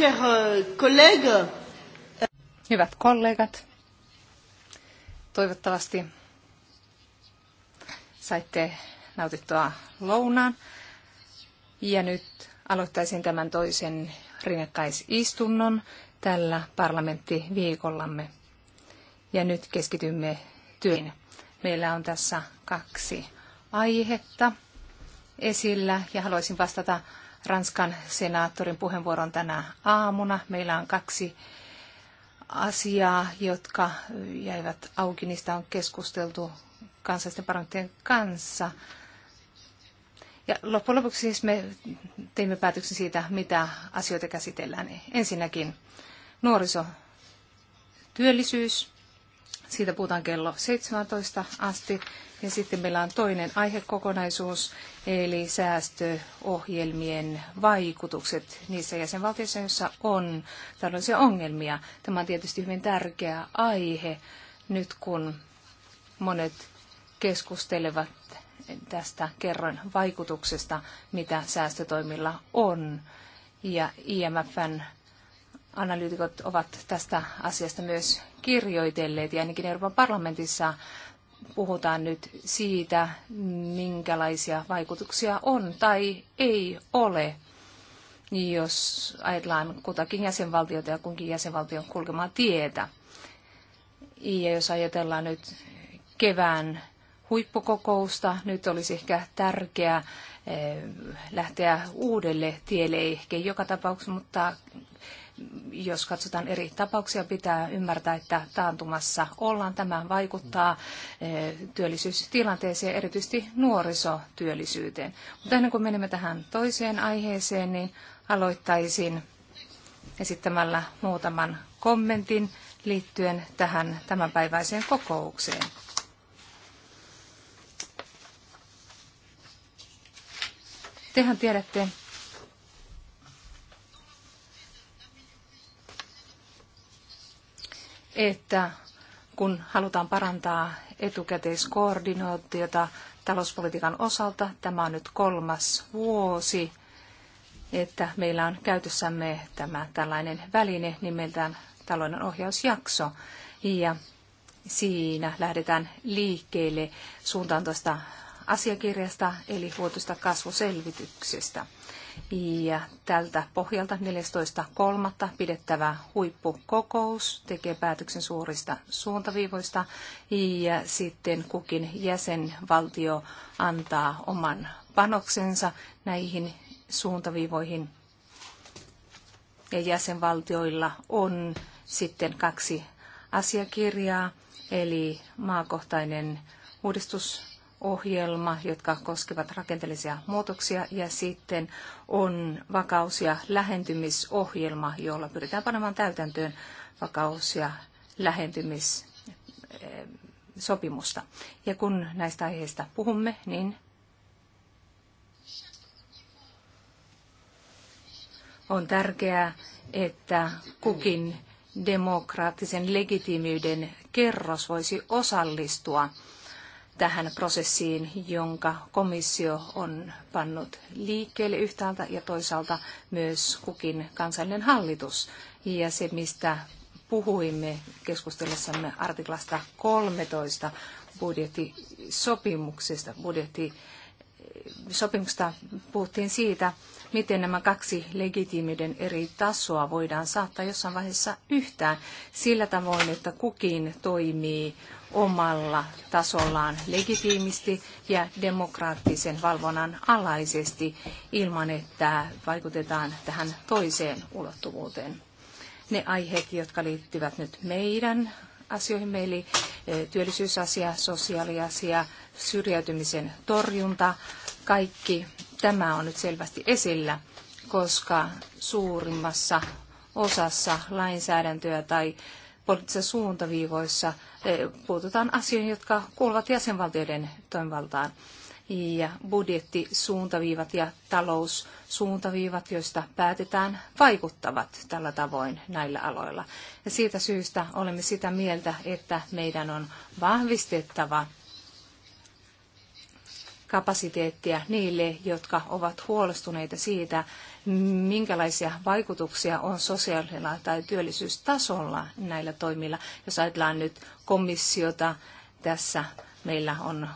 Euh, Hyvät kollegat, toivottavasti saitte nautittua lounaan. Ja nyt aloittaisin tämän toisen rinnakkaisistunnon tällä parlamenttiviikollamme. Ja nyt keskitymme työhön. Meillä on tässä kaksi aihetta esillä ja haluaisin vastata Ranskan senaattorin puheenvuoron tänä aamuna. Meillä on kaksi asiaa, jotka jäivät auki. Niistä on keskusteltu kansallisten parlamenttien kanssa. Ja loppujen lopuksi siis me teimme päätöksen siitä, mitä asioita käsitellään. Ensinnäkin nuoriso, työllisyys siitä puhutaan kello 17 asti. Ja sitten meillä on toinen aihekokonaisuus, eli säästöohjelmien vaikutukset niissä jäsenvaltioissa, joissa on tällaisia ongelmia. Tämä on tietysti hyvin tärkeä aihe nyt, kun monet keskustelevat tästä kerron vaikutuksesta, mitä säästötoimilla on. Ja IMFn analyytikot ovat tästä asiasta myös kirjoitelleet ja ainakin Euroopan parlamentissa puhutaan nyt siitä, minkälaisia vaikutuksia on tai ei ole, jos ajatellaan kutakin jäsenvaltiota ja kunkin jäsenvaltion kulkemaa tietä. Ja jos ajatellaan nyt kevään huippukokousta, nyt olisi ehkä tärkeää eh, lähteä uudelle tielle, ehkä joka tapauksessa, mutta jos katsotaan eri tapauksia, pitää ymmärtää, että taantumassa ollaan. Tämä vaikuttaa eh, työllisyystilanteeseen, erityisesti nuorisotyöllisyyteen. Mutta ennen kuin menemme tähän toiseen aiheeseen, niin aloittaisin esittämällä muutaman kommentin liittyen tähän tämänpäiväiseen kokoukseen. Tehän tiedätte, että kun halutaan parantaa etukäteiskoordinaatiota talouspolitiikan osalta, tämä on nyt kolmas vuosi, että meillä on käytössämme tämä tällainen väline nimeltään talouden ohjausjakso. Ja siinä lähdetään liikkeelle suuntaan tuosta asiakirjasta, eli vuotuista kasvuselvityksestä. Ja tältä pohjalta 14.3. pidettävä huippukokous tekee päätöksen suurista suuntaviivoista ja sitten kukin jäsenvaltio antaa oman panoksensa näihin suuntaviivoihin. Ja jäsenvaltioilla on sitten kaksi asiakirjaa, eli maakohtainen uudistus ohjelma, jotka koskevat rakenteellisia muutoksia, ja sitten on vakaus- ja lähentymisohjelma, jolla pyritään panemaan täytäntöön vakaus- ja lähentymissopimusta. Ja kun näistä aiheista puhumme, niin on tärkeää, että kukin demokraattisen legitiimiyden kerros voisi osallistua tähän prosessiin, jonka komissio on pannut liikkeelle yhtäältä ja toisaalta myös kukin kansallinen hallitus. Ja se, mistä puhuimme keskustellessamme artiklasta 13 budjettisopimuksesta, budjettisopimuksesta puhuttiin siitä, miten nämä kaksi legitiimiden eri tasoa voidaan saattaa jossain vaiheessa yhtään sillä tavoin, että kukin toimii omalla tasollaan legitiimisti ja demokraattisen valvonnan alaisesti ilman, että vaikutetaan tähän toiseen ulottuvuuteen. Ne aiheet, jotka liittyvät nyt meidän asioihin, eli e, työllisyysasia, sosiaaliasia, syrjäytymisen torjunta, kaikki tämä on nyt selvästi esillä, koska suurimmassa osassa lainsäädäntöä tai poliittisissa suuntaviivoissa eh, puututaan asioihin, jotka kuuluvat jäsenvaltioiden toimivaltaan. Ja budjettisuuntaviivat ja taloussuuntaviivat, joista päätetään, vaikuttavat tällä tavoin näillä aloilla. Ja siitä syystä olemme sitä mieltä, että meidän on vahvistettava kapasiteettia niille, jotka ovat huolestuneita siitä, minkälaisia vaikutuksia on sosiaalisella tai työllisyystasolla näillä toimilla. Jos ajatellaan nyt komissiota tässä Meillä on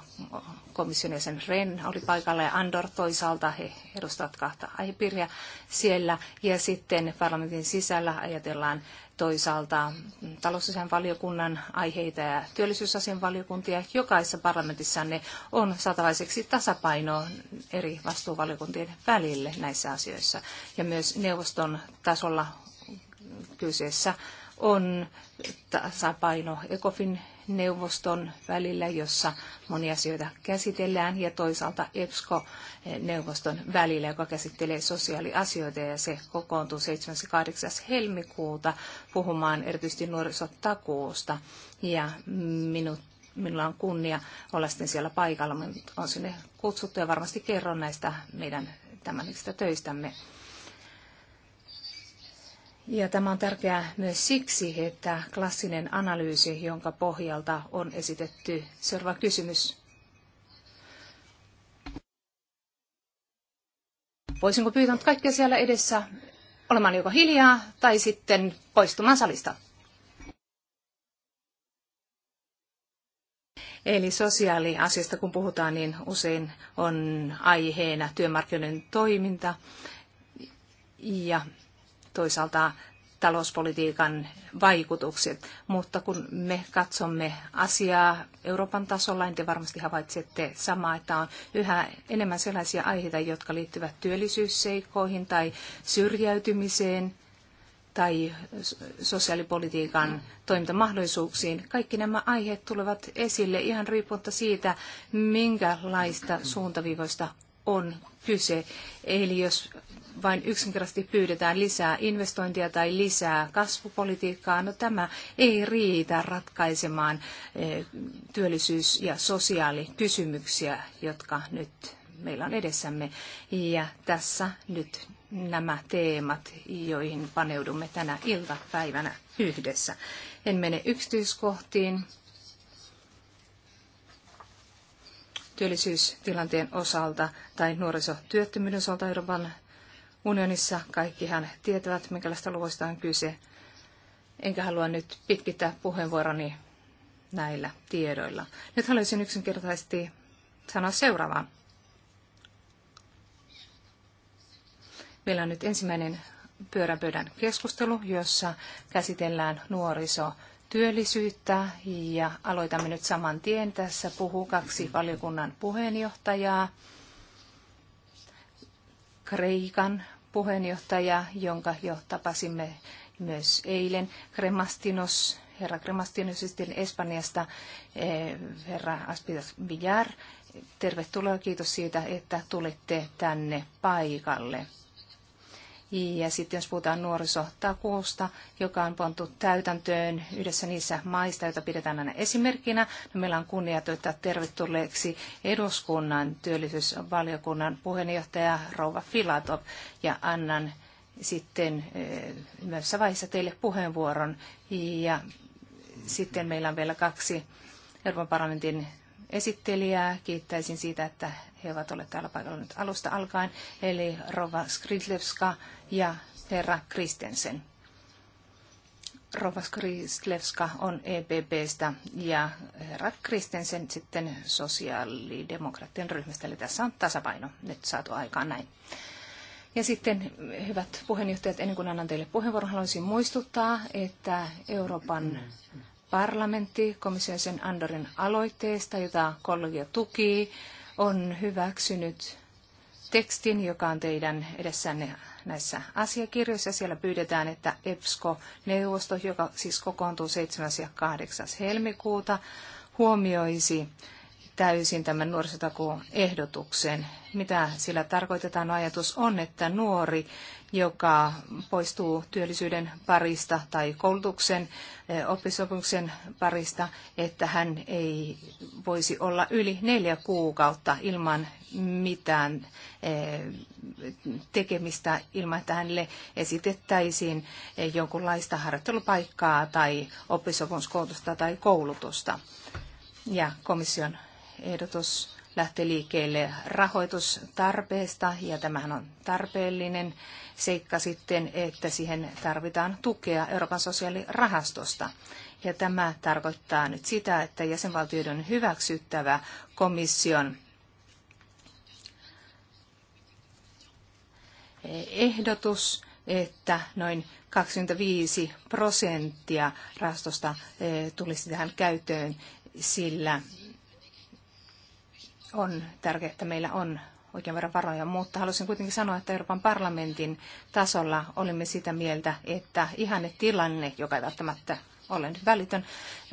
komission jäsen Ren oli paikalla ja Andor toisaalta, he edustavat kahta aihepiiriä siellä. Ja sitten parlamentin sisällä ajatellaan toisaalta talousasian valiokunnan aiheita ja työllisyysasian valiokuntia. Jokaisessa parlamentissa ne on saatavaiseksi tasapaino eri vastuuvaliokuntien välille näissä asioissa. Ja myös neuvoston tasolla kyseessä on tasapaino ECOFIN neuvoston välillä, jossa monia asioita käsitellään, ja toisaalta EPSCO-neuvoston välillä, joka käsittelee sosiaaliasioita, ja se kokoontuu 7. 8. helmikuuta puhumaan erityisesti nuorisotakuusta, ja minut minulla on kunnia olla sitten siellä paikalla. mutta on sinne kutsuttu ja varmasti kerron näistä meidän tämän töistämme. Ja tämä on tärkeää myös siksi, että klassinen analyysi, jonka pohjalta on esitetty seuraava kysymys. Voisinko pyytää kaikkia siellä edessä olemaan joko hiljaa tai sitten poistumaan salista? Eli sosiaaliasiasta kun puhutaan, niin usein on aiheena työmarkkinoiden toiminta ja toisaalta talouspolitiikan vaikutukset. Mutta kun me katsomme asiaa Euroopan tasolla, niin te varmasti havaitsette samaa, että on yhä enemmän sellaisia aiheita, jotka liittyvät työllisyysseikkoihin tai syrjäytymiseen tai sosiaalipolitiikan toimintamahdollisuuksiin. Kaikki nämä aiheet tulevat esille ihan riippumatta siitä, minkälaista suuntaviivoista on kyse. Eli jos vain yksinkertaisesti pyydetään lisää investointia tai lisää kasvupolitiikkaa, no tämä ei riitä ratkaisemaan eh, työllisyys- ja sosiaalikysymyksiä, jotka nyt meillä on edessämme. Ja tässä nyt nämä teemat, joihin paneudumme tänä iltapäivänä yhdessä. En mene yksityiskohtiin työllisyystilanteen osalta tai nuorisotyöttömyyden osalta Euroopan unionissa. Kaikkihan tietävät, minkälaista luvuista on kyse. Enkä halua nyt pitkittää puheenvuoroni näillä tiedoilla. Nyt haluaisin yksinkertaisesti sanoa seuraavaa. Meillä on nyt ensimmäinen pyöränpöydän keskustelu, jossa käsitellään nuoriso työllisyyttä ja aloitamme nyt saman tien. Tässä puhuu kaksi valiokunnan puheenjohtajaa. Kreikan puheenjohtaja, jonka jo tapasimme myös eilen, Kremastinos, herra Kremastinos sitten siis Espanjasta, eh, herra Aspidas Villar. Tervetuloa, kiitos siitä, että tulitte tänne paikalle. Ja sitten jos puhutaan nuorisotakuusta, joka on pantu täytäntöön yhdessä niissä maista, joita pidetään aina esimerkkinä, niin meillä on kunnia toivottaa tervetulleeksi eduskunnan työllisyysvaliokunnan puheenjohtaja Rouva Filatov ja annan sitten eh, myös vaiheessa teille puheenvuoron. Ja sitten meillä on vielä kaksi Euroopan parlamentin esittelijää. Kiittäisin siitä, että he ovat olleet täällä paikalla nyt alusta alkaen, eli Rova Skridlevska ja herra Kristensen. Rova Skridlevska on EPPstä ja herra Kristensen sitten sosiaalidemokraattien ryhmästä. Eli tässä on tasapaino nyt saatu aikaan näin. Ja sitten, hyvät puheenjohtajat, ennen kuin annan teille puheenvuoron, haluaisin muistuttaa, että Euroopan parlamentti komission sen Andorin aloitteesta, jota kollegia tuki, on hyväksynyt tekstin, joka on teidän edessänne näissä asiakirjoissa. Siellä pyydetään, että EPSCO-neuvosto, joka siis kokoontuu 7. ja 8. helmikuuta, huomioisi täysin tämän nuorisotakuun ehdotuksen. Mitä sillä tarkoitetaan? No, ajatus on, että nuori, joka poistuu työllisyyden parista tai koulutuksen eh, oppisopimuksen parista, että hän ei voisi olla yli neljä kuukautta ilman mitään eh, tekemistä ilman, että hänelle esitettäisiin eh, jonkunlaista harjoittelupaikkaa tai oppisopimuskoulutusta tai koulutusta. Ja komission ehdotus lähti liikkeelle rahoitustarpeesta ja tämähän on tarpeellinen seikka sitten, että siihen tarvitaan tukea Euroopan sosiaalirahastosta. Ja tämä tarkoittaa nyt sitä, että jäsenvaltioiden hyväksyttävä komission ehdotus, että noin 25 prosenttia rahastosta eh, tulisi tähän käytöön, sillä on tärkeää, että meillä on oikein verran varoja, mutta halusin kuitenkin sanoa, että Euroopan parlamentin tasolla olimme sitä mieltä, että ihanne tilanne, joka ei välttämättä ole nyt välitön,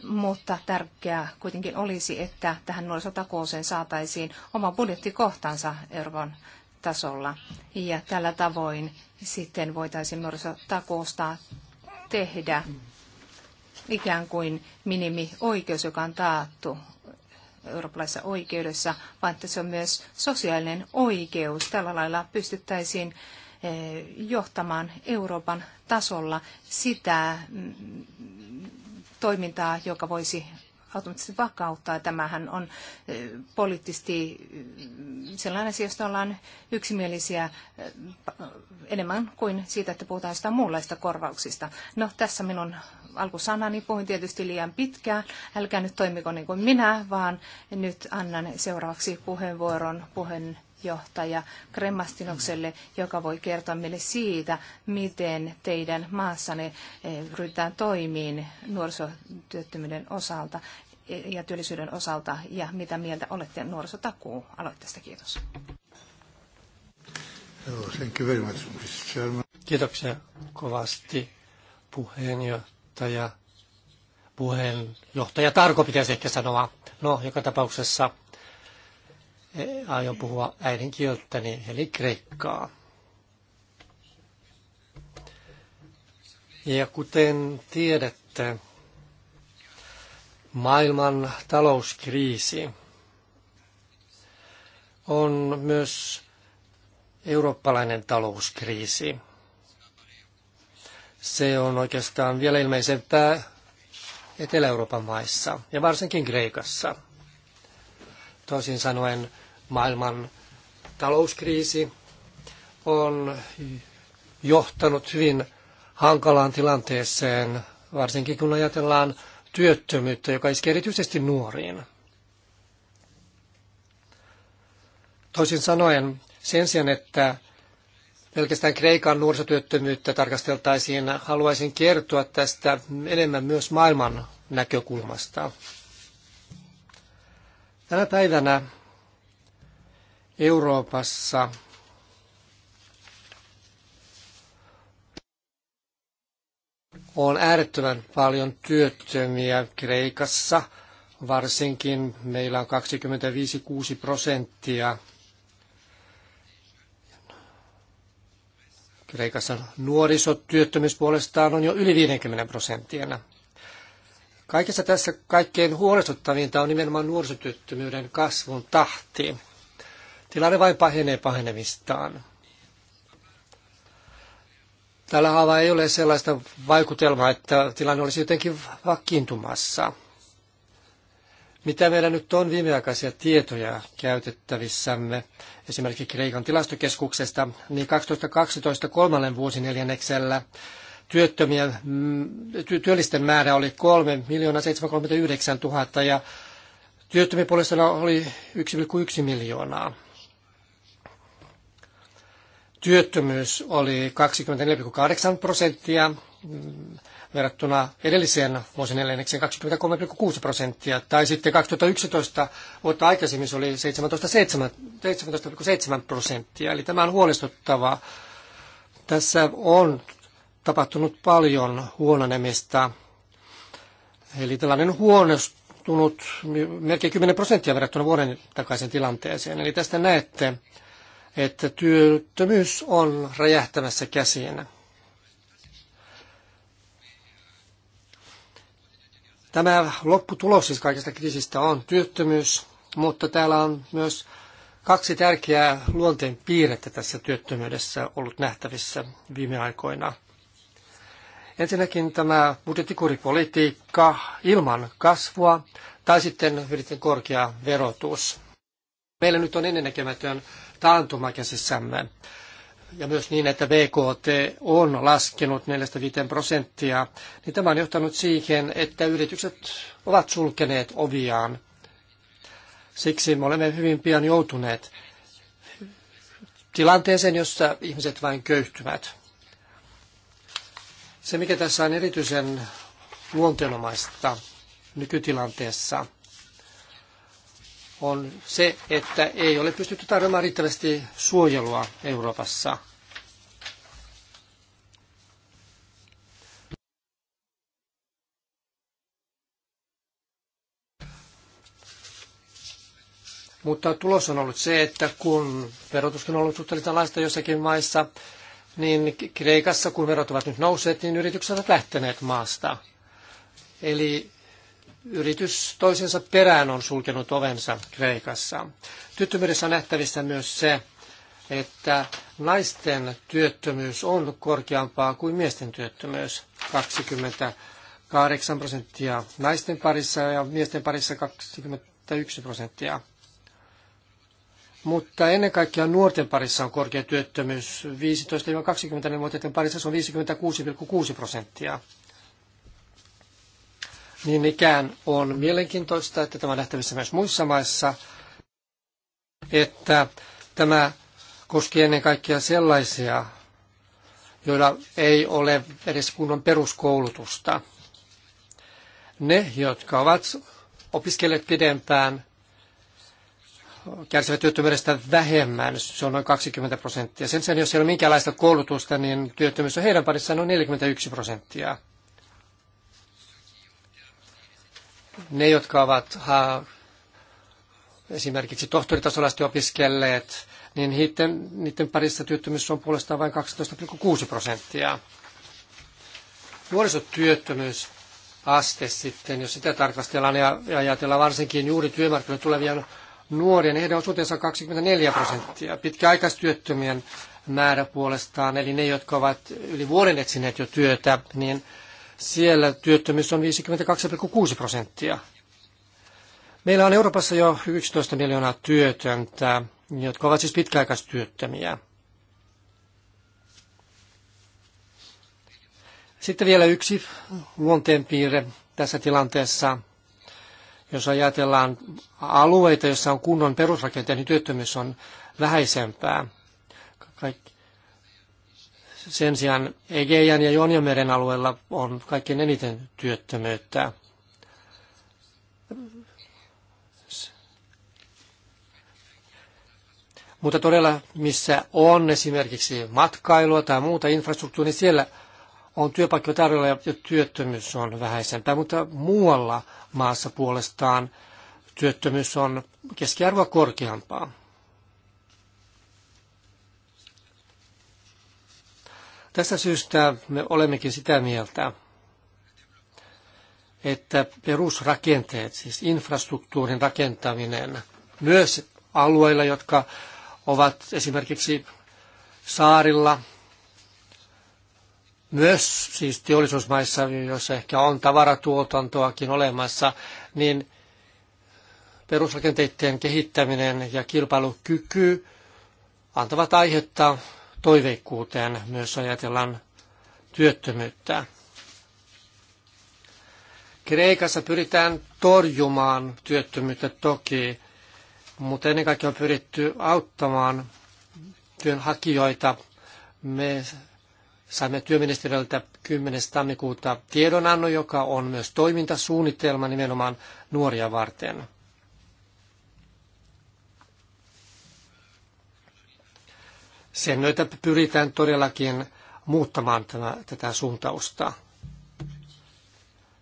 mutta tärkeää kuitenkin olisi, että tähän nuorisotakuuseen saataisiin oma budjettikohtansa Euroopan tasolla. Ja tällä tavoin sitten voitaisiin nuorisotakuusta tehdä ikään kuin minimioikeus, joka on taattu eurooppalaisessa oikeudessa, vaan että se on myös sosiaalinen oikeus. Tällä lailla pystyttäisiin eh, johtamaan Euroopan tasolla sitä mm, toimintaa, joka voisi automaattisesti vakauttaa. Tämähän on eh, poliittisesti mm, sellainen asia, josta ollaan yksimielisiä eh, enemmän kuin siitä, että puhutaan jostain muunlaista korvauksista. No tässä minun alkusanani puhuin tietysti liian pitkään. Älkää nyt toimiko niin kuin minä, vaan nyt annan seuraavaksi puheenvuoron puheenjohtaja Kremastinokselle, joka voi kertoa meille siitä, miten teidän maassanne eh, ryhdytään toimiin nuorisotyöttömyyden osalta eh, ja työllisyyden osalta ja mitä mieltä olette nuorisotakuu aloitteesta. Kiitos. Oh, Kiitoksia kovasti puheenjohtaja puheenjohtaja, puheenjohtaja Tarko pitäisi ehkä sanoa. No, joka tapauksessa e, aion puhua äidinkieltäni, eli kreikkaa. Ja kuten tiedätte, maailman talouskriisi on myös eurooppalainen talouskriisi. Se on oikeastaan vielä ilmeisempää Etelä-Euroopan maissa ja varsinkin Kreikassa. Toisin sanoen maailman talouskriisi on johtanut hyvin hankalaan tilanteeseen, varsinkin kun ajatellaan työttömyyttä, joka iskee erityisesti nuoriin. Toisin sanoen, sen sijaan, että pelkästään Kreikan nuorisotyöttömyyttä tarkasteltaisiin, haluaisin kertoa tästä enemmän myös maailman näkökulmasta. Tänä päivänä Euroopassa on äärettömän paljon työttömiä Kreikassa. Varsinkin meillä on 25-6 prosenttia Kreikassa nuorisotyöttömyys puolestaan on jo yli 50 prosenttia. Kaikessa tässä kaikkein huolestuttavinta on nimenomaan nuorisotyöttömyyden kasvun tahti. Tilanne vain pahenee pahenemistaan. Tällä haavaa ei ole sellaista vaikutelmaa, että tilanne olisi jotenkin vakiintumassa. Mitä meillä nyt on viimeaikaisia tietoja käytettävissämme, esimerkiksi Kreikan tilastokeskuksesta, niin 2012 kolmannen vuosineljänneksellä työttömien, mm, työllisten määrä oli 3 739 000 ja työttömien puolesta oli 1,1 miljoonaa. Työttömyys oli 24,8 prosenttia mm, verrattuna edelliseen vuosineljännekseen 23,6 prosenttia, tai sitten 2011 vuotta aikaisemmin se oli 17,7 prosenttia, eli tämä on huolestuttavaa. Tässä on tapahtunut paljon huononemista, eli tällainen huonostunut melkein 10 prosenttia verrattuna vuoden takaisin tilanteeseen. Eli tästä näette, että työttömyys on räjähtämässä käsiin. Tämä lopputulos siis kaikesta kriisistä on työttömyys, mutta täällä on myös kaksi tärkeää luonteen piirrettä tässä työttömyydessä ollut nähtävissä viime aikoina. Ensinnäkin tämä budjettikuripolitiikka ilman kasvua tai sitten yritin korkea verotus. Meillä nyt on ennennäkemätön taantuma käsissämme ja myös niin, että BKT on laskenut 4-5 prosenttia, niin tämä on johtanut siihen, että yritykset ovat sulkeneet oviaan. Siksi me olemme hyvin pian joutuneet tilanteeseen, jossa ihmiset vain köyhtyvät. Se, mikä tässä on erityisen luonteenomaista nykytilanteessa – on se, että ei ole pystytty tarjoamaan riittävästi suojelua Euroopassa. Mutta tulos on ollut se, että kun verotuskin on ollut suhteellisen laista jossakin maissa, niin Kreikassa, kun verot ovat nyt nousseet, niin yritykset ovat lähteneet maasta. Eli yritys toisensa perään on sulkenut ovensa Kreikassa. Työttömyydessä on nähtävissä myös se, että naisten työttömyys on korkeampaa kuin miesten työttömyys, 28 prosenttia naisten parissa ja miesten parissa 21 prosenttia. Mutta ennen kaikkea nuorten parissa on korkea työttömyys. 15-24-vuotiaiden parissa se on 56,6 prosenttia. Niin ikään on mielenkiintoista, että tämä on nähtävissä myös muissa maissa, että tämä koskee ennen kaikkea sellaisia, joilla ei ole edes kunnon peruskoulutusta. Ne, jotka ovat opiskelleet pidempään, kärsivät työttömyydestä vähemmän, se on noin 20 prosenttia. Sen sijaan, jos ei ole minkäänlaista koulutusta, niin työttömyys on heidän parissaan noin 41 prosenttia. Ne, jotka ovat ha, esimerkiksi tohtoritasolaisesti opiskelleet, niin niiden, niiden parissa työttömyys on puolestaan vain 12,6 prosenttia. Nuorisotyöttömyys aste sitten, jos sitä tarkastellaan ja ajatellaan varsinkin juuri työmarkkinoille tulevien nuorien, heidän osuutensa on 24 prosenttia. Pitkäaikaistyöttömien määrä puolestaan, eli ne, jotka ovat yli vuoden etsineet jo työtä, niin siellä työttömyys on 52,6 prosenttia. Meillä on Euroopassa jo 11 miljoonaa työtöntä, jotka ovat siis pitkäaikaistyöttömiä. Sitten vielä yksi luonteenpiirre tässä tilanteessa. Jos ajatellaan alueita, joissa on kunnon perusrakenteet, niin työttömyys on vähäisempää. Kaikki sen sijaan Egeian ja Jonjameren alueella on kaikkein eniten työttömyyttä. Mutta todella, missä on esimerkiksi matkailua tai muuta infrastruktuuria, niin siellä on työpaikkoja tarjolla ja työttömyys on vähäisempää. Mutta muualla maassa puolestaan työttömyys on keskiarvoa korkeampaa. Tästä syystä me olemmekin sitä mieltä, että perusrakenteet, siis infrastruktuurin rakentaminen, myös alueilla, jotka ovat esimerkiksi saarilla, myös siis teollisuusmaissa, joissa ehkä on tavaratuotantoakin olemassa, niin perusrakenteiden kehittäminen ja kilpailukyky antavat aihetta toiveikkuuteen, myös ajatellaan työttömyyttä. Kreikassa pyritään torjumaan työttömyyttä toki, mutta ennen kaikkea on pyritty auttamaan työnhakijoita. Me saimme työministeriöltä 10. tammikuuta tiedonannon, joka on myös toimintasuunnitelma nimenomaan nuoria varten. sen myötä pyritään todellakin muuttamaan tämä, tätä suuntausta.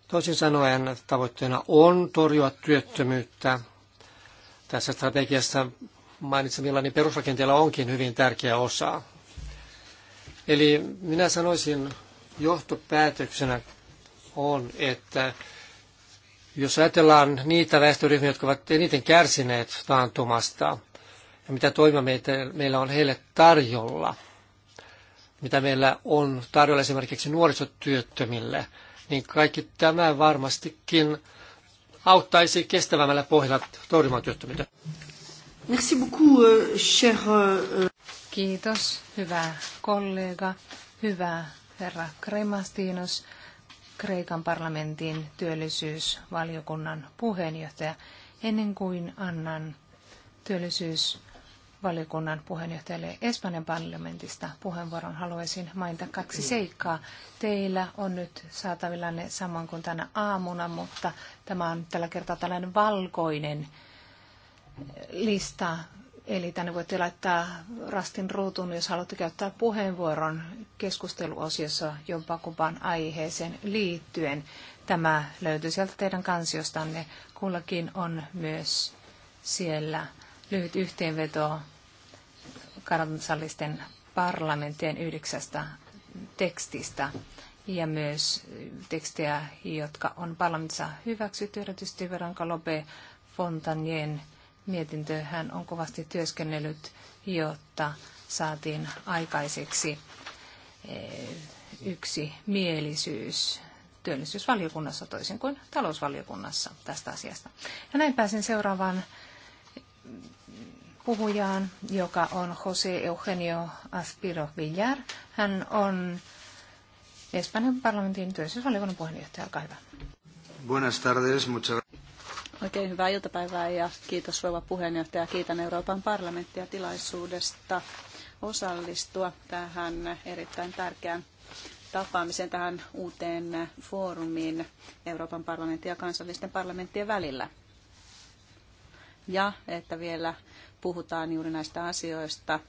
Toisin sanoen tavoitteena on torjua työttömyyttä. Tässä strategiassa mainitsemillani perusrakenteella onkin hyvin tärkeä osa. Eli minä sanoisin johtopäätöksenä on, että jos ajatellaan niitä väestöryhmiä, jotka ovat eniten kärsineet taantumasta – ja mitä toimia meillä on heille tarjolla, mitä meillä on tarjolla esimerkiksi nuorisotyöttömille, niin kaikki tämä varmastikin auttaisi kestävämmällä pohjalla torjumaan työttömyyttä. Merci beaucoup, euh, cher... Euh, Kiitos, hyvä kollega, hyvä herra Kremastinos, Kreikan parlamentin työllisyysvaliokunnan puheenjohtaja. Ennen kuin annan työllisyys valiokunnan puheenjohtajalle Espanjan parlamentista puheenvuoron haluaisin mainita kaksi seikkaa. Teillä on nyt saatavillanne samoin kuin tänä aamuna, mutta tämä on tällä kertaa tällainen valkoinen lista. Eli tänne voitte laittaa rastin ruutuun, jos haluatte käyttää puheenvuoron keskusteluosiossa jompakumpaan aiheeseen liittyen. Tämä löytyy sieltä teidän kansiostanne. Kullakin on myös siellä lyhyt yhteenveto kansallisten parlamenttien yhdeksästä tekstistä ja myös tekstejä, jotka on parlamentissa hyväksytty, erityisesti Veronka Lope Fontanien mietintö. Hän on kovasti työskennellyt, jotta saatiin aikaiseksi eh, yksi mielisyys työllisyysvaliokunnassa toisin kuin talousvaliokunnassa tästä asiasta. Ja näin pääsen seuraavaan puhujaan, joka on Jose Eugenio Aspiro Villar. Hän on Espanjan parlamentin työllisyysvaliokunnan puheenjohtaja. Olkaa hyvä. Buenas tardes, muchas Oikein hyvää iltapäivää ja kiitos rouva puheenjohtaja. Kiitän Euroopan parlamenttia tilaisuudesta osallistua tähän erittäin tärkeään tapaamiseen, tähän uuteen foorumiin Euroopan parlamentin ja kansallisten parlamenttien välillä ja että vielä puhutaan juuri näistä asioista,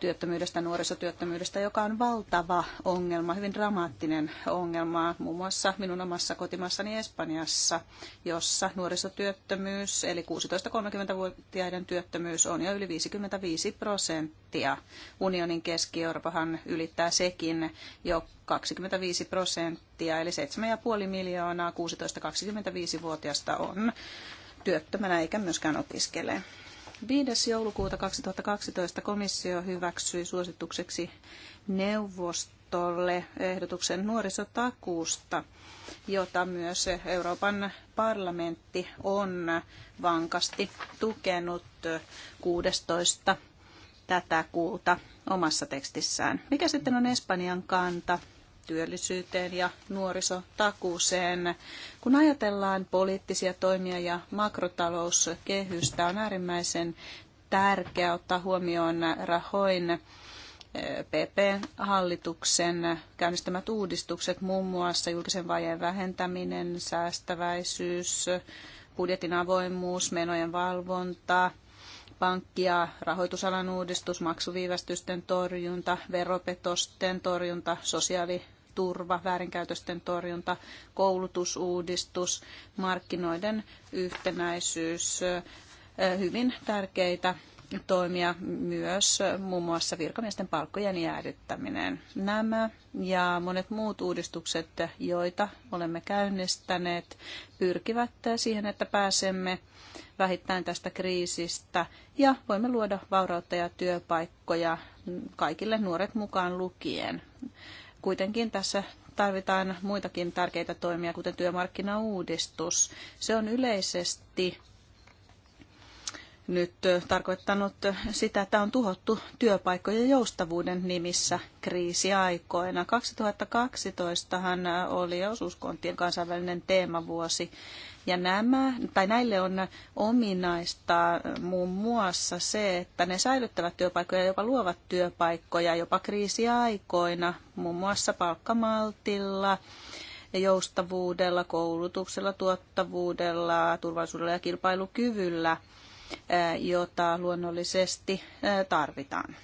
työttömyydestä, nuorisotyöttömyydestä, joka on valtava ongelma, hyvin dramaattinen ongelma, muun muassa minun omassa kotimassani Espanjassa, jossa nuorisotyöttömyys, eli 16-30-vuotiaiden työttömyys on jo yli 55 prosenttia. Unionin keski-Euroopahan ylittää sekin jo 25 prosenttia, eli 7,5 miljoonaa 16-25-vuotiaista on työttömänä eikä myöskään opiskele. 5. joulukuuta 2012 komissio hyväksyi suositukseksi neuvostolle ehdotuksen nuorisotakuusta, jota myös Euroopan parlamentti on vankasti tukenut 16. tätä kuuta omassa tekstissään. Mikä sitten on Espanjan kanta työllisyyteen ja nuorisotakuuseen. Kun ajatellaan poliittisia toimia ja makrotalouskehystä, on äärimmäisen tärkeää ottaa huomioon rahoin eh, PP-hallituksen käynnistämät uudistukset, muun muassa julkisen vajeen vähentäminen, säästäväisyys, budjetin avoimuus, menojen valvonta, pankki- ja rahoitusalan uudistus, maksuviivästysten torjunta, veropetosten torjunta, sosiaali- turva, väärinkäytösten torjunta, koulutusuudistus, markkinoiden yhtenäisyys, hyvin tärkeitä toimia myös muun muassa virkamiesten palkkojen jäädyttäminen. Nämä ja monet muut uudistukset, joita olemme käynnistäneet, pyrkivät siihen, että pääsemme vähittäin tästä kriisistä ja voimme luoda vaurautta ja työpaikkoja kaikille nuoret mukaan lukien kuitenkin tässä tarvitaan muitakin tärkeitä toimia, kuten työmarkkinauudistus. Se on yleisesti nyt tarkoittanut sitä, että on tuhottu työpaikkojen joustavuuden nimissä kriisiaikoina. 2012 oli osuuskontien kansainvälinen teemavuosi ja nämä, tai näille on ominaista muun muassa se, että ne säilyttävät työpaikkoja, jopa luovat työpaikkoja, jopa kriisiaikoina, muun muassa palkkamaltilla, joustavuudella, koulutuksella, tuottavuudella, turvallisuudella ja kilpailukyvyllä, eh, jota luonnollisesti eh, tarvitaan.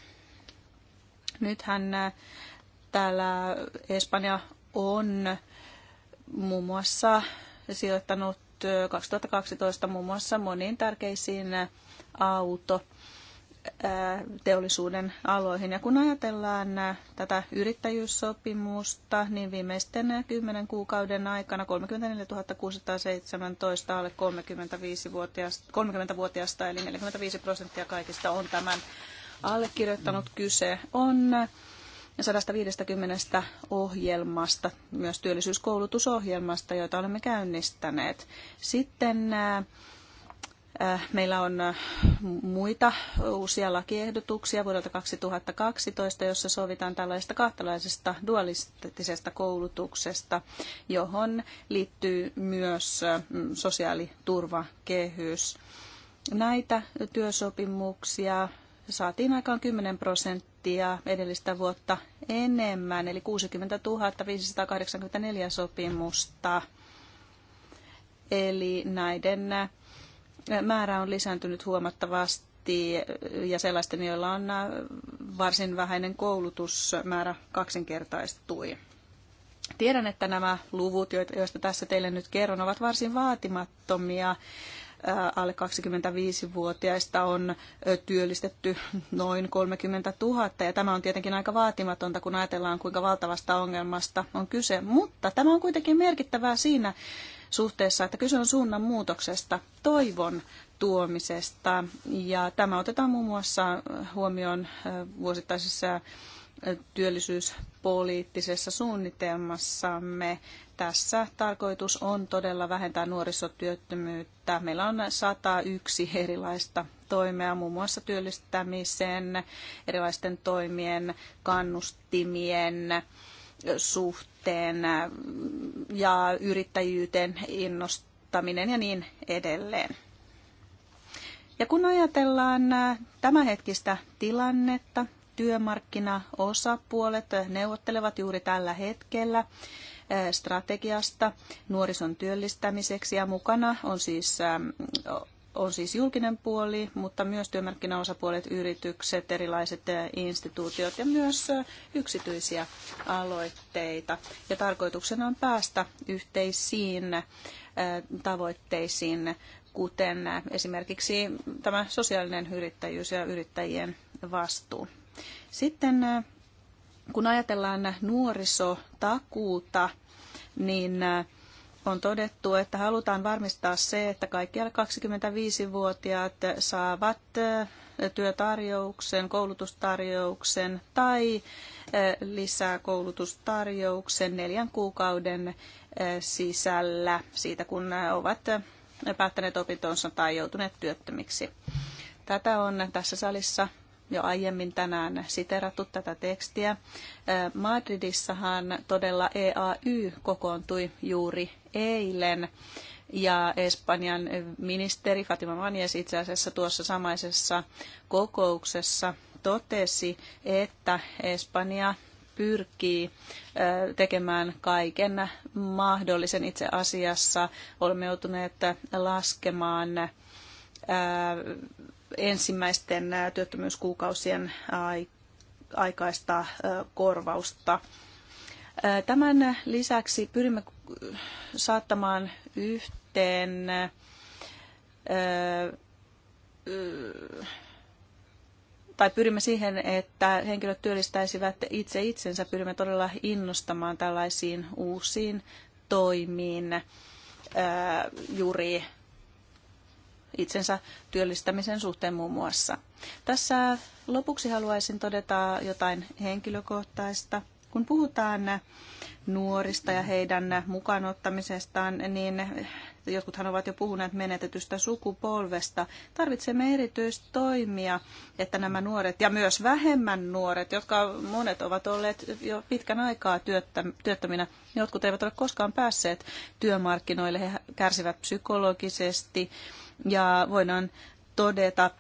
Nythän eh, täällä Espanja on muun muassa sijoittanut 2012 muun muassa moniin tärkeisiin auto teollisuuden aloihin. Ja kun ajatellaan tätä yrittäjyyssopimusta, niin viimeisten 10 kuukauden aikana 34 617 alle 30-vuotiaasta, 30-vuotiaasta eli 45 prosenttia kaikista on tämän allekirjoittanut. Kyse on ja 150 ohjelmasta, myös työllisyyskoulutusohjelmasta, joita olemme käynnistäneet. Sitten äh, äh, Meillä on äh, muita uusia lakiehdotuksia vuodelta 2012, jossa sovitaan tällaisesta kahtalaisesta dualistisesta koulutuksesta, johon liittyy myös sosiaaliturvakehys. Näitä työsopimuksia saatiin aikaan 10 prosenttia prosenttia edellistä vuotta enemmän, eli 60 584 sopimusta. Eli näiden määrä on lisääntynyt huomattavasti ja sellaisten, joilla on varsin vähäinen koulutusmäärä kaksinkertaistui. Tiedän, että nämä luvut, joista tässä teille nyt kerron, ovat varsin vaatimattomia, Äh, alle 25-vuotiaista on työllistetty noin 30 000. Ja tämä on tietenkin aika vaatimatonta, kun ajatellaan, kuinka valtavasta ongelmasta on kyse. Mutta tämä on kuitenkin merkittävää siinä suhteessa, että kyse on suunnanmuutoksesta, toivon tuomisesta. Ja tämä otetaan muun muassa huomioon vuosittaisessa työllisyyspoliittisessa suunnitelmassamme. Tässä tarkoitus on todella vähentää nuorisotyöttömyyttä. Meillä on 101 erilaista toimea, muun muassa työllistämisen, erilaisten toimien, kannustimien suhteen ja yrittäjyyteen innostaminen ja niin edelleen. Ja kun ajatellaan tämänhetkistä tilannetta, työmarkkinaosapuolet neuvottelevat juuri tällä hetkellä eh, strategiasta nuorison työllistämiseksi ja mukana on siis on siis julkinen puoli, mutta myös työmarkkinaosapuolet, yritykset, erilaiset eh, instituutiot ja myös eh, yksityisiä aloitteita. Ja tarkoituksena on päästä yhteisiin tavoitteisiin, kuten esimerkiksi tämä sosiaalinen yrittäjyys ja yrittäjien vastuu. Sitten äh, kun ajatellaan nuorisotakuuta, niin äh, on todettu, että halutaan varmistaa se, että kaikki alle 25-vuotiaat saavat äh, työtarjouksen, koulutustarjouksen tai lisää koulutustarjouksen neljän kuukauden sisällä siitä, kun ovat päättäneet opintonsa tai joutuneet työttömiksi. Tätä on tässä salissa jo aiemmin tänään siterattu tätä tekstiä. Madridissahan todella EAY kokoontui juuri eilen ja Espanjan ministeri Fatima Manies itse asiassa tuossa samaisessa kokouksessa totesi, että Espanja pyrkii tekemään kaiken mahdollisen. Itse asiassa olemme joutuneet laskemaan ensimmäisten työttömyyskuukausien aikaista korvausta. Tämän lisäksi pyrimme saattamaan yhteen tai pyrimme siihen, että henkilöt työllistäisivät itse itsensä. Pyrimme todella innostamaan tällaisiin uusiin toimiin juuri itsensä työllistämisen suhteen muun muassa. Tässä lopuksi haluaisin todeta jotain henkilökohtaista. Kun puhutaan nuorista ja heidän mukaanottamisestaan, niin jotkuthan ovat jo puhuneet menetetystä sukupolvesta. Tarvitsemme erityistoimia, että nämä nuoret ja myös vähemmän nuoret, jotka monet ovat olleet jo pitkän aikaa työttöminä, niin jotkut eivät ole koskaan päässeet työmarkkinoille, he kärsivät psykologisesti ja voidaan todeta,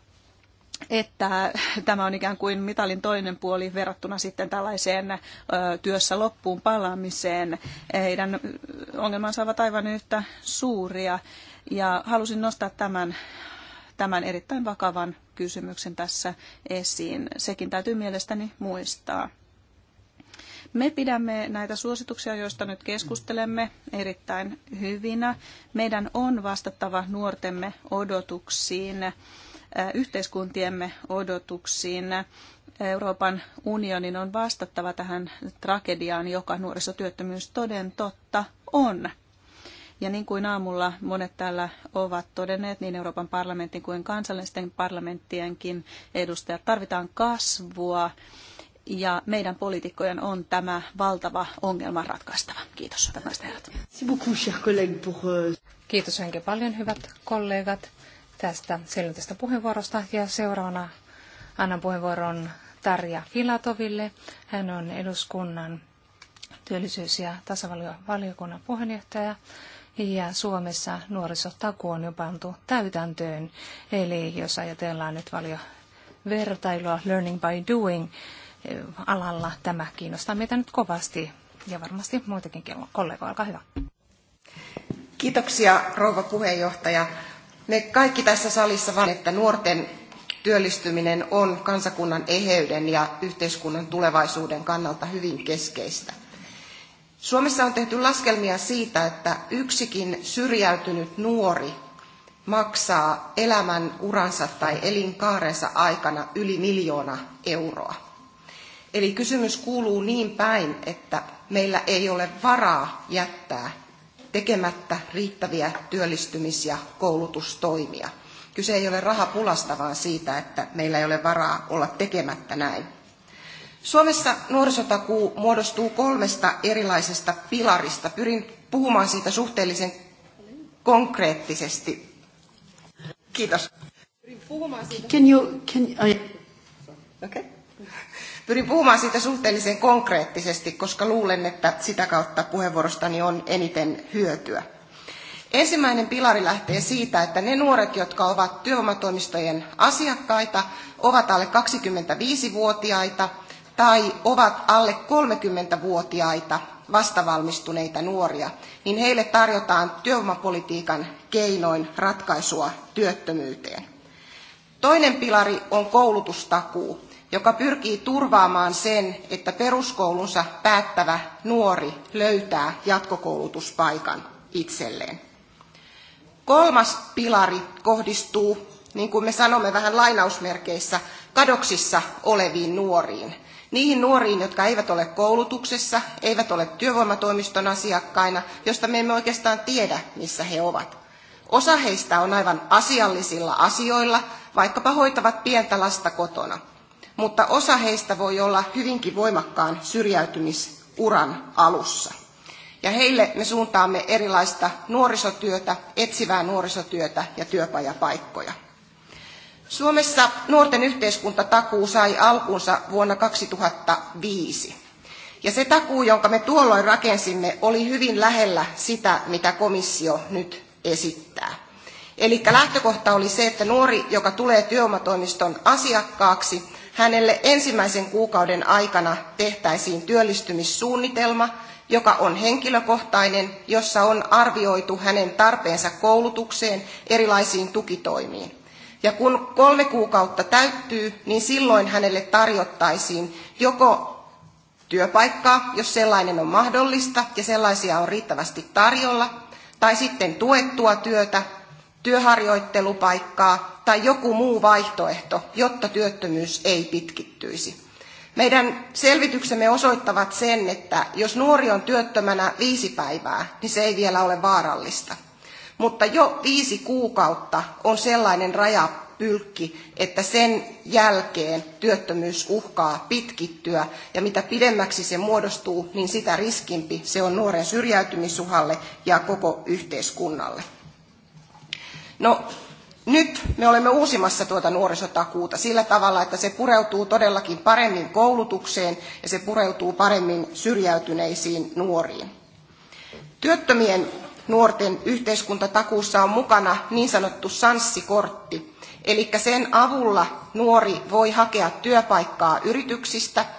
että tämä on ikään kuin mitalin toinen puoli verrattuna sitten tällaiseen työssä loppuun palaamiseen. Heidän ongelmansa ovat aivan yhtä suuria. Ja halusin nostaa tämän, tämän erittäin vakavan kysymyksen tässä esiin. Sekin täytyy mielestäni muistaa. Me pidämme näitä suosituksia, joista nyt keskustelemme, erittäin hyvinä. Meidän on vastattava nuortemme odotuksiin, yhteiskuntiemme odotuksiin. Euroopan unionin on vastattava tähän tragediaan, joka nuorisotyöttömyys toden totta on. Ja niin kuin aamulla monet täällä ovat todenneet, niin Euroopan parlamentin kuin kansallisten parlamenttienkin edustajat tarvitaan kasvua ja meidän poliitikkojen on tämä valtava ongelma ratkaistava. Kiitos, hyvät herrat. Euh, Kiitos oikein paljon, hyvät kollegat, tästä selvitystä puheenvuorosta. Ja seuraavana annan puheenvuoron Tarja Filatoville. Hän on eduskunnan työllisyys- ja tasavaliokunnan puheenjohtaja. Ja Suomessa nuorisotaku on jo pantu täytäntöön. Eli jos ajatellaan nyt paljon vertailua learning by doing, alalla. Tämä kiinnostaa meitä nyt kovasti ja varmasti muitakin kollegoja. Olkaa hyvä. Kiitoksia rouva puheenjohtaja. Me kaikki tässä salissa vaan, että nuorten työllistyminen on kansakunnan eheyden ja yhteiskunnan tulevaisuuden kannalta hyvin keskeistä. Suomessa on tehty laskelmia siitä, että yksikin syrjäytynyt nuori maksaa elämän uransa tai elinkaarensa aikana yli miljoona euroa. Eli kysymys kuuluu niin päin, että meillä ei ole varaa jättää tekemättä riittäviä työllistymis- ja koulutustoimia. Kyse ei ole rahapulasta, vaan siitä, että meillä ei ole varaa olla tekemättä näin. Suomessa nuorisotakuu muodostuu kolmesta erilaisesta pilarista. Pyrin puhumaan siitä suhteellisen konkreettisesti. Kiitos. Pyrin puhumaan siitä. Can you, can, I... okay. Pyrin puhumaan siitä suhteellisen konkreettisesti, koska luulen, että sitä kautta puheenvuorostani on eniten hyötyä. Ensimmäinen pilari lähtee siitä, että ne nuoret, jotka ovat työvoimatoimistojen asiakkaita, ovat alle 25-vuotiaita tai ovat alle 30-vuotiaita vastavalmistuneita nuoria, niin heille tarjotaan työvoimapolitiikan keinoin ratkaisua työttömyyteen. Toinen pilari on koulutustakuu joka pyrkii turvaamaan sen, että peruskoulunsa päättävä nuori löytää jatkokoulutuspaikan itselleen. Kolmas pilari kohdistuu, niin kuin me sanomme vähän lainausmerkeissä, kadoksissa oleviin nuoriin. Niihin nuoriin, jotka eivät ole koulutuksessa, eivät ole työvoimatoimiston asiakkaina, josta me emme oikeastaan tiedä, missä he ovat. Osa heistä on aivan asiallisilla asioilla, vaikkapa hoitavat pientä lasta kotona – mutta osa heistä voi olla hyvinkin voimakkaan syrjäytymisuran alussa. Ja heille me suuntaamme erilaista nuorisotyötä, etsivää nuorisotyötä ja työpajapaikkoja. Suomessa nuorten yhteiskuntatakuu sai alkunsa vuonna 2005. Ja se takuu, jonka me tuolloin rakensimme, oli hyvin lähellä sitä, mitä komissio nyt esittää. Eli lähtökohta oli se, että nuori, joka tulee työomatoimiston asiakkaaksi, hänelle ensimmäisen kuukauden aikana tehtäisiin työllistymissuunnitelma, joka on henkilökohtainen, jossa on arvioitu hänen tarpeensa koulutukseen, erilaisiin tukitoimiin. Ja kun kolme kuukautta täyttyy, niin silloin hänelle tarjottaisiin joko työpaikkaa, jos sellainen on mahdollista ja sellaisia on riittävästi tarjolla, tai sitten tuettua työtä, työharjoittelupaikkaa tai joku muu vaihtoehto, jotta työttömyys ei pitkittyisi. Meidän selvityksemme osoittavat sen, että jos nuori on työttömänä viisi päivää, niin se ei vielä ole vaarallista. Mutta jo viisi kuukautta on sellainen rajapylkki, että sen jälkeen työttömyys uhkaa pitkittyä, ja mitä pidemmäksi se muodostuu, niin sitä riskimpi se on nuoren syrjäytymisuhalle ja koko yhteiskunnalle. No, nyt me olemme uusimassa tuota nuorisotakuuta sillä tavalla, että se pureutuu todellakin paremmin koulutukseen ja se pureutuu paremmin syrjäytyneisiin nuoriin. Työttömien nuorten yhteiskuntatakuussa on mukana niin sanottu sanssikortti, eli sen avulla nuori voi hakea työpaikkaa yrityksistä –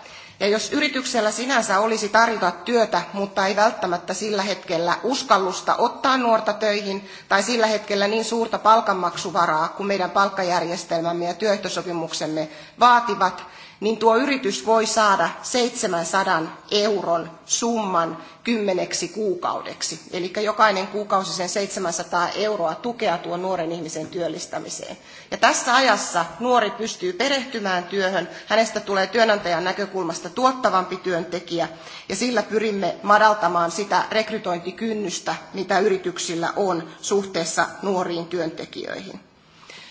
ja jos yrityksellä sinänsä olisi tarjota työtä, mutta ei välttämättä sillä hetkellä uskallusta ottaa nuorta töihin, tai sillä hetkellä niin suurta palkanmaksuvaraa kuin meidän palkkajärjestelmämme ja työehtosopimuksemme vaativat, niin tuo yritys voi saada 700 euron summan kymmeneksi kuukaudeksi. Eli jokainen kuukausi sen 700 euroa tukea tuon nuoren ihmisen työllistämiseen. Ja tässä ajassa nuori pystyy perehtymään työhön, hänestä tulee työnantajan näkökulmasta tuottavampi työntekijä, ja sillä pyrimme madaltamaan sitä rekrytointikynnystä, mitä yrityksillä on suhteessa nuoriin työntekijöihin.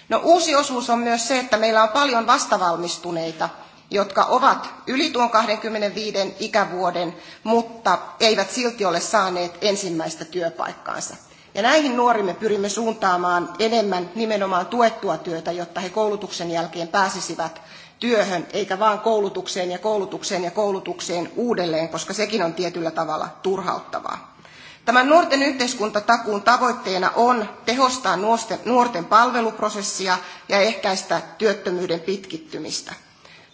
No, uusi osuus on myös se, että meillä on paljon vastavalmistuneita jotka ovat yli tuon 25 ikävuoden, mutta eivät silti ole saaneet ensimmäistä työpaikkaansa. Ja näihin nuorimme pyrimme suuntaamaan enemmän nimenomaan tuettua työtä, jotta he koulutuksen jälkeen pääsisivät työhön, eikä vaan koulutukseen ja koulutukseen ja koulutukseen uudelleen, koska sekin on tietyllä tavalla turhauttavaa. Tämän nuorten yhteiskuntatakuun tavoitteena on tehostaa nuorten palveluprosessia ja ehkäistä työttömyyden pitkittymistä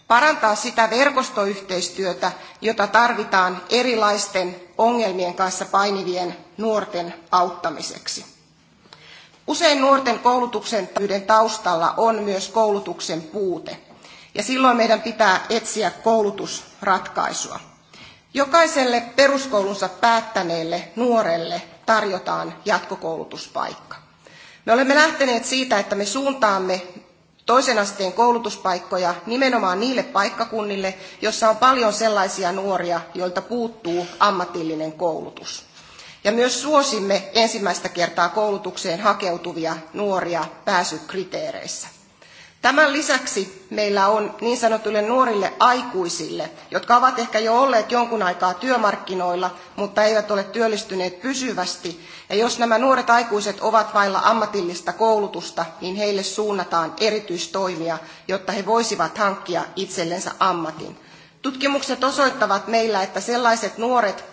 parantaa sitä verkostoyhteistyötä, jota tarvitaan erilaisten ongelmien kanssa painivien nuorten auttamiseksi. Usein nuorten koulutuksen taustalla on myös koulutuksen puute, ja silloin meidän pitää etsiä koulutusratkaisua. Jokaiselle peruskoulunsa päättäneelle nuorelle tarjotaan jatkokoulutuspaikka. Me olemme lähteneet siitä, että me suuntaamme toisen asteen koulutuspaikkoja nimenomaan niille paikkakunnille, joissa on paljon sellaisia nuoria, joilta puuttuu ammatillinen koulutus. Ja myös suosimme ensimmäistä kertaa koulutukseen hakeutuvia nuoria pääsykriteereissä. Tämän lisäksi meillä on niin sanotuille nuorille aikuisille, jotka ovat ehkä jo olleet jonkun aikaa työmarkkinoilla, mutta eivät ole työllistyneet pysyvästi. Ja jos nämä nuoret aikuiset ovat vailla ammatillista koulutusta, niin heille suunnataan erityistoimia, jotta he voisivat hankkia itsellensä ammatin. Tutkimukset osoittavat meillä, että sellaiset nuoret,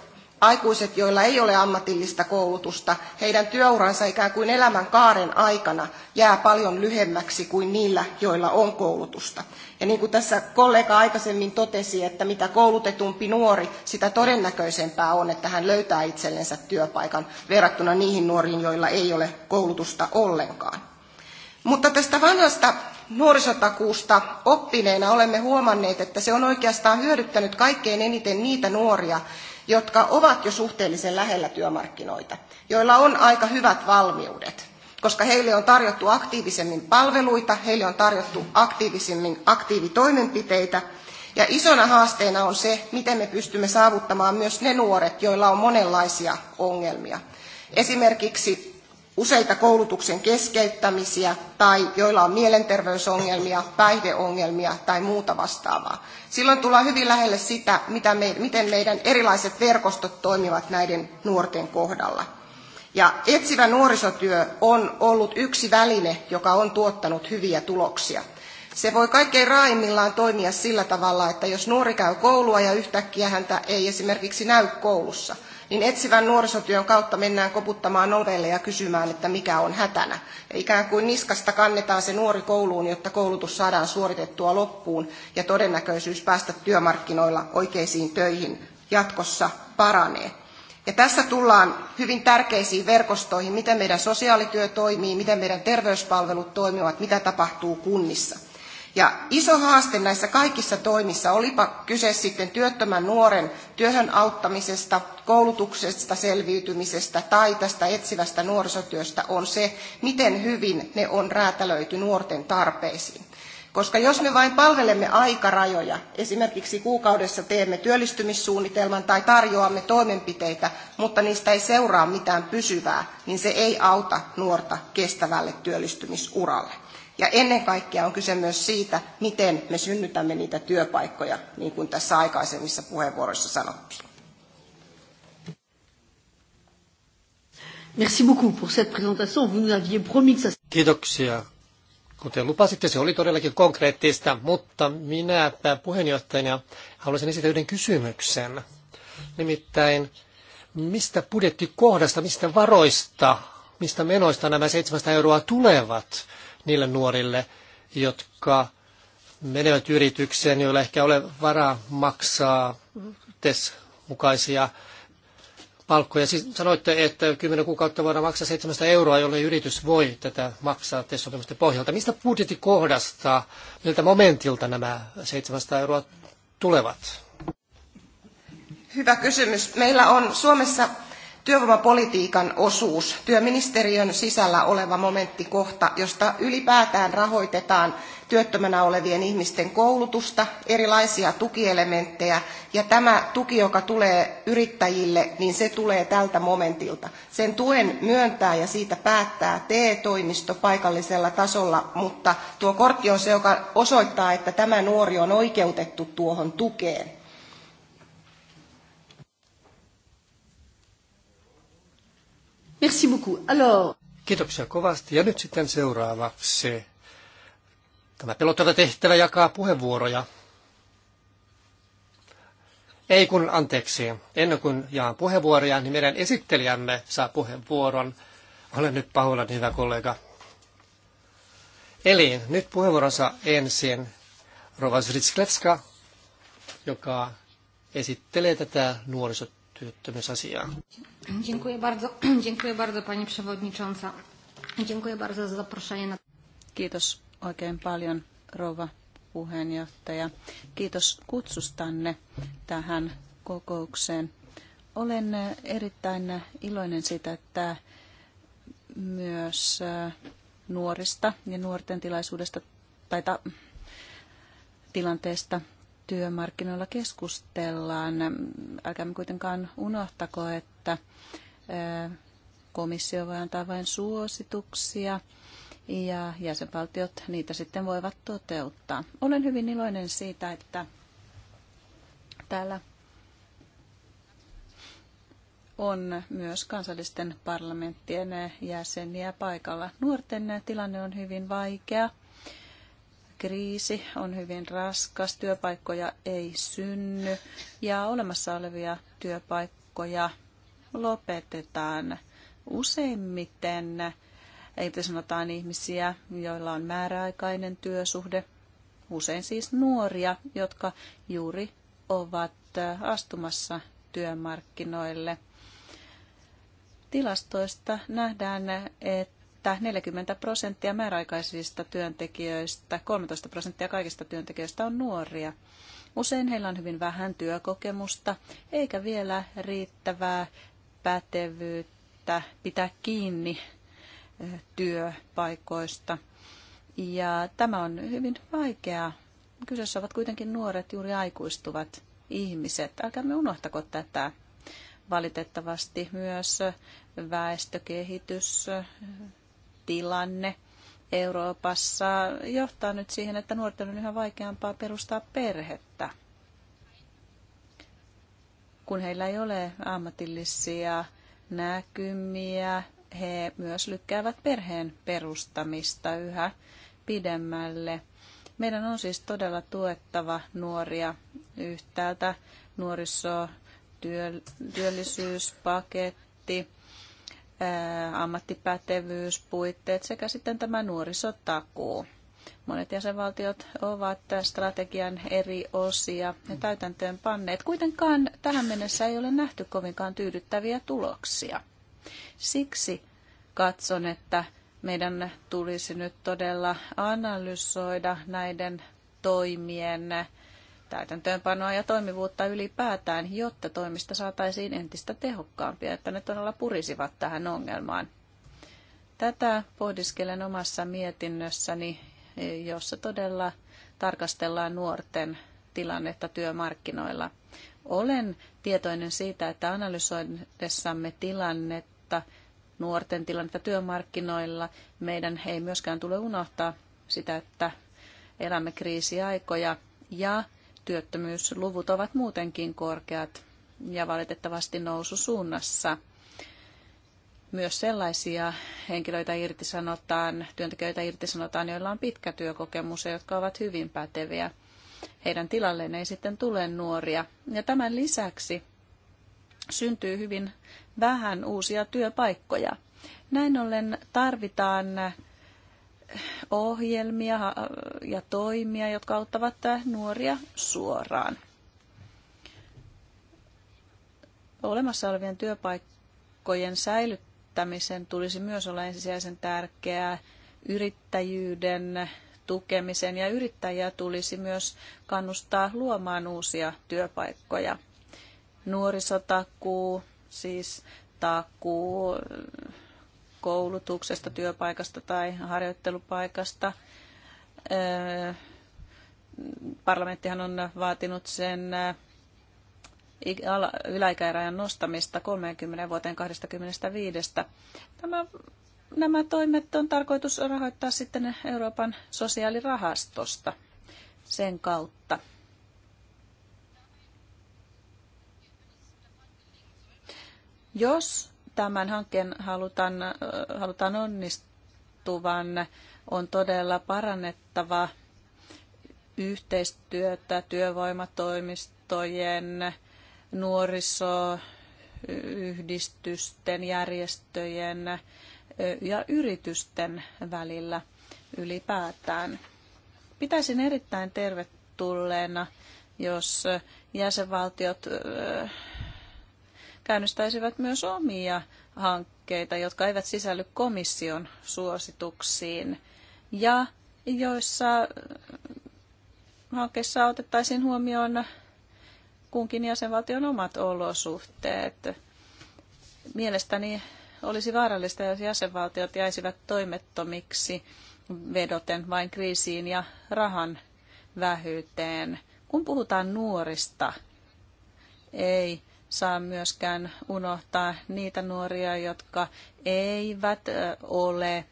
aikuiset, joilla ei ole ammatillista koulutusta, heidän työuransa ikään kuin elämänkaaren aikana jää paljon lyhemmäksi kuin niillä, joilla on koulutusta. Ja niin kuin tässä kollega aikaisemmin totesi, että mitä koulutetumpi nuori, sitä todennäköisempää on, että hän löytää itsellensä työpaikan verrattuna niihin nuoriin, joilla ei ole koulutusta ollenkaan. Mutta tästä vanhasta nuorisotakuusta oppineena olemme huomanneet, että se on oikeastaan hyödyttänyt kaikkein eniten niitä nuoria, jotka ovat jo suhteellisen lähellä työmarkkinoita, joilla on aika hyvät valmiudet, koska heille on tarjottu aktiivisemmin palveluita, heille on tarjottu aktiivisemmin aktiivitoimenpiteitä, ja isona haasteena on se, miten me pystymme saavuttamaan myös ne nuoret, joilla on monenlaisia ongelmia. Esimerkiksi useita koulutuksen keskeyttämisiä tai joilla on mielenterveysongelmia, päihdeongelmia tai muuta vastaavaa. Silloin tullaan hyvin lähelle sitä, miten meidän erilaiset verkostot toimivat näiden nuorten kohdalla. Ja etsivä nuorisotyö on ollut yksi väline, joka on tuottanut hyviä tuloksia. Se voi kaikkein raaimmillaan toimia sillä tavalla, että jos nuori käy koulua ja yhtäkkiä häntä ei esimerkiksi näy koulussa – niin etsivän nuorisotyön kautta mennään koputtamaan ovelle ja kysymään, että mikä on hätänä. Ja ikään kuin niskasta kannetaan se nuori kouluun, jotta koulutus saadaan suoritettua loppuun ja todennäköisyys päästä työmarkkinoilla oikeisiin töihin jatkossa paranee. Ja tässä tullaan hyvin tärkeisiin verkostoihin, miten meidän sosiaalityö toimii, miten meidän terveyspalvelut toimivat, mitä tapahtuu kunnissa. Ja iso haaste näissä kaikissa toimissa, olipa kyse sitten työttömän nuoren työhön auttamisesta, koulutuksesta selviytymisestä tai tästä etsivästä nuorisotyöstä, on se, miten hyvin ne on räätälöity nuorten tarpeisiin. Koska jos me vain palvelemme aikarajoja, esimerkiksi kuukaudessa teemme työllistymissuunnitelman tai tarjoamme toimenpiteitä, mutta niistä ei seuraa mitään pysyvää, niin se ei auta nuorta kestävälle työllistymisuralle. Ja ennen kaikkea on kyse myös siitä, miten me synnytämme niitä työpaikkoja, niin kuin tässä aikaisemmissa puheenvuoroissa sanottiin. Merci beaucoup pour cette présentation. Vous nous aviez promis que ça... Kiitoksia. Kuten lupasitte, se oli todellakin konkreettista, mutta minä puheenjohtajana haluaisin esittää yhden kysymyksen. Nimittäin, mistä budjettikohdasta, mistä varoista, mistä menoista nämä 700 euroa tulevat? niille nuorille, jotka menevät yritykseen, joilla ehkä ole varaa maksaa TES-mukaisia palkkoja. Siis sanoitte, että 10 kuukautta voidaan maksaa 700 euroa, jolle yritys voi tätä maksaa tes pohjalta. Mistä budjettikohdasta, miltä momentilta nämä 700 euroa tulevat? Hyvä kysymys. Meillä on Suomessa työvoimapolitiikan osuus, työministeriön sisällä oleva momenttikohta, josta ylipäätään rahoitetaan työttömänä olevien ihmisten koulutusta, erilaisia tukielementtejä, ja tämä tuki, joka tulee yrittäjille, niin se tulee tältä momentilta. Sen tuen myöntää ja siitä päättää TE-toimisto paikallisella tasolla, mutta tuo kortti on se, joka osoittaa, että tämä nuori on oikeutettu tuohon tukeen. Merci beaucoup. Alors... Kiitoksia kovasti. Ja nyt sitten seuraavaksi tämä pelottava tehtävä jakaa puheenvuoroja. Ei kun, anteeksi. Ennen kuin jaan puheenvuoroja, niin meidän esittelijämme saa puheenvuoron. Olen nyt pahoillani, hyvä kollega. Eli nyt puheenvuoronsa ensin Rova Zritsklevska, joka esittelee tätä nuorisot työttömyysasiaa. Dziękuję bardzo, dziękuję bardzo pani przewodnicząca. Dziękuję bardzo za zaproszenie. Na... Kiitos oikein paljon rouva puheenjohtaja. Kiitos kutsustanne tähän kokoukseen. Olen erittäin iloinen siitä, että myös äh, nuorista ja nuorten tilaisuudesta tai ta, tilanteesta työmarkkinoilla keskustellaan. Älkäämme kuitenkaan unohtako, että komissio voi antaa vain suosituksia ja jäsenvaltiot niitä sitten voivat toteuttaa. Olen hyvin iloinen siitä, että täällä on myös kansallisten parlamenttien jäseniä paikalla. Nuorten tilanne on hyvin vaikea kriisi on hyvin raskas, työpaikkoja ei synny ja olemassa olevia työpaikkoja lopetetaan useimmiten. Ei sanotaan ihmisiä, joilla on määräaikainen työsuhde, usein siis nuoria, jotka juuri ovat astumassa työmarkkinoille. Tilastoista nähdään, että että 40 prosenttia määräaikaisista työntekijöistä, 13 prosenttia kaikista työntekijöistä on nuoria. Usein heillä on hyvin vähän työkokemusta eikä vielä riittävää pätevyyttä pitää kiinni eh, työpaikoista. Ja tämä on hyvin vaikeaa. Kyseessä ovat kuitenkin nuoret, juuri aikuistuvat ihmiset. Älkäämme unohtako tätä. Valitettavasti myös väestökehitys eh, tilanne Euroopassa johtaa nyt siihen, että nuorten on yhä vaikeampaa perustaa perhettä, kun heillä ei ole ammatillisia näkymiä. He myös lykkäävät perheen perustamista yhä pidemmälle. Meidän on siis todella tuettava nuoria yhtäältä nuorisotyöllisyyspaketti, ammattipätevyyspuitteet sekä sitten tämä nuorisotakuu. Monet jäsenvaltiot ovat strategian eri osia ja täytäntöön panneet. Kuitenkaan tähän mennessä ei ole nähty kovinkaan tyydyttäviä tuloksia. Siksi katson, että meidän tulisi nyt todella analysoida näiden toimien täytäntöönpanoa ja toimivuutta ylipäätään, jotta toimista saataisiin entistä tehokkaampia, että ne todella purisivat tähän ongelmaan. Tätä pohdiskelen omassa mietinnössäni, jossa todella tarkastellaan nuorten tilannetta työmarkkinoilla. Olen tietoinen siitä, että analysoidessamme tilannetta, nuorten tilannetta työmarkkinoilla, meidän ei myöskään tule unohtaa sitä, että elämme kriisiaikoja ja työttömyysluvut ovat muutenkin korkeat ja valitettavasti noususuunnassa. Myös sellaisia henkilöitä irtisanotaan, työntekijöitä irtisanotaan, joilla on pitkä työkokemus ja jotka ovat hyvin päteviä. Heidän tilalleen ei sitten tule nuoria. Ja tämän lisäksi syntyy hyvin vähän uusia työpaikkoja. Näin ollen tarvitaan ohjelmia ja toimia, jotka auttavat nuoria suoraan. Olemassa olevien työpaikkojen säilyttämisen tulisi myös olla ensisijaisen tärkeää yrittäjyyden tukemisen ja yrittäjiä tulisi myös kannustaa luomaan uusia työpaikkoja. Nuorisotakuu, siis takuu koulutuksesta, työpaikasta tai harjoittelupaikasta. Parlamenttihan on vaatinut sen yläikärajan nostamista 30 vuoteen 25. Tämä, nämä toimet on tarkoitus rahoittaa sitten Euroopan sosiaalirahastosta sen kautta. Jos tämän hankkeen halutaan, halutaan onnistuvan, on todella parannettava yhteistyötä työvoimatoimistojen, nuorisoyhdistysten, järjestöjen ja yritysten välillä ylipäätään. Pitäisin erittäin tervetulleena, jos jäsenvaltiot käynnistäisivät myös omia hankkeita, jotka eivät sisälly komission suosituksiin ja joissa äh, hankkeessa otettaisiin huomioon kunkin jäsenvaltion omat olosuhteet. Mielestäni olisi vaarallista, jos jäsenvaltiot jäisivät toimettomiksi vedoten vain kriisiin ja rahan vähyyteen. Kun puhutaan nuorista, ei saa myöskään unohtaa niitä nuoria, jotka eivät ole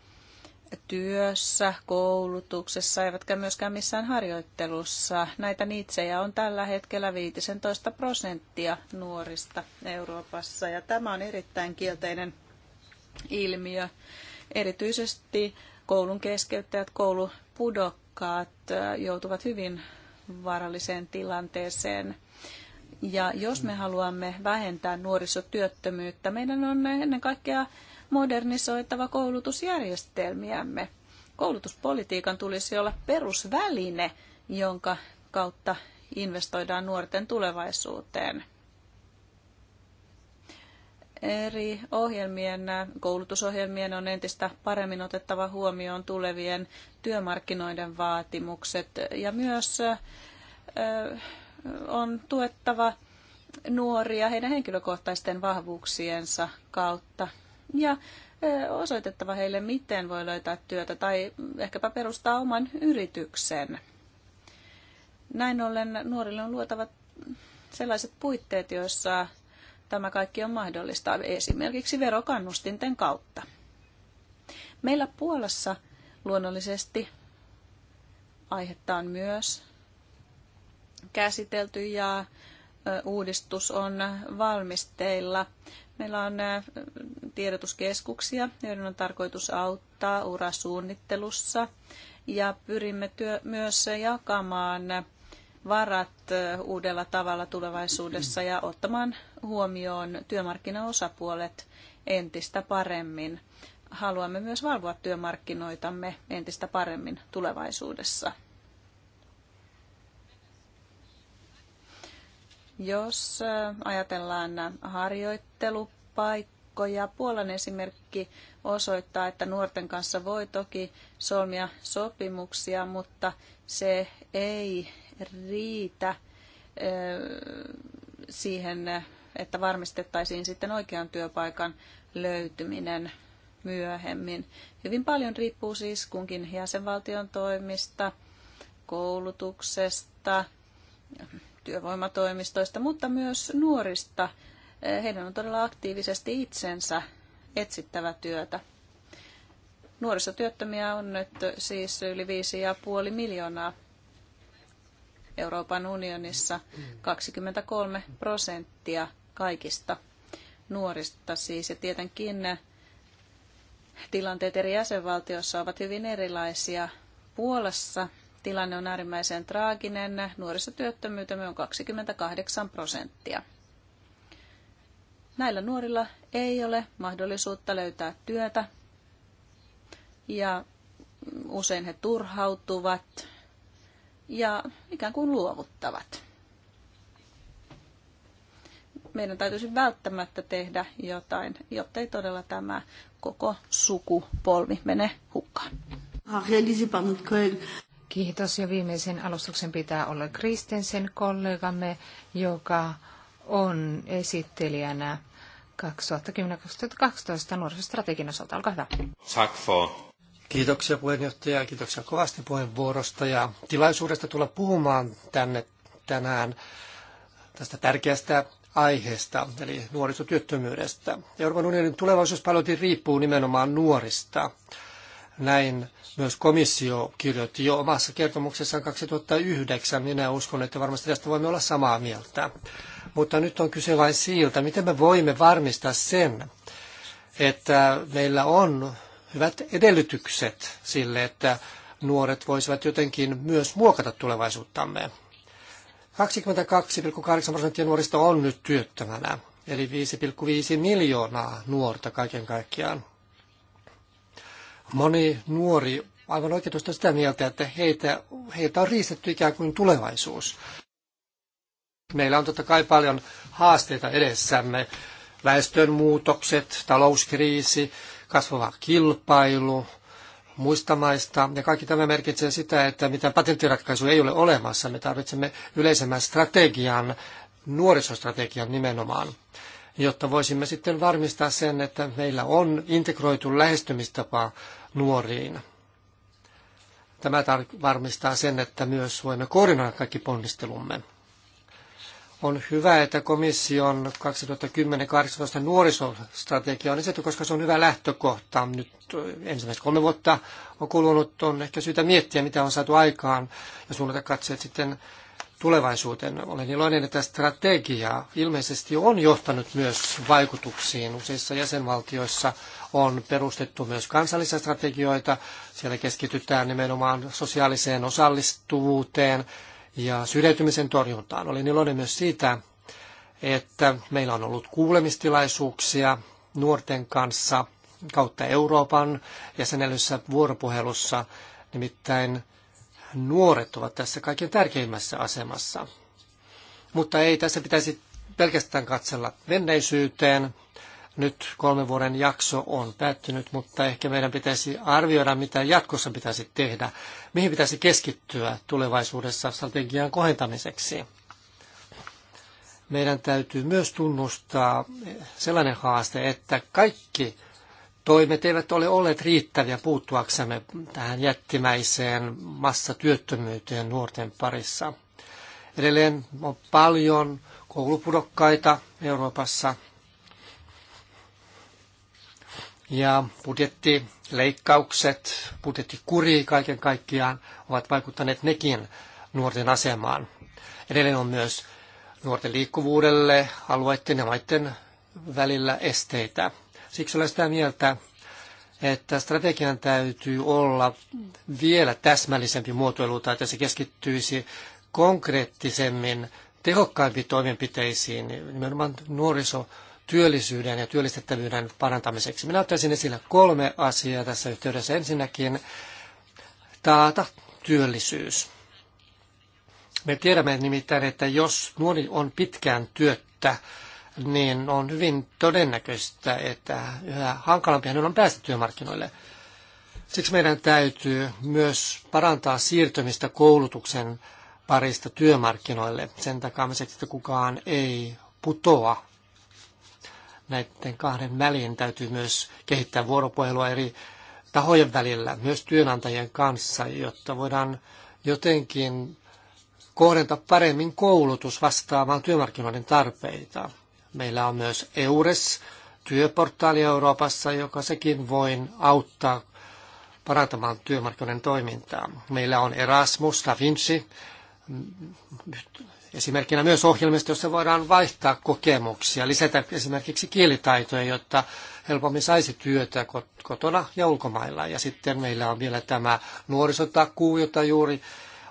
työssä, koulutuksessa, eivätkä myöskään missään harjoittelussa. Näitä niitsejä on tällä hetkellä 15 prosenttia nuorista Euroopassa, ja tämä on erittäin kielteinen ilmiö. Erityisesti koulun keskeyttäjät, koulupudokkaat joutuvat hyvin vaaralliseen tilanteeseen. Ja jos me haluamme vähentää nuorisotyöttömyyttä, meidän on ennen kaikkea modernisoitava koulutusjärjestelmiämme. Koulutuspolitiikan tulisi olla perusväline, jonka kautta investoidaan nuorten tulevaisuuteen. Eri ohjelmien, koulutusohjelmien on entistä paremmin otettava huomioon tulevien työmarkkinoiden vaatimukset ja myös on tuettava nuoria heidän henkilökohtaisten vahvuuksiensa kautta ja osoitettava heille, miten voi löytää työtä tai ehkäpä perustaa oman yrityksen. Näin ollen nuorille on luotava sellaiset puitteet, joissa tämä kaikki on mahdollista esimerkiksi verokannustinten kautta. Meillä Puolassa luonnollisesti aihetta on myös käsitelty ja uudistus on valmisteilla. Meillä on tiedotuskeskuksia, joiden on tarkoitus auttaa urasuunnittelussa ja pyrimme työ, myös jakamaan varat uudella tavalla tulevaisuudessa ja ottamaan huomioon työmarkkinaosapuolet entistä paremmin. Haluamme myös valvoa työmarkkinoitamme entistä paremmin tulevaisuudessa. Jos ajatellaan harjoittelupaikkoja, Puolan esimerkki osoittaa, että nuorten kanssa voi toki solmia sopimuksia, mutta se ei riitä siihen, että varmistettaisiin sitten oikean työpaikan löytyminen myöhemmin. Hyvin paljon riippuu siis kunkin jäsenvaltion toimista, koulutuksesta, työvoimatoimistoista, mutta myös nuorista. Heidän on todella aktiivisesti itsensä etsittävä työtä. Nuorisotyöttömiä on nyt siis yli 5,5 miljoonaa Euroopan unionissa 23 prosenttia kaikista nuorista siis. Ja tietenkin tilanteet eri jäsenvaltioissa ovat hyvin erilaisia. Puolassa tilanne on äärimmäisen traaginen. Nuorisotyöttömyytemme on 28 prosenttia. Näillä nuorilla ei ole mahdollisuutta löytää työtä ja usein he turhautuvat ja ikään kuin luovuttavat. Meidän täytyisi välttämättä tehdä jotain, jotta ei todella tämä koko sukupolvi mene hukkaan. Kiitos ja viimeisen alustuksen pitää olla Kristensen kollegamme, joka on esittelijänä 2010-2012 nuorisostrategian osalta. Olkaa hyvä. Tack Kiitoksia puheenjohtaja ja kiitoksia kovasti puheenvuorosta ja tilaisuudesta tulla puhumaan tänne tänään tästä tärkeästä aiheesta, eli nuorisotyöttömyydestä. Euroopan unionin tulevaisuus riippuu nimenomaan nuorista. Näin myös komissio kirjoitti jo omassa kertomuksessaan 2009. Minä uskon, että varmasti tästä voimme olla samaa mieltä. Mutta nyt on kyse vain siltä, miten me voimme varmistaa sen, että meillä on hyvät edellytykset sille, että nuoret voisivat jotenkin myös muokata tulevaisuuttamme. 22,8 prosenttia nuorista on nyt työttömänä, eli 5,5 miljoonaa nuorta kaiken kaikkiaan. Moni nuori aivan oikeutusta sitä mieltä, että heitä, heitä on riistetty ikään kuin tulevaisuus. Meillä on totta kai paljon haasteita edessämme. Väestönmuutokset, talouskriisi, kasvava kilpailu muista maista. Ja kaikki tämä merkitsee sitä, että mitään patenttiratkaisu ei ole olemassa. Me tarvitsemme yleisemmän strategian, nuorisostrategian nimenomaan jotta voisimme sitten varmistaa sen, että meillä on integroitu lähestymistapa nuoriin. Tämä varmistaa sen, että myös voimme koordinoida kaikki ponnistelumme. On hyvä, että komission 2010-2018 nuorisostrategia on esitetty, koska se on hyvä lähtökohta. Nyt ensimmäiset kolme vuotta on kulunut, on ehkä syytä miettiä, mitä on saatu aikaan ja suunnata katseet sitten tulevaisuuteen. Olen iloinen, että strategia ilmeisesti on johtanut myös vaikutuksiin useissa jäsenvaltioissa on perustettu myös kansallisia strategioita. Siellä keskitytään nimenomaan sosiaaliseen osallistuvuuteen ja syrjäytymisen torjuntaan. Olin iloinen myös siitä, että meillä on ollut kuulemistilaisuuksia nuorten kanssa kautta Euroopan jäsenellyssä vuoropuhelussa. Nimittäin nuoret ovat tässä kaikkein tärkeimmässä asemassa. Mutta ei tässä pitäisi pelkästään katsella menneisyyteen, nyt kolmen vuoden jakso on päättynyt, mutta ehkä meidän pitäisi arvioida, mitä jatkossa pitäisi tehdä, mihin pitäisi keskittyä tulevaisuudessa strategian kohentamiseksi. Meidän täytyy myös tunnustaa sellainen haaste, että kaikki toimet eivät ole olleet riittäviä puuttuaksemme tähän jättimäiseen massatyöttömyyteen nuorten parissa. Edelleen on paljon koulupudokkaita Euroopassa – ja budjettileikkaukset, budjettikuri kaiken kaikkiaan ovat vaikuttaneet nekin nuorten asemaan. Edelleen on myös nuorten liikkuvuudelle alueiden ja maiden välillä esteitä. Siksi olen sitä mieltä, että strategian täytyy olla vielä täsmällisempi tai että se keskittyisi konkreettisemmin tehokkaimpiin toimenpiteisiin, nimenomaan nuoriso- työllisyyden ja työllistettävyyden parantamiseksi. Minä ottaisin esille kolme asiaa tässä yhteydessä. Ensinnäkin taata työllisyys. Me tiedämme nimittäin, että jos nuori on pitkään työttä, niin on hyvin todennäköistä, että yhä hankalampi hänen on päästä työmarkkinoille. Siksi meidän täytyy myös parantaa siirtymistä koulutuksen parista työmarkkinoille sen takaamiseksi, että kukaan ei putoa näiden kahden väliin täytyy myös kehittää vuoropuhelua eri tahojen välillä, myös työnantajien kanssa, jotta voidaan jotenkin kohdentaa paremmin koulutus vastaamaan työmarkkinoiden tarpeita. Meillä on myös EURES, työportaali Euroopassa, joka sekin voi auttaa parantamaan työmarkkinoiden toimintaa. Meillä on Erasmus, Da Vinci, Esimerkkinä myös ohjelmista, joissa voidaan vaihtaa kokemuksia, lisätä esimerkiksi kielitaitoja, jotta helpommin saisi työtä kotona ja ulkomailla. Ja sitten meillä on vielä tämä nuorisotakuu, jota juuri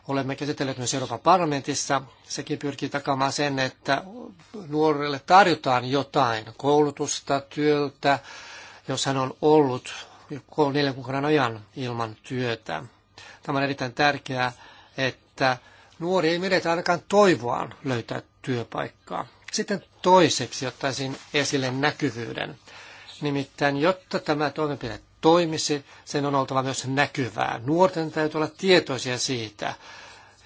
olemme käsitelleet myös Euroopan parlamentissa. Sekin pyrkii takamaan sen, että nuorille tarjotaan jotain koulutusta, työltä, jos hän on ollut neljän kuukauden ajan ilman työtä. Tämä on erittäin tärkeää, että nuori ei menetä ainakaan toivoaan löytää työpaikkaa. Sitten toiseksi ottaisin esille näkyvyyden. Nimittäin, jotta tämä toimenpide toimisi, sen on oltava myös näkyvää. Nuorten täytyy olla tietoisia siitä.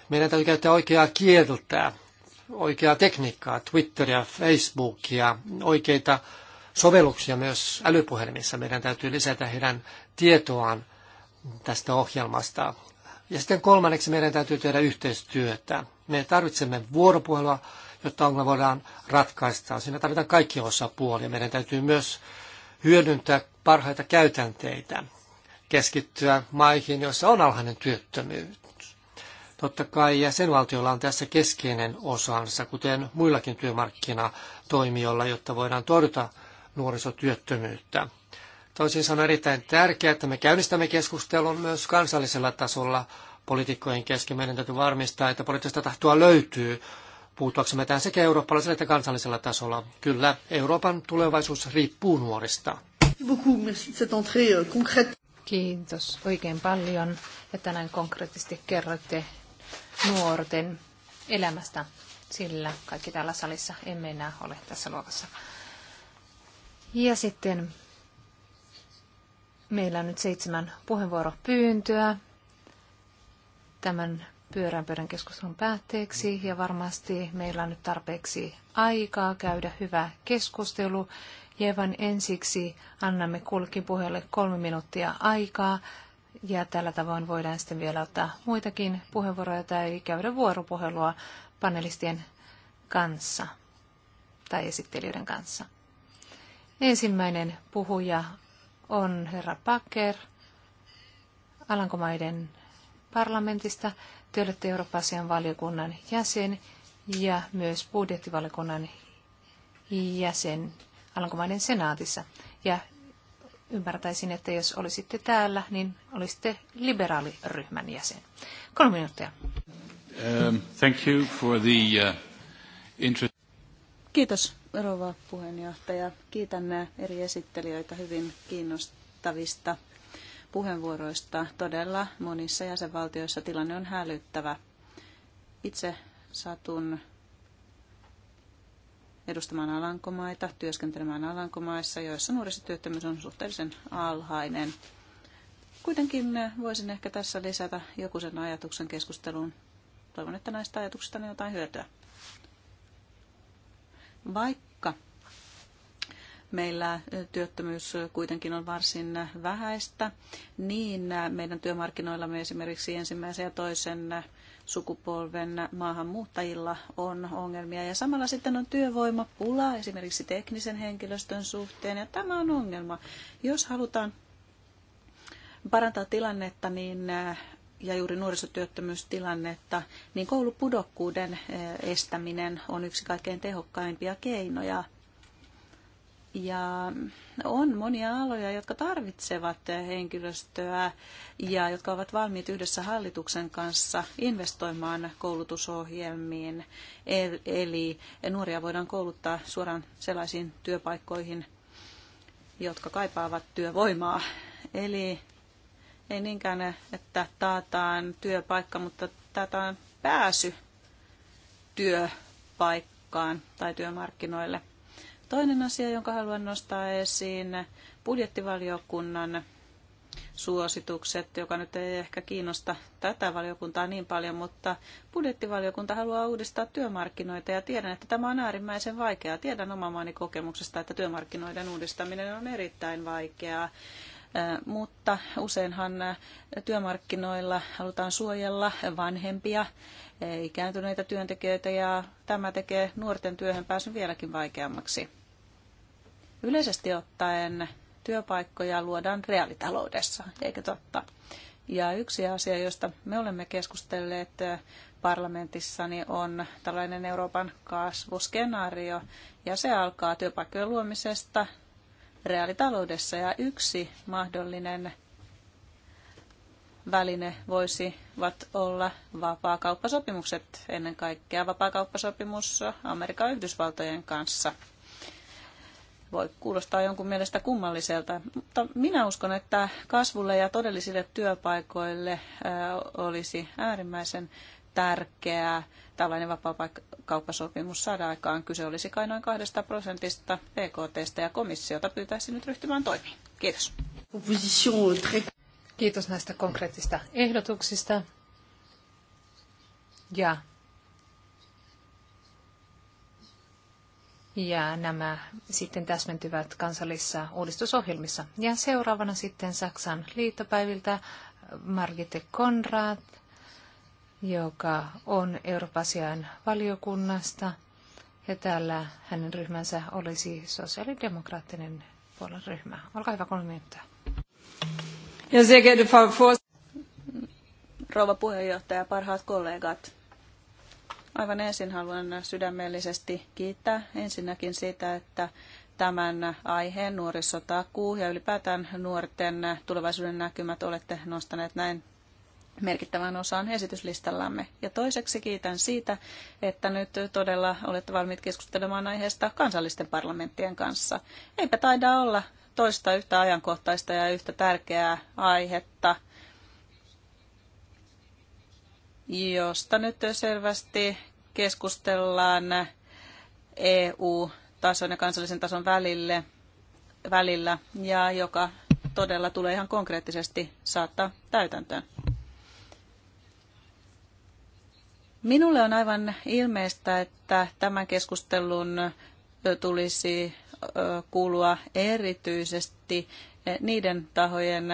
Meidän täytyy käyttää oikeaa kieltä, oikeaa tekniikkaa, Twitteria, Facebookia, oikeita sovelluksia myös älypuhelimissa. Meidän täytyy lisätä heidän tietoaan tästä ohjelmasta. Ja sitten kolmanneksi meidän täytyy tehdä yhteistyötä. Me tarvitsemme vuoropuhelua, jotta ongelma voidaan ratkaista. Siinä tarvitaan kaikki osapuolia. Meidän täytyy myös hyödyntää parhaita käytänteitä, keskittyä maihin, joissa on alhainen työttömyys. Totta kai jäsenvaltiolla on tässä keskeinen osansa, kuten muillakin työmarkkinatoimijoilla, jotta voidaan torjuta nuorisotyöttömyyttä. Toisin sanoen erittäin tärkeää, että me käynnistämme keskustelun myös kansallisella tasolla poliitikkojen kesken. Meidän täytyy varmistaa, että poliittista tahtoa löytyy puuttuaksemme tähän sekä eurooppalaisella että kansallisella tasolla. Kyllä, Euroopan tulevaisuus riippuu nuorista. Euh, Kiitos oikein paljon, että näin konkreettisesti kerroitte nuorten elämästä, sillä kaikki täällä salissa emme enää ole tässä luokassa. Ja sitten Meillä on nyt seitsemän puheenvuoropyyntöä tämän pyöränpöydän keskustelun päätteeksi ja varmasti meillä on nyt tarpeeksi aikaa käydä hyvä keskustelu. Jevan ensiksi annamme kulkin puheelle kolme minuuttia aikaa ja tällä tavoin voidaan sitten vielä ottaa muitakin puheenvuoroja tai käydä vuoropuhelua panelistien kanssa tai esittelijöiden kanssa. Ensimmäinen puhuja on herra Packer Alankomaiden parlamentista. Te olette Euroopan asian valiokunnan jäsen ja myös budjettivaliokunnan jäsen Alankomaiden senaatissa. Ja ymmärtäisin, että jos olisitte täällä, niin olisitte liberaaliryhmän jäsen. Kolme minuuttia. Um, thank you for the, uh, interest... Kiitos rouva puheenjohtaja. Kiitän eri esittelijöitä hyvin kiinnostavista puheenvuoroista. Todella monissa jäsenvaltioissa tilanne on hälyttävä. Itse satun edustamaan alankomaita, työskentelemään alankomaissa, joissa nuorisotyöttömyys on suhteellisen alhainen. Kuitenkin voisin ehkä tässä lisätä joku sen ajatuksen keskusteluun. Toivon, että näistä ajatuksista on jotain hyötyä. Vaikka meillä työttömyys kuitenkin on varsin vähäistä, niin meidän työmarkkinoillamme esimerkiksi ensimmäisen ja toisen sukupolven maahanmuuttajilla on ongelmia. Ja samalla sitten on työvoimapula esimerkiksi teknisen henkilöstön suhteen, ja tämä on ongelma. Jos halutaan parantaa tilannetta, niin ja juuri nuorisotyöttömyystilannetta, niin koulupudokkuuden estäminen on yksi kaikkein tehokkaimpia keinoja. Ja on monia aloja, jotka tarvitsevat henkilöstöä ja jotka ovat valmiit yhdessä hallituksen kanssa investoimaan koulutusohjelmiin. Eli nuoria voidaan kouluttaa suoraan sellaisiin työpaikkoihin, jotka kaipaavat työvoimaa. Eli ei niinkään, että taataan työpaikka, mutta taataan pääsy työpaikkaan tai työmarkkinoille – Toinen asia, jonka haluan nostaa esiin, budjettivaliokunnan suositukset, joka nyt ei ehkä kiinnosta tätä valiokuntaa niin paljon, mutta budjettivaliokunta haluaa uudistaa työmarkkinoita ja tiedän, että tämä on äärimmäisen vaikeaa. Tiedän oman kokemuksesta, että työmarkkinoiden uudistaminen on erittäin vaikeaa. Eh, mutta useinhan eh, työmarkkinoilla halutaan suojella vanhempia ikääntyneitä työntekijöitä ja tämä tekee nuorten työhön pääsyn vieläkin vaikeammaksi. Yleisesti ottaen työpaikkoja luodaan reaalitaloudessa, eikö totta? Ja yksi asia, josta me olemme keskustelleet parlamentissa, niin on tällainen Euroopan kasvuskenaario, ja se alkaa työpaikkojen luomisesta reaalitaloudessa. Ja yksi mahdollinen väline voisivat olla vapaakauppasopimukset ennen kaikkea. Vapaakauppasopimus Amerikan Yhdysvaltojen kanssa voi kuulostaa jonkun mielestä kummalliselta, mutta minä uskon, että kasvulle ja todellisille työpaikoille olisi äärimmäisen tärkeää tällainen vapaakauppasopimus saada aikaan. Kyse olisi kai noin kahdesta prosentista PKTstä ja komissiota pyytäisi nyt ryhtymään toimiin. Kiitos. Kiitos näistä konkreettista ehdotuksista. Ja, ja nämä sitten täsmentyvät kansallisissa uudistusohjelmissa. Ja seuraavana sitten Saksan liittopäiviltä Margite Konrad, joka on Euroopan valiokunnasta. Ja täällä hänen ryhmänsä olisi sosiaalidemokraattinen puolen ryhmä. Olkaa hyvä kolme minuuttia. Ja sehr geehrte Frau Voss. Rouva puheenjohtaja, parhaat kollegat. Aivan ensin haluan sydämellisesti kiittää ensinnäkin siitä, että tämän aiheen nuorisotakuu ja ylipäätään nuorten tulevaisuuden näkymät olette nostaneet näin merkittävän osan esityslistallamme. Ja toiseksi kiitän siitä, että nyt todella olette valmiit keskustelemaan aiheesta kansallisten parlamenttien kanssa. Eipä taida olla toista yhtä ajankohtaista ja yhtä tärkeää aihetta, josta nyt selvästi keskustellaan EU-tason ja kansallisen tason välille, välillä ja joka todella tulee ihan konkreettisesti saattaa täytäntöön. Minulle on aivan ilmeistä, että tämän keskustelun tulisi kuulua erityisesti e, niiden tahojen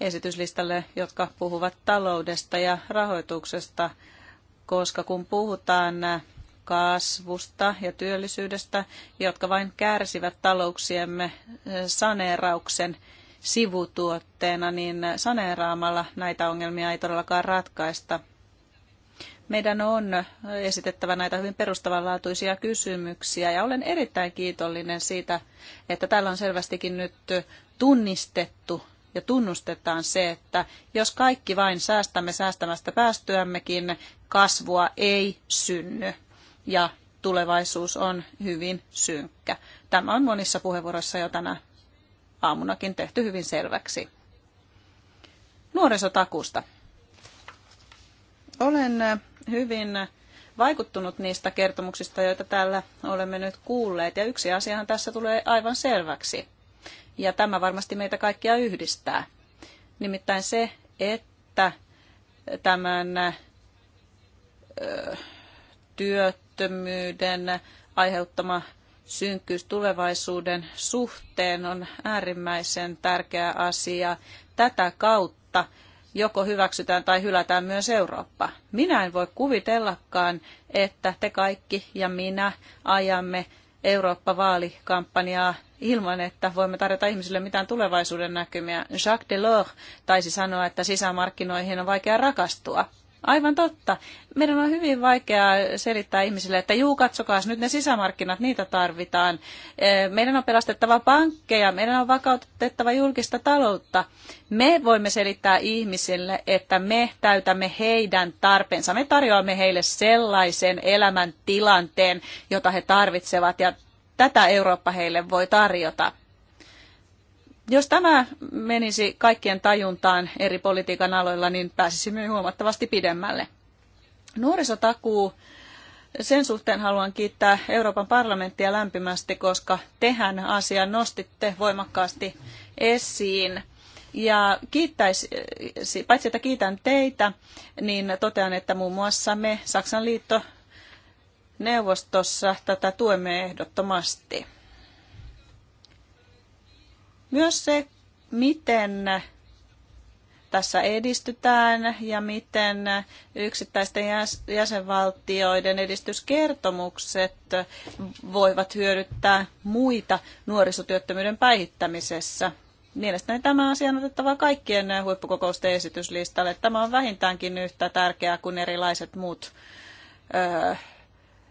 esityslistalle, jotka puhuvat taloudesta ja rahoituksesta, koska kun puhutaan kasvusta ja työllisyydestä, jotka vain kärsivät talouksiemme e, saneerauksen sivutuotteena, niin saneeraamalla näitä ongelmia ei todellakaan ratkaista meidän on esitettävä näitä hyvin perustavanlaatuisia kysymyksiä ja olen erittäin kiitollinen siitä, että täällä on selvästikin nyt tunnistettu ja tunnustetaan se, että jos kaikki vain säästämme säästämästä päästyämmekin, kasvua ei synny ja tulevaisuus on hyvin synkkä. Tämä on monissa puheenvuoroissa jo tänä aamunakin tehty hyvin selväksi. Nuorisotakuusta. Olen hyvin vaikuttunut niistä kertomuksista, joita täällä olemme nyt kuulleet. Ja yksi asiahan tässä tulee aivan selväksi. Ja tämä varmasti meitä kaikkia yhdistää. Nimittäin se, että tämän ö, työttömyyden aiheuttama synkkyys tulevaisuuden suhteen on äärimmäisen tärkeä asia. Tätä kautta joko hyväksytään tai hylätään myös Eurooppa. Minä en voi kuvitellakaan, että te kaikki ja minä ajamme Eurooppa-vaalikampanjaa ilman, että voimme tarjota ihmisille mitään tulevaisuuden näkymiä. Jacques Delors taisi sanoa, että sisämarkkinoihin on vaikea rakastua. Aivan totta. Meidän on hyvin vaikeaa selittää ihmisille, että juu, katsokaa nyt ne sisämarkkinat, niitä tarvitaan. Eh, meidän on pelastettava pankkeja, meidän on vakautettava julkista taloutta. Me voimme selittää ihmisille, että me täytämme heidän tarpeensa. Me tarjoamme heille sellaisen elämäntilanteen, jota he tarvitsevat ja tätä Eurooppa heille voi tarjota. Jos tämä menisi kaikkien tajuntaan eri politiikan aloilla, niin pääsisimme huomattavasti pidemmälle. Nuorisotakuu, sen suhteen haluan kiittää Euroopan parlamenttia lämpimästi, koska tehän asian nostitte voimakkaasti esiin. Ja kiittäisi, paitsi että kiitän teitä, niin totean, että muun muassa me Saksan liitto neuvostossa tätä tuemme ehdottomasti. Myös se, miten tässä edistytään ja miten yksittäisten jäsenvaltioiden edistyskertomukset voivat hyödyttää muita nuorisotyöttömyyden päihittämisessä. Mielestäni tämä asia on otettava kaikkien huippukokousten esityslistalle. Tämä on vähintäänkin yhtä tärkeää kuin erilaiset muut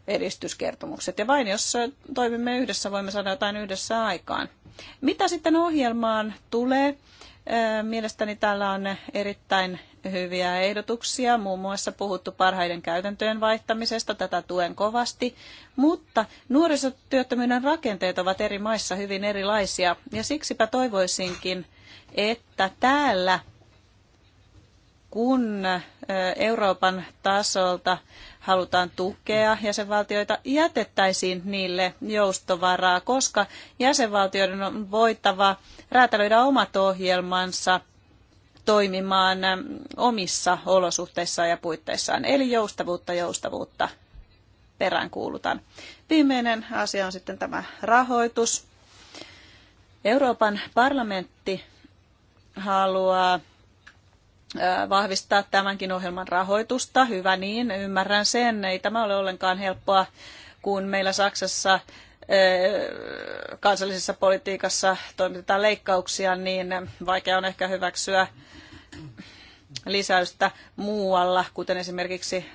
edistyskertomukset. Ja vain jos toimimme yhdessä, voimme saada jotain yhdessä aikaan. Mitä sitten ohjelmaan tulee? Mielestäni täällä on erittäin hyviä ehdotuksia, muun muassa puhuttu parhaiden käytäntöjen vaihtamisesta, tätä tuen kovasti, mutta nuorisotyöttömyyden rakenteet ovat eri maissa hyvin erilaisia ja siksipä toivoisinkin, että täällä kun Euroopan tasolta halutaan tukea jäsenvaltioita, jätettäisiin niille joustovaraa, koska jäsenvaltioiden on voitava räätälöidä omat ohjelmansa toimimaan omissa olosuhteissaan ja puitteissaan. Eli joustavuutta, joustavuutta peräänkuulutan. Viimeinen asia on sitten tämä rahoitus. Euroopan parlamentti haluaa vahvistaa tämänkin ohjelman rahoitusta. Hyvä niin, ymmärrän sen. Ei tämä ole ollenkaan helppoa, kun meillä Saksassa kansallisessa politiikassa toimitetaan leikkauksia, niin vaikea on ehkä hyväksyä lisäystä muualla, kuten esimerkiksi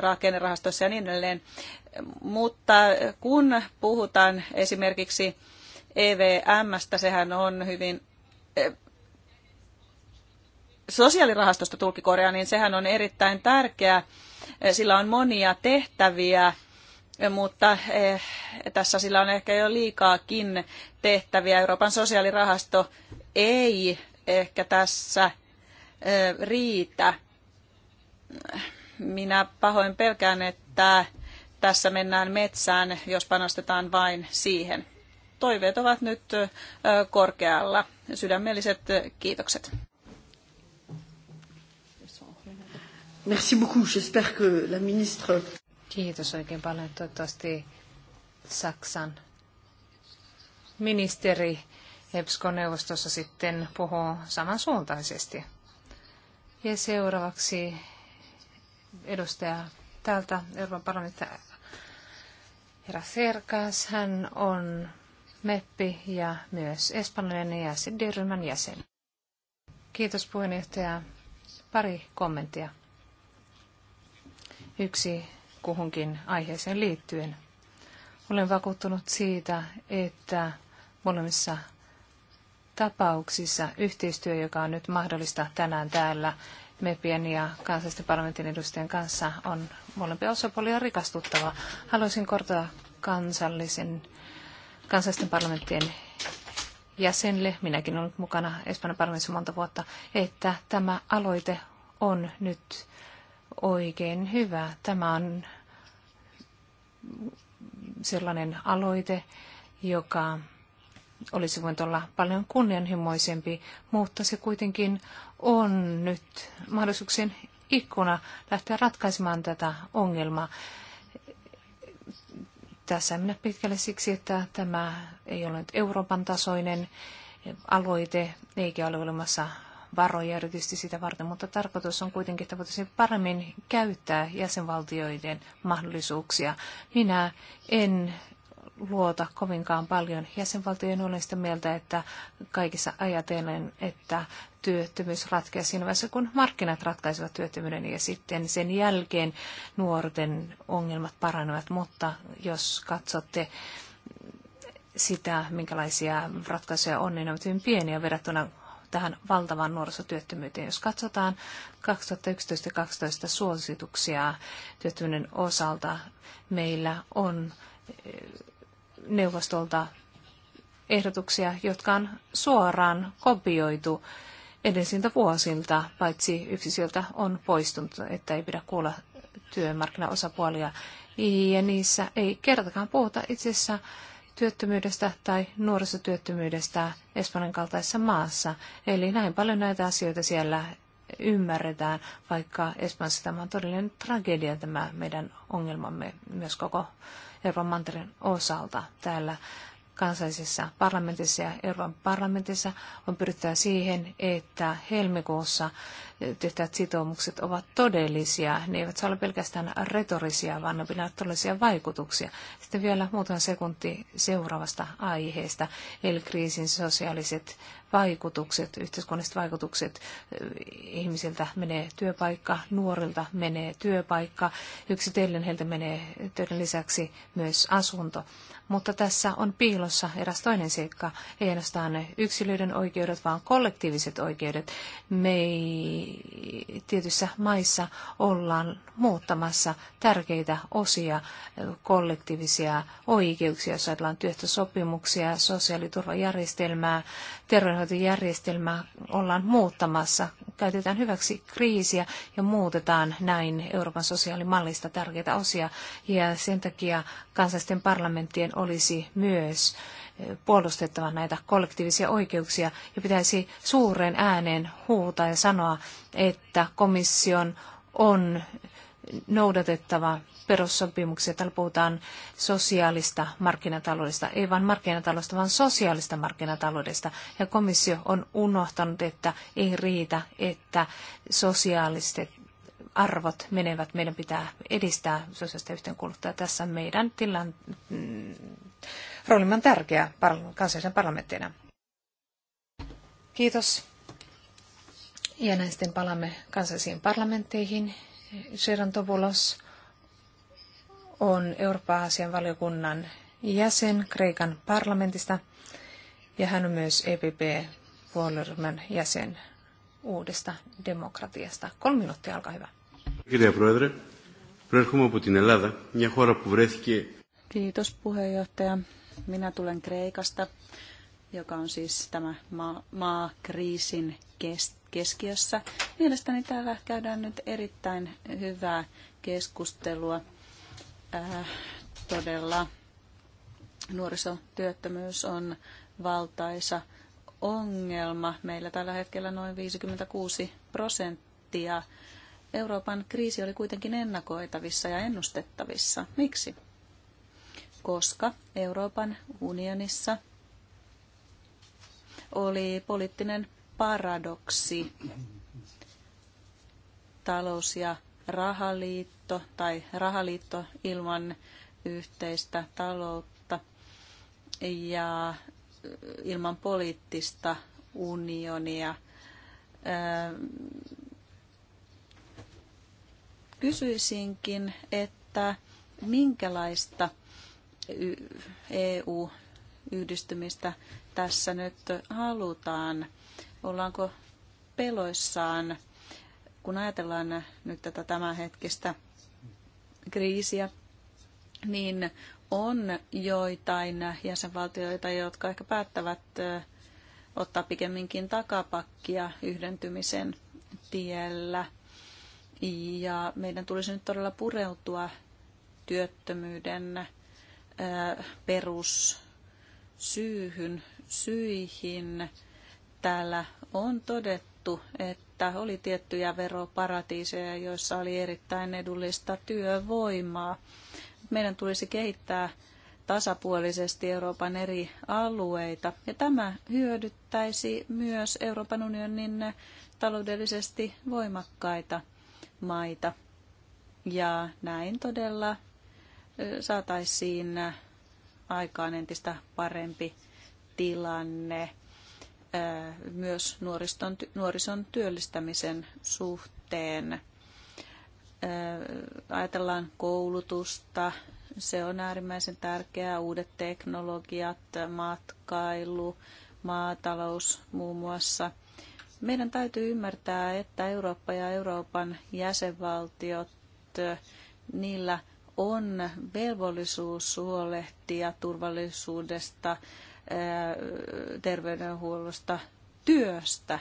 rakennerahastossa ja niin edelleen. Mutta kun puhutaan esimerkiksi EVMstä, sehän on hyvin sosiaalirahastosta Korea niin sehän on erittäin tärkeä. Eh, sillä on monia tehtäviä, eh, mutta eh, tässä sillä on ehkä jo liikaakin tehtäviä. Euroopan sosiaalirahasto ei ehkä tässä riitä. Minä pahoin pelkään, että tässä mennään metsään, jos panostetaan vain siihen. Toiveet ovat nyt korkealla. Sydämelliset kiitokset. Merci beaucoup. J'espère que la ministre... Kiitos oikein paljon. Toivottavasti Saksan ministeri EPSCO-neuvostossa sitten puhuu samansuuntaisesti. Ja seuraavaksi edustaja täältä Euroopan parlamentista herra Serkas. Hän on MEPPI ja myös espanjalainen ja CD-ryhmän jäsen. Kiitos puheenjohtaja. Pari kommenttia yksi kuhunkin aiheeseen liittyen. Olen vakuuttunut siitä, että molemmissa tapauksissa yhteistyö, joka on nyt mahdollista tänään täällä MEPien ja kansallisten parlamentin edustajien kanssa, on molempia osapuolia rikastuttava. Haluaisin kortoa kansallisen, kansallisten parlamenttien jäsenille, minäkin olen ollut mukana Espanjan parlamentissa monta vuotta, että tämä aloite on nyt oikein hyvä. Tämä on sellainen aloite, joka olisi voinut olla paljon kunnianhimoisempi, mutta se kuitenkin on nyt mahdollisuuksien ikkuna lähteä ratkaisemaan tätä ongelmaa. Tässä en mennä pitkälle siksi, että tämä ei ole nyt Euroopan tasoinen aloite, eikä ole olemassa varoja erityisesti sitä varten, mutta tarkoitus on kuitenkin, että voitaisiin paremmin käyttää jäsenvaltioiden mahdollisuuksia. Minä en luota kovinkaan paljon. Jäsenvaltioiden olen sitä mieltä, että kaikissa ajatellen, että työttömyys ratkeaa siinä vaiheessa, kun markkinat ratkaisevat työttömyyden ja sitten sen jälkeen nuorten ongelmat paranevat. Mutta jos katsotte sitä, minkälaisia ratkaisuja on, niin ne ovat hyvin pieniä verrattuna tähän valtavaan nuorisotyöttömyyteen. Jos katsotaan 2011-2012 suosituksia työttömyyden osalta, meillä on eh, neuvostolta ehdotuksia, jotka on suoraan kopioitu edellisiltä vuosilta, paitsi yksi sieltä on poistunut, että ei pidä kuulla työmarkkinaosapuolia. Ja niissä ei kertakaan puhuta itse asiassa työttömyydestä tai nuorisotyöttömyydestä Espanjan kaltaisessa maassa. Eli näin paljon näitä asioita siellä ymmärretään, vaikka Espanjassa tämä on todellinen tragedia tämä meidän ongelmamme myös koko Euroopan mantereen osalta täällä kansallisessa parlamentissa ja Euroopan parlamentissa on pyrittävä siihen, että helmikuussa että sitoumukset ovat todellisia. Ne eivät saa olla pelkästään retorisia, vaan ne pitää todellisia vaikutuksia. Sitten vielä muutama sekunti seuraavasta aiheesta, eli kriisin sosiaaliset vaikutukset, yhteiskunnalliset vaikutukset. Ihmisiltä menee työpaikka, nuorilta menee työpaikka, yksitellen heiltä menee töiden lisäksi myös asunto. Mutta tässä on piilossa eräs toinen seikka, ei ainoastaan yksilöiden oikeudet, vaan kollektiiviset oikeudet. Me ei tietyissä maissa ollaan muuttamassa tärkeitä osia kollektiivisia oikeuksia, jos ajatellaan työhtösopimuksia, sosiaaliturvajärjestelmää, terveydenhoitojärjestelmää ollaan muuttamassa. Käytetään hyväksi kriisiä ja muutetaan näin Euroopan sosiaalimallista tärkeitä osia ja sen takia kansallisten parlamenttien olisi myös puolustettavan näitä kollektiivisia oikeuksia ja pitäisi suureen ääneen huutaa ja sanoa, että komission on noudatettava perussopimuksia. Täällä puhutaan sosiaalista markkinataloudesta, ei vain markkinataloudesta, vaan sosiaalista markkinataloudesta. Ja komissio on unohtanut, että ei riitä, että sosiaaliset arvot menevät. Meidän pitää edistää sosiaalista yhteenkuuluttaa. Tässä meidän tilan, roolimme on tärkeä kansallisen parlamenttina. Kiitos. Ja näin sitten palaamme kansallisiin parlamentteihin. Sheron Tovulos on Eurooppa-asian valiokunnan jäsen Kreikan parlamentista ja hän on myös EPP-puolueryhmän jäsen uudesta demokratiasta. Kolme minuuttia, alkaa hyvä. Kiitos puheenjohtaja. Minä tulen Kreikasta, joka on siis tämä maakriisin maa kes, keskiössä. Mielestäni täällä käydään nyt erittäin hyvää keskustelua. Äh, todella nuorisotyöttömyys on valtaisa ongelma. Meillä tällä hetkellä noin 56 prosenttia. Euroopan kriisi oli kuitenkin ennakoitavissa ja ennustettavissa. Miksi? koska Euroopan unionissa oli poliittinen paradoksi. Talous- ja rahaliitto tai rahaliitto ilman yhteistä taloutta ja äh, ilman poliittista unionia. Ähm, kysyisinkin, että minkälaista EU-yhdistymistä tässä nyt halutaan? Ollaanko peloissaan, kun ajatellaan nyt tätä tämänhetkistä kriisiä, niin on joitain jäsenvaltioita, jotka ehkä päättävät ottaa pikemminkin takapakkia yhdentymisen tiellä. Ja meidän tulisi nyt todella pureutua työttömyyden perussyyhyn, syihin. Täällä on todettu, että oli tiettyjä veroparatiiseja, joissa oli erittäin edullista työvoimaa. Meidän tulisi kehittää tasapuolisesti Euroopan eri alueita. Ja tämä hyödyttäisi myös Euroopan unionin taloudellisesti voimakkaita maita. Ja näin todella saataisiin aikaan entistä parempi tilanne myös nuorison, nuorison työllistämisen suhteen. Ajatellaan koulutusta, se on äärimmäisen tärkeää, uudet teknologiat, matkailu, maatalous muun muassa. Meidän täytyy ymmärtää, että Eurooppa ja Euroopan jäsenvaltiot, niillä on velvollisuus huolehtia turvallisuudesta, terveydenhuollosta, työstä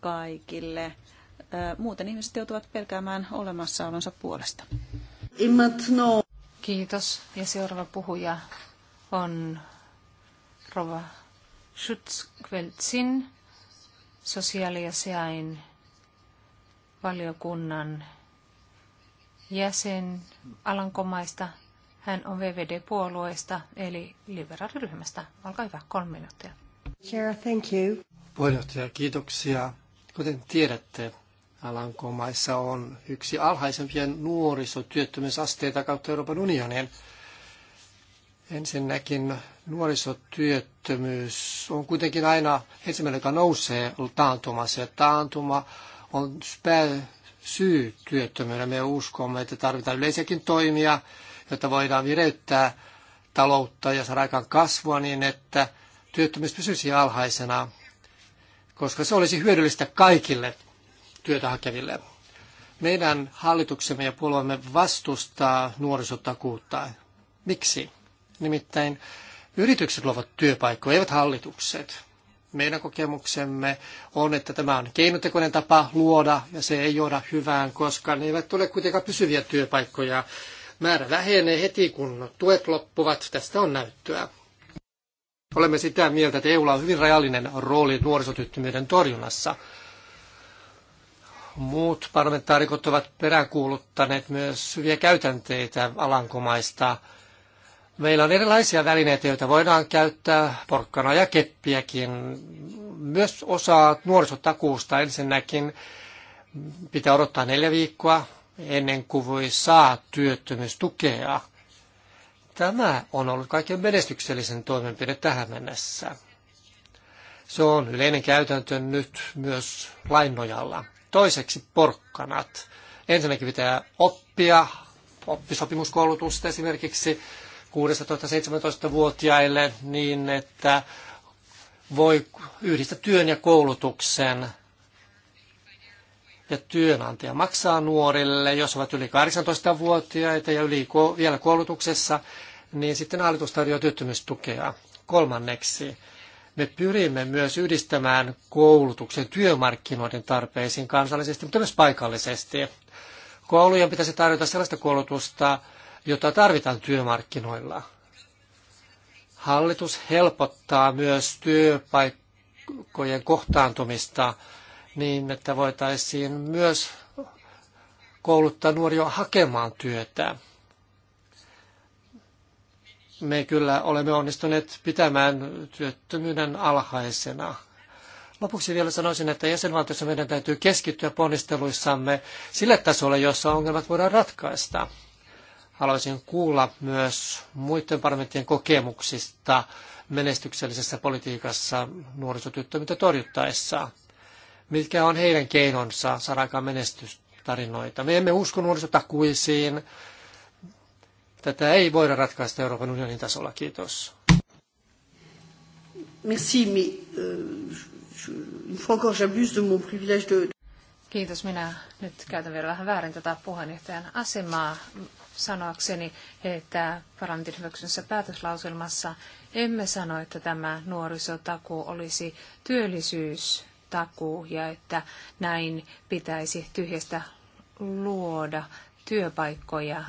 kaikille. Muuten ihmiset joutuvat pelkäämään olemassaolonsa puolesta. Kiitos. Ja seuraava puhuja on Rova Schutzkveltsin, sosiaali- ja sijain valiokunnan jäsen Alankomaista. Hän on VVD-puolueesta, eli liberaaliryhmästä. Olkaa hyvä, kolme minuuttia. Chair, thank you. Puheenjohtaja, kiitoksia. Kuten tiedätte, Alankomaissa on yksi alhaisempia nuorisotyöttömyysasteita kautta Euroopan unionin. Ensinnäkin nuorisotyöttömyys on kuitenkin aina ensimmäinen, joka nousee taantumassa. taantuma on syy työttömyyden. Me uskomme, että tarvitaan yleisiäkin toimia, jotta voidaan vireyttää taloutta ja saada aikaan kasvua niin, että työttömyys pysyisi alhaisena, koska se olisi hyödyllistä kaikille työtä hakeville. Meidän hallituksemme ja puolueemme vastustaa nuorisotakuutta. Miksi? Nimittäin yritykset luovat työpaikkoja, eivät hallitukset. Meidän kokemuksemme on, että tämä on keinotekoinen tapa luoda ja se ei johda hyvään, koska ne eivät tule kuitenkaan pysyviä työpaikkoja. Määrä vähenee heti, kun tuet loppuvat. Tästä on näyttöä. Olemme sitä mieltä, että EUlla on hyvin rajallinen rooli nuorisotyttömyyden torjunnassa. Muut parlamentaarikot ovat peräänkuuluttaneet myös hyviä käytänteitä alankomaista Meillä on erilaisia välineitä, joita voidaan käyttää, porkkana ja keppiäkin. Myös osa nuorisotakuusta ensinnäkin pitää odottaa neljä viikkoa ennen kuin voi saa työttömyystukea. Tämä on ollut kaiken menestyksellisen toimenpide tähän mennessä. Se on yleinen käytäntö nyt myös lainnojalla. Toiseksi porkkanat. Ensinnäkin pitää oppia, oppisopimuskoulutusta esimerkiksi, 16-17-vuotiaille niin, että voi yhdistää työn ja koulutuksen. Ja työnantaja maksaa nuorille, jos ovat yli 18-vuotiaita ja yli vielä koulutuksessa, niin sitten hallitus tarjoaa työttömyystukea. Kolmanneksi, me pyrimme myös yhdistämään koulutuksen työmarkkinoiden tarpeisiin kansallisesti, mutta myös paikallisesti. Koulujen pitäisi tarjota sellaista koulutusta, jota tarvitaan työmarkkinoilla. Hallitus helpottaa myös työpaikkojen kohtaantumista niin, että voitaisiin myös kouluttaa nuoria hakemaan työtä. Me kyllä olemme onnistuneet pitämään työttömyyden alhaisena. Lopuksi vielä sanoisin, että jäsenvaltiossa meidän täytyy keskittyä ponnisteluissamme sille tasolle, jossa ongelmat voidaan ratkaista haluaisin kuulla myös muiden parlamenttien kokemuksista menestyksellisessä politiikassa nuorisotyöttömyyttä torjuttaessa. Mitkä on heidän keinonsa saada aikaan menestystarinoita? Me emme usko nuorisotakuisiin. Tätä ei voida ratkaista Euroopan unionin tasolla. Kiitos. Merci, mais euh, une fois encore j'abuse de mon privilège de... Kiitos. Minä nyt käytän vielä vähän väärin tätä puheenjohtajan asemaa sanoakseni, että parlamentin hyväksynnässä päätöslauselmassa emme sano, että tämä nuorisotakuu olisi työllisyystakuu ja että näin pitäisi tyhjästä luoda työpaikkoja.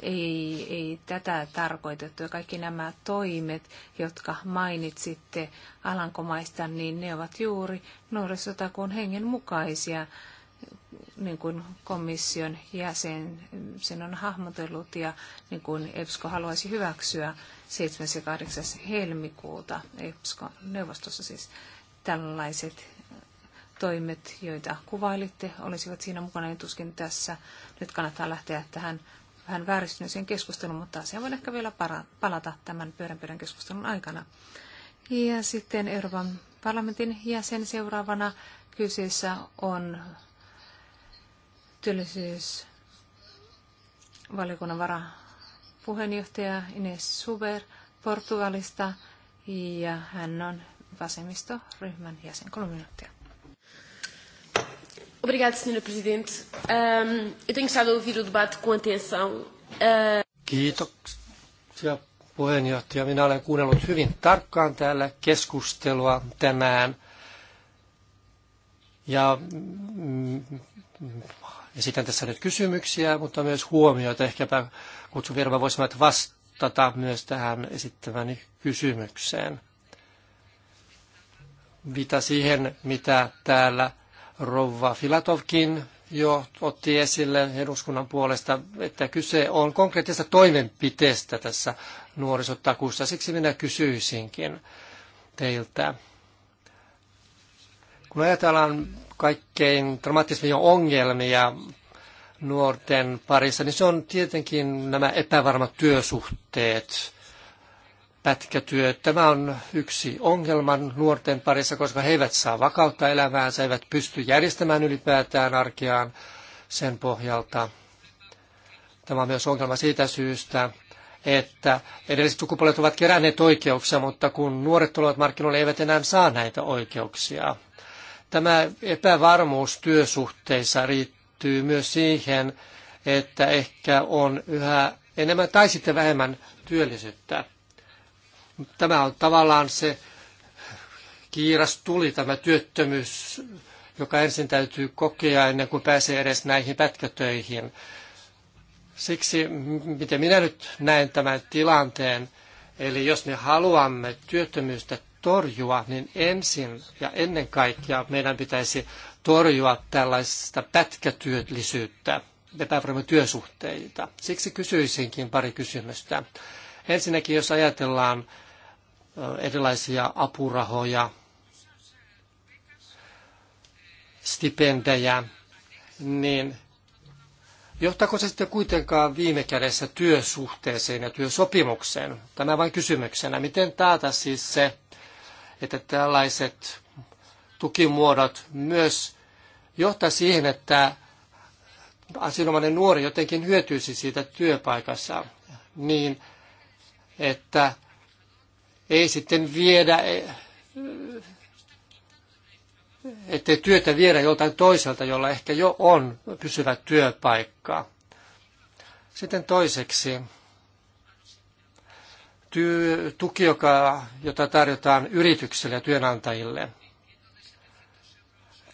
Ei, ei tätä tarkoitettu. Ja kaikki nämä toimet, jotka mainitsitte Alankomaista, niin ne ovat juuri nuorisotakuun hengen mukaisia niin kuin komission jäsen sen on hahmotellut ja niin kuin EPSCO haluaisi hyväksyä 7. ja 8. helmikuuta EPSCO-neuvostossa siis tällaiset äh, toimet, joita kuvailitte, olisivat siinä mukana ja tuskin tässä. Nyt kannattaa lähteä tähän vähän vääristyneeseen keskusteluun, mutta asia voi ehkä vielä palata tämän pyöränpyörän keskustelun aikana. Ja sitten Euroopan parlamentin jäsen seuraavana kyseessä on työllisyys työllisyysvaliokunnan varapuheenjohtaja Ines Suber Portugalista ja hän on vasemmistoryhmän jäsen. Kolme minuuttia. Obrigada, Sra. Presidente. Um, eu tenho estado a ouvir o debate com atenção. Uh... Kiitoksia, puheenjohtaja. Minä olen kuunnellut hyvin tarkkaan täällä keskustelua tänään. Ja mm, Esitän tässä nyt kysymyksiä, mutta myös huomioita. Ehkäpä kutsuvirva voisi vastata myös tähän esittämäni kysymykseen. Mitä siihen, mitä täällä Rova Filatovkin jo otti esille eduskunnan puolesta, että kyse on konkreettisesta toimenpiteestä tässä nuorisotakuussa. Siksi minä kysyisinkin teiltä. Kun ajatellaan kaikkein dramaattisimpia ongelmia nuorten parissa, niin se on tietenkin nämä epävarmat työsuhteet, pätkätyö. Tämä on yksi ongelma nuorten parissa, koska he eivät saa vakautta elämäänsä, eivät pysty järjestämään ylipäätään arkeaan sen pohjalta. Tämä on myös ongelma siitä syystä, että edelliset sukupolvet ovat keränneet oikeuksia, mutta kun nuoret tulevat markkinoille, eivät enää saa näitä oikeuksia. Tämä epävarmuus työsuhteissa riittyy myös siihen, että ehkä on yhä enemmän tai sitten vähemmän työllisyyttä. Tämä on tavallaan se kiiras tuli, tämä työttömyys, joka ensin täytyy kokea ennen kuin pääsee edes näihin pätkätöihin. Siksi, miten minä nyt näen tämän tilanteen, eli jos me haluamme työttömyystä torjua, niin ensin ja ennen kaikkea meidän pitäisi torjua tällaista pätkätyöllisyyttä, työsuhteita. Siksi kysyisinkin pari kysymystä. Ensinnäkin, jos ajatellaan erilaisia apurahoja, stipendejä, niin johtaako se sitten kuitenkaan viime kädessä työsuhteeseen ja työsopimukseen? Tämä vain kysymyksenä. Miten taata siis se, että tällaiset tukimuodot myös johtaa siihen, että asianomainen nuori jotenkin hyötyisi siitä työpaikassa niin, että ei sitten viedä, ettei työtä viedä joltain toiselta, jolla ehkä jo on pysyvä työpaikka. Sitten toiseksi tuki, joka, jota tarjotaan yrityksille ja työnantajille.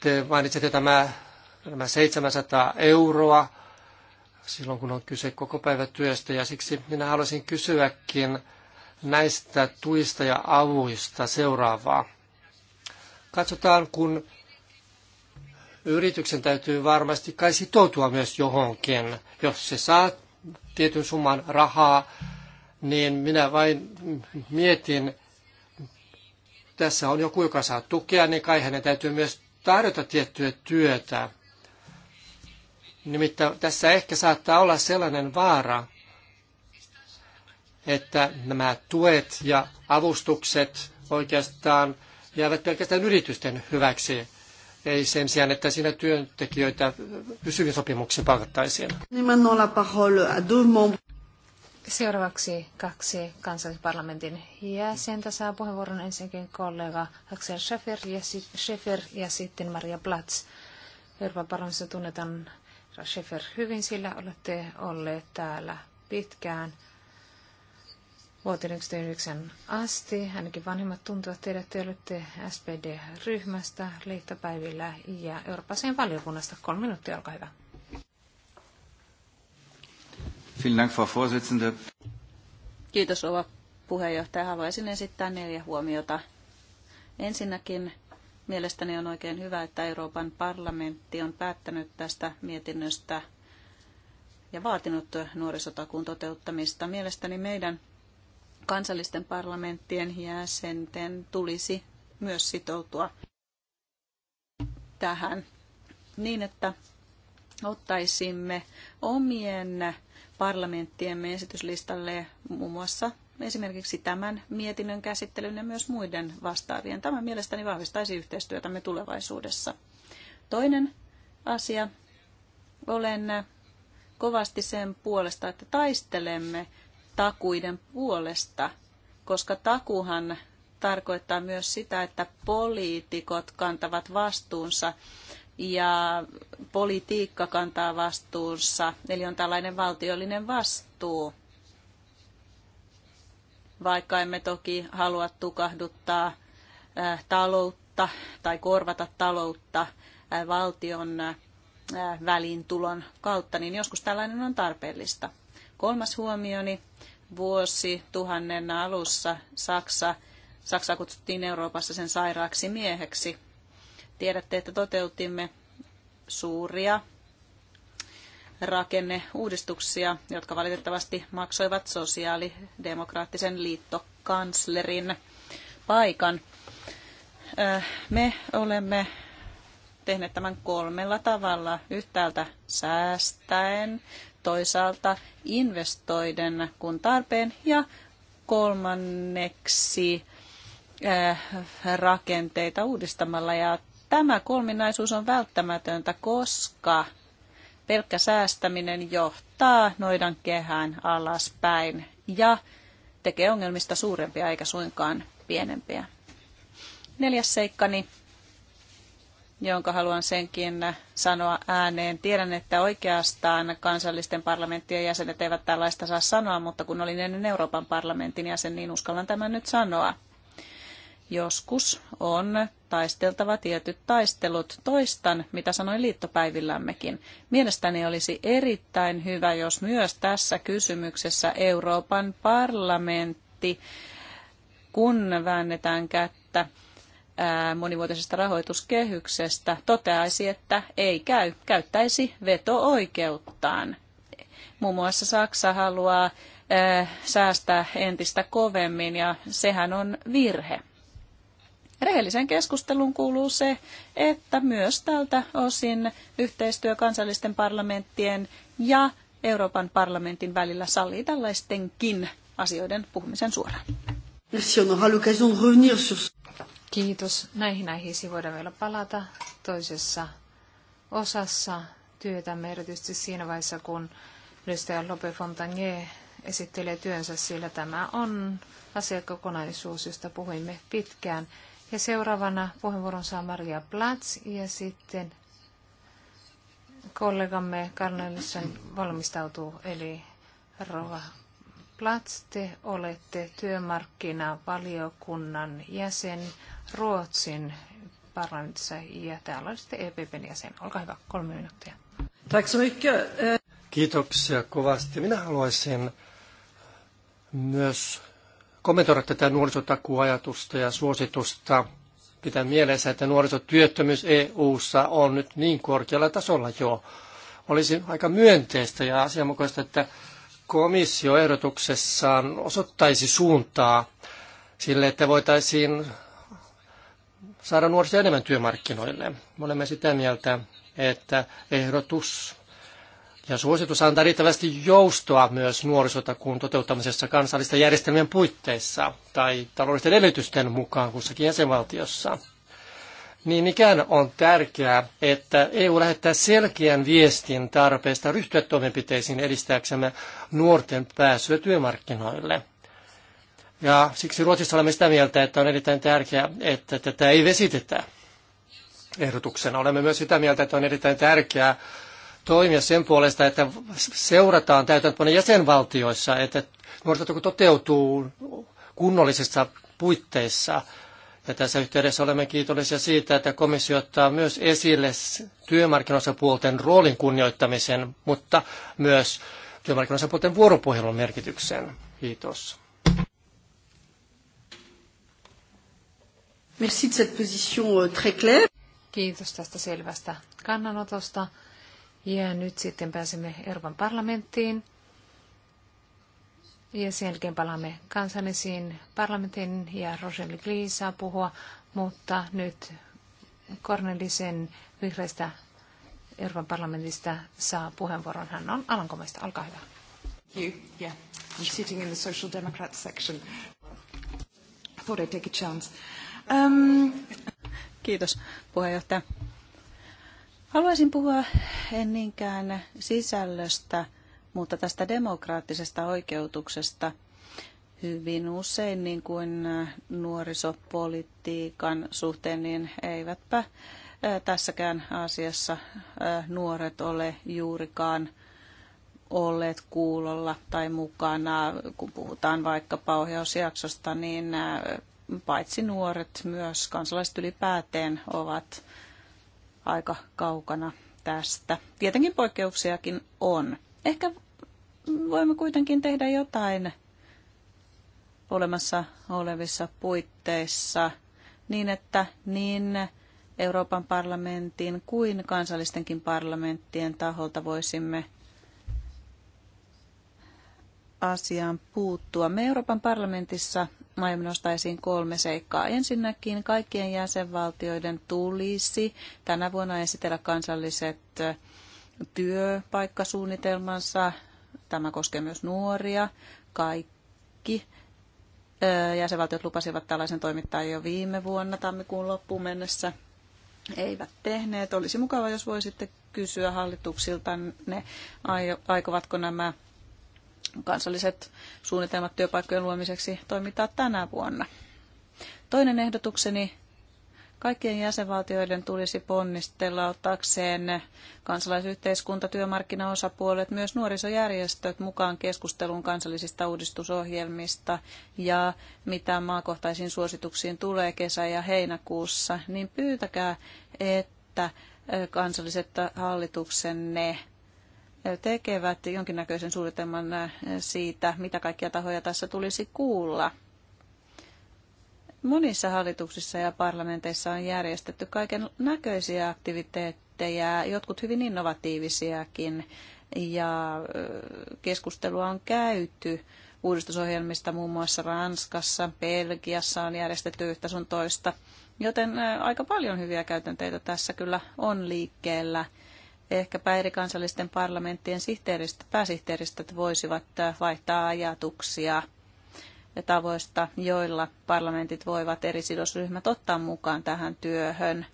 Te mainitsitte tämä, nämä 700 euroa silloin, kun on kyse koko päivä työstä, ja siksi minä haluaisin kysyäkin näistä tuista ja avuista seuraavaa. Katsotaan, kun yrityksen täytyy varmasti kai sitoutua myös johonkin, jos se saa tietyn summan rahaa, niin minä vain mietin, tässä on joku, joka saa tukea, niin kai hänen täytyy myös tarjota tiettyä työtä. Nimittäin tässä ehkä saattaa olla sellainen vaara, että nämä tuet ja avustukset oikeastaan jäävät pelkästään yritysten hyväksi, ei sen sijaan, että siinä työntekijöitä pysyvin sopimuksin palkattaisiin. Seuraavaksi kaksi kansallisparlamentin jäsentä saa puheenvuoron ensinnäkin kollega Axel Schäfer ja, Schäfer ja sitten Maria Platz. Euroopan parlamentissa tunnetaan Schäfer hyvin, sillä olette olleet täällä pitkään vuoteen 1999 asti. Ainakin vanhemmat tuntuvat teidät, te olette SPD-ryhmästä, liittopäivillä ja Euroopan valiokunnasta. Kolme minuuttia, olkaa hyvä. Kiitos Ova puheenjohtaja. Haluaisin esittää neljä huomiota. Ensinnäkin mielestäni on oikein hyvä, että Euroopan parlamentti on päättänyt tästä mietinnöstä ja vaatinut nuorisotakuun toteuttamista. Mielestäni meidän kansallisten parlamenttien jäsenten tulisi myös sitoutua tähän niin, että ottaisimme omien parlamenttiemme esityslistalle muun muassa esimerkiksi tämän mietinnön käsittelyn ja myös muiden vastaavien. Tämä mielestäni vahvistaisi yhteistyötämme tulevaisuudessa. Toinen asia. Olen kovasti sen puolesta, että taistelemme takuiden puolesta, koska takuhan tarkoittaa myös sitä, että poliitikot kantavat vastuunsa ja politiikka kantaa vastuunsa, eli on tällainen valtiollinen vastuu. Vaikka emme toki halua tukahduttaa äh, taloutta tai korvata taloutta äh, valtion äh, väliintulon kautta, niin joskus tällainen on tarpeellista. Kolmas huomioni, vuosi tuhannen alussa Saksa, Saksa kutsuttiin Euroopassa sen sairaaksi mieheksi, Tiedätte, että toteutimme suuria rakenneuudistuksia, jotka valitettavasti maksoivat sosiaalidemokraattisen liittokanslerin paikan. Me olemme tehneet tämän kolmella tavalla. Yhtäältä säästäen, toisaalta investoiden kun tarpeen ja kolmanneksi rakenteita uudistamalla. Ja Tämä kolminaisuus on välttämätöntä, koska pelkkä säästäminen johtaa noidan kehään alaspäin ja tekee ongelmista suurempia eikä suinkaan pienempiä. Neljäs seikkani, jonka haluan senkin sanoa ääneen. Tiedän, että oikeastaan kansallisten parlamenttien jäsenet eivät tällaista saa sanoa, mutta kun olin ennen Euroopan parlamentin jäsen, niin uskallan tämän nyt sanoa. Joskus on taisteltava tietyt taistelut. Toistan, mitä sanoin liittopäivillämmekin. Mielestäni olisi erittäin hyvä, jos myös tässä kysymyksessä Euroopan parlamentti, kun väännetään kättä monivuotisesta rahoituskehyksestä, toteaisi, että ei käy, käyttäisi veto-oikeuttaan. Muun muassa Saksa haluaa säästää entistä kovemmin ja sehän on virhe. Rehelliseen keskusteluun kuuluu se, että myös tältä osin yhteistyö kansallisten parlamenttien ja Euroopan parlamentin välillä sallii tällaistenkin asioiden puhumisen suoraan. Kiitos. Näihin aiheisiin voidaan vielä palata toisessa osassa työtämme, erityisesti siinä vaiheessa, kun edustaja Lope Fontagne esittelee työnsä, sillä tämä on asiakokonaisuus, josta puhuimme pitkään. Ja seuraavana puheenvuoron saa Maria Plats ja sitten kollegamme Karnelissen valmistautuu, eli Rova Plats, te olette työmarkkinavaliokunnan jäsen Ruotsin parlamentissa ja täällä olette EPPn jäsen. Olkaa hyvä, kolme minuuttia. Eh, Kiitoksia kovasti. Minä haluaisin myös kommentoida tätä nuorisotakuajatusta ja suositusta. Pitää mielessä, että nuorisotyöttömyys EU-ssa on nyt niin korkealla tasolla jo. Olisi aika myönteistä ja asianmukaista, että komissio ehdotuksessaan osoittaisi suuntaa sille, että voitaisiin saada nuorista enemmän työmarkkinoille. Me olemme sitä mieltä, että ehdotus ja suositus antaa riittävästi joustoa myös nuorisotakuun toteuttamisessa kansallisten järjestelmien puitteissa tai taloudellisten edellytysten mukaan kussakin jäsenvaltiossa. Niin ikään on tärkeää, että EU lähettää selkeän viestin tarpeesta ryhtyä toimenpiteisiin edistääksemme nuorten pääsyä työmarkkinoille. Ja siksi Ruotsissa olemme sitä mieltä, että on erittäin tärkeää, että tätä ei vesitetä ehdotuksena. Olemme myös sitä mieltä, että on erittäin tärkeää, toimia sen puolesta, että seurataan täytäntöönpanon jäsenvaltioissa, että nuorisotyö toteutuu kunnollisissa puitteissa. Ja tässä yhteydessä olemme kiitollisia siitä, että komissio ottaa myös esille työmarkkinoisapuolten roolin kunnioittamisen, mutta myös työmarkkinoisapuolten vuoropuhelun merkityksen. Kiitos. Merci de cette position euh, très claire. Kiitos tästä selvästä kannanotosta. Ja nyt sitten pääsemme Euroopan parlamenttiin. Ja sen jälkeen palaamme kansallisiin parlamentin ja Roselle Glee saa puhua, mutta nyt Kornelisen vihreistä Euroopan parlamentista saa puheenvuoron. Hän on Alankomaista. Olkaa hyvä. You. Yeah. I'm sitting in the Social Democrats section. I thought I'd take a chance. Um... Kiitos puheenjohtaja. Haluaisin puhua en niinkään sisällöstä, mutta tästä demokraattisesta oikeutuksesta. Hyvin usein niin kuin äh, nuorisopolitiikan suhteen, niin eivätpä äh, tässäkään asiassa äh, nuoret ole juurikaan olleet kuulolla tai mukana, kun puhutaan vaikkapa ohjausjaksosta, niin paitsi nuoret, myös kansalaiset ylipäätään ovat aika kaukana tästä. Tietenkin poikkeuksiakin on. Ehkä voimme kuitenkin tehdä jotain olemassa olevissa puitteissa niin, että niin Euroopan parlamentin kuin kansallistenkin parlamenttien taholta voisimme asiaan puuttua. Me Euroopan parlamentissa Mä nostaisin kolme seikkaa. Ensinnäkin kaikkien jäsenvaltioiden tulisi tänä vuonna esitellä kansalliset työpaikkasuunnitelmansa. Tämä koskee myös nuoria. Kaikki jäsenvaltiot lupasivat tällaisen toimittaa jo viime vuonna tammikuun loppuun mennessä. Eivät tehneet. Olisi mukava, jos voisitte kysyä hallituksilta, ne aikovatko nämä kansalliset suunnitelmat työpaikkojen luomiseksi toimitaan tänä vuonna. Toinen ehdotukseni kaikkien jäsenvaltioiden tulisi ponnistella ottaakseen kansalaisyhteiskunta, työmarkkinaosapuolet, myös nuorisojärjestöt mukaan keskusteluun kansallisista uudistusohjelmista ja mitä maakohtaisiin suosituksiin tulee kesä- ja heinäkuussa, niin pyytäkää, että kansalliset hallituksenne tekevät jonkinnäköisen suunnitelman äh, siitä, mitä kaikkia tahoja tässä tulisi kuulla. Monissa hallituksissa ja parlamenteissa on järjestetty kaiken näköisiä aktiviteetteja, jotkut hyvin innovatiivisiakin, ja äh, keskustelua on käyty uudistusohjelmista muun muassa Ranskassa, Belgiassa on järjestetty yhtä sun toista. Joten äh, aika paljon hyviä käytänteitä tässä kyllä on liikkeellä ehkäpä eri kansallisten parlamenttien sihteeristä, pääsihteeristöt voisivat äh, vaihtaa ajatuksia tavoista, joilla parlamentit voivat eri sidosryhmät ottaa mukaan tähän työhön.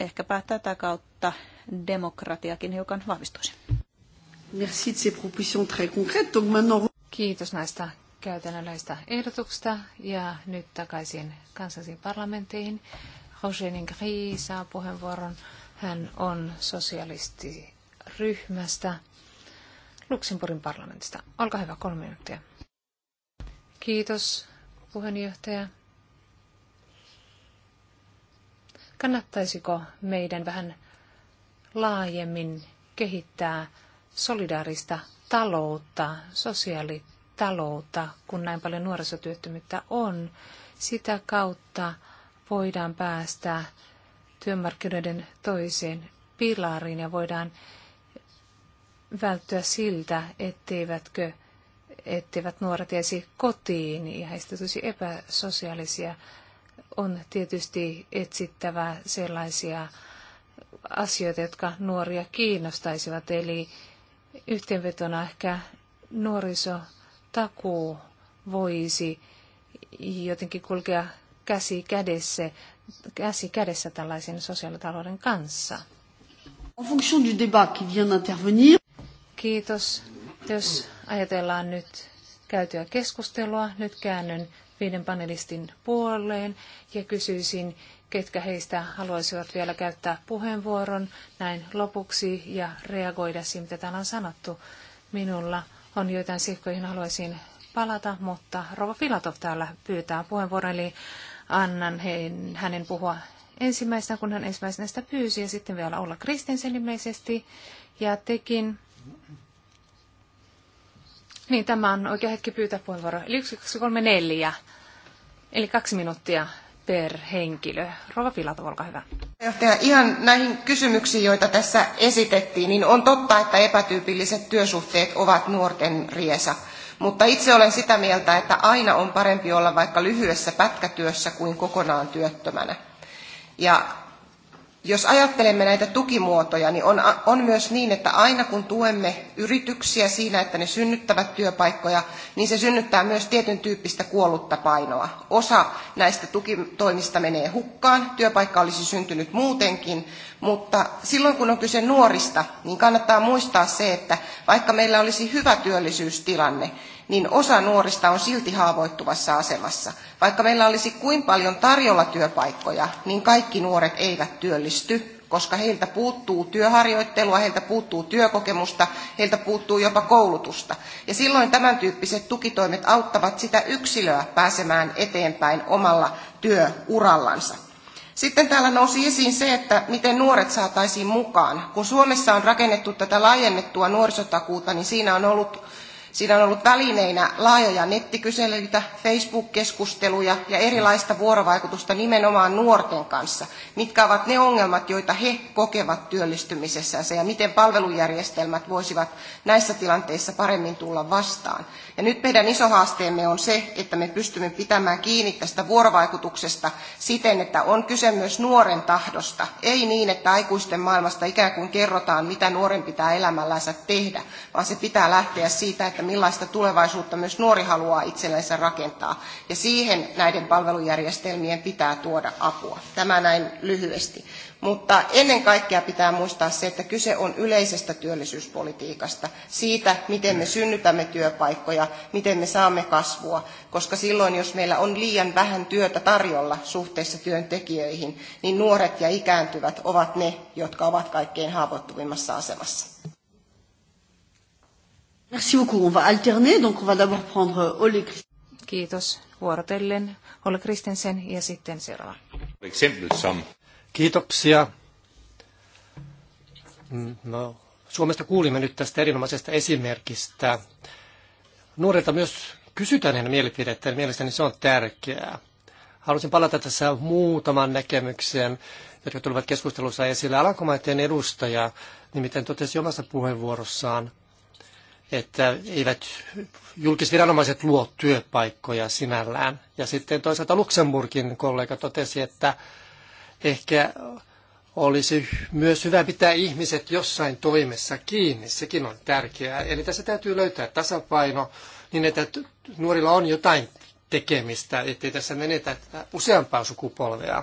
Ehkäpä tätä kautta demokratiakin hiukan vahvistuisi. Merci de ces très maintenant... Kiitos näistä käytännönläistä ehdotuksista ja nyt takaisin kansallisiin parlamentteihin. Roger Ningri saa puheenvuoron hän on sosialistiryhmästä Luxemburgin parlamentista. Olkaa hyvä, kolme minuuttia. Kiitos, puheenjohtaja. Kannattaisiko meidän vähän laajemmin kehittää solidaarista taloutta, sosiaalitaloutta, kun näin paljon nuorisotyöttömyyttä on? Sitä kautta voidaan päästä työmarkkinoiden toiseen pilariin ja voidaan välttyä siltä, etteivätkö, etteivät nuoret jäisi kotiin ja heistä tulisi epäsosiaalisia. On tietysti etsittävä sellaisia asioita, jotka nuoria kiinnostaisivat, eli yhteenvetona ehkä nuorisotakuu voisi jotenkin kulkea käsi kädessä käsi kädessä tällaisen sosiaalitalouden kanssa. En fonction du débat qui vient d'intervenir. Kiitos. Jos ajatellaan nyt käytyä keskustelua, nyt käännyn viiden panelistin puoleen ja kysyisin, ketkä heistä haluaisivat vielä käyttää puheenvuoron näin lopuksi ja reagoida siihen, mitä täällä on sanottu. Minulla on joitain seikkoja, haluaisin palata, mutta Rova Filatov täällä pyytää puheenvuoron, eli annan hänen puhua ensimmäisenä, kun hän ensimmäisenä sitä pyysi, ja sitten vielä olla Kristensen ilmeisesti, ja tekin. Niin, tämä on oikea hetki pyytää puheenvuoro. Eli 1, 2, 3, 4, eli kaksi minuuttia per henkilö. Rova Filatov, olkaa hyvä. Johtaja, ihan näihin kysymyksiin, joita tässä esitettiin, niin on totta, että epätyypilliset työsuhteet ovat nuorten riesa. Mutta itse olen sitä mieltä, että aina on parempi olla vaikka lyhyessä pätkätyössä kuin kokonaan työttömänä. Ja jos ajattelemme näitä tukimuotoja, niin on, on myös niin, että aina kun tuemme yrityksiä siinä, että ne synnyttävät työpaikkoja, niin se synnyttää myös tietyn tyyppistä kuollutta painoa. Osa näistä tukitoimista menee hukkaan, työpaikka olisi syntynyt muutenkin, mutta silloin kun on kyse nuorista, niin kannattaa muistaa se, että vaikka meillä olisi hyvä työllisyystilanne, niin osa nuorista on silti haavoittuvassa asemassa. Vaikka meillä olisi kuin paljon tarjolla työpaikkoja, niin kaikki nuoret eivät työllisty, koska heiltä puuttuu työharjoittelua, heiltä puuttuu työkokemusta, heiltä puuttuu jopa koulutusta. Ja silloin tämän tyyppiset tukitoimet auttavat sitä yksilöä pääsemään eteenpäin omalla työurallansa. Sitten täällä nousi esiin se, että miten nuoret saataisiin mukaan. Kun Suomessa on rakennettu tätä laajennettua nuorisotakuuta, niin siinä on ollut Siinä on ollut välineinä laajoja nettikyselyitä, Facebook-keskusteluja ja erilaista vuorovaikutusta nimenomaan nuorten kanssa. Mitkä ovat ne ongelmat, joita he kokevat työllistymisessänsä ja miten palvelujärjestelmät voisivat näissä tilanteissa paremmin tulla vastaan. Ja nyt meidän iso haasteemme on se, että me pystymme pitämään kiinni tästä vuorovaikutuksesta siten, että on kyse myös nuoren tahdosta. Ei niin, että aikuisten maailmasta ikään kuin kerrotaan, mitä nuoren pitää elämällänsä tehdä, vaan se pitää lähteä siitä, että millaista tulevaisuutta myös nuori haluaa itsellensä rakentaa. Ja siihen näiden palvelujärjestelmien pitää tuoda apua. Tämä näin lyhyesti. Mutta ennen kaikkea pitää muistaa se, että kyse on yleisestä työllisyyspolitiikasta, siitä, miten me synnytämme työpaikkoja, miten me saamme kasvua, koska silloin, jos meillä on liian vähän työtä tarjolla suhteessa työntekijöihin, niin nuoret ja ikääntyvät ovat ne, jotka ovat kaikkein haavoittuvimmassa asemassa. Merci beaucoup. On va alterner, donc on va d'abord prendre Ole Kiitos. Vuorotellen Ole Kristensen ja sitten seuraava. Kiitoksia. No, Suomesta kuulimme nyt tästä erinomaisesta esimerkistä. Nuorilta myös kysytään heidän mielipidettä, ja mielestäni se on tärkeää. Haluaisin palata tässä muutaman näkemykseen, jotka tulivat keskustelussa esille. Alankomaiden edustaja nimittäin totesi omassa puheenvuorossaan, että eivät julkisviranomaiset luo työpaikkoja sinällään. Ja sitten toisaalta Luxemburgin kollega totesi, että Ehkä olisi myös hyvä pitää ihmiset jossain toimessa kiinni, sekin on tärkeää. Eli tässä täytyy löytää tasapaino niin, että nuorilla on jotain tekemistä, ettei tässä menetä useampaa sukupolvea.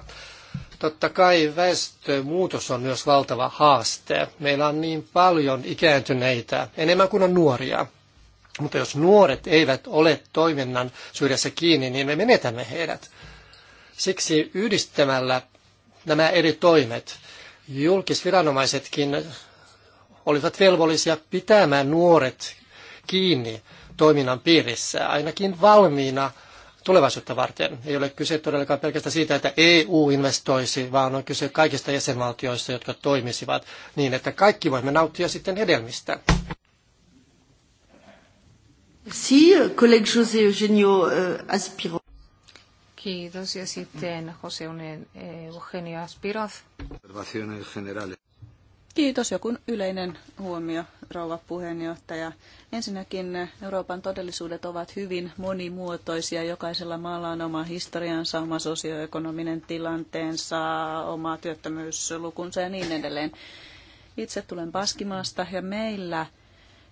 Totta kai väestömuutos on myös valtava haaste. Meillä on niin paljon ikääntyneitä, enemmän kuin on nuoria. Mutta jos nuoret eivät ole toiminnan syrjässä kiinni, niin me menetämme heidät. Siksi yhdistämällä nämä eri toimet. Julkisviranomaisetkin olivat velvollisia pitämään nuoret kiinni toiminnan piirissä, ainakin valmiina tulevaisuutta varten. Ei ole kyse todellakaan pelkästään siitä, että EU investoisi, vaan on kyse kaikista jäsenvaltioista, jotka toimisivat niin, että kaikki voimme nauttia sitten hedelmistä. Si, euh, collègue José Eugenio euh, Aspiro. Kiitos. Ja sitten Joseunen eh, Eugenia Spiroz. Kiitos. Joku yleinen huomio, rouva puheenjohtaja. Ensinnäkin Euroopan todellisuudet ovat hyvin monimuotoisia. Jokaisella maalla on oma historiansa, oma sosioekonominen tilanteensa, oma työttömyyslukunsa ja niin edelleen. Itse tulen Baskimaasta ja meillä –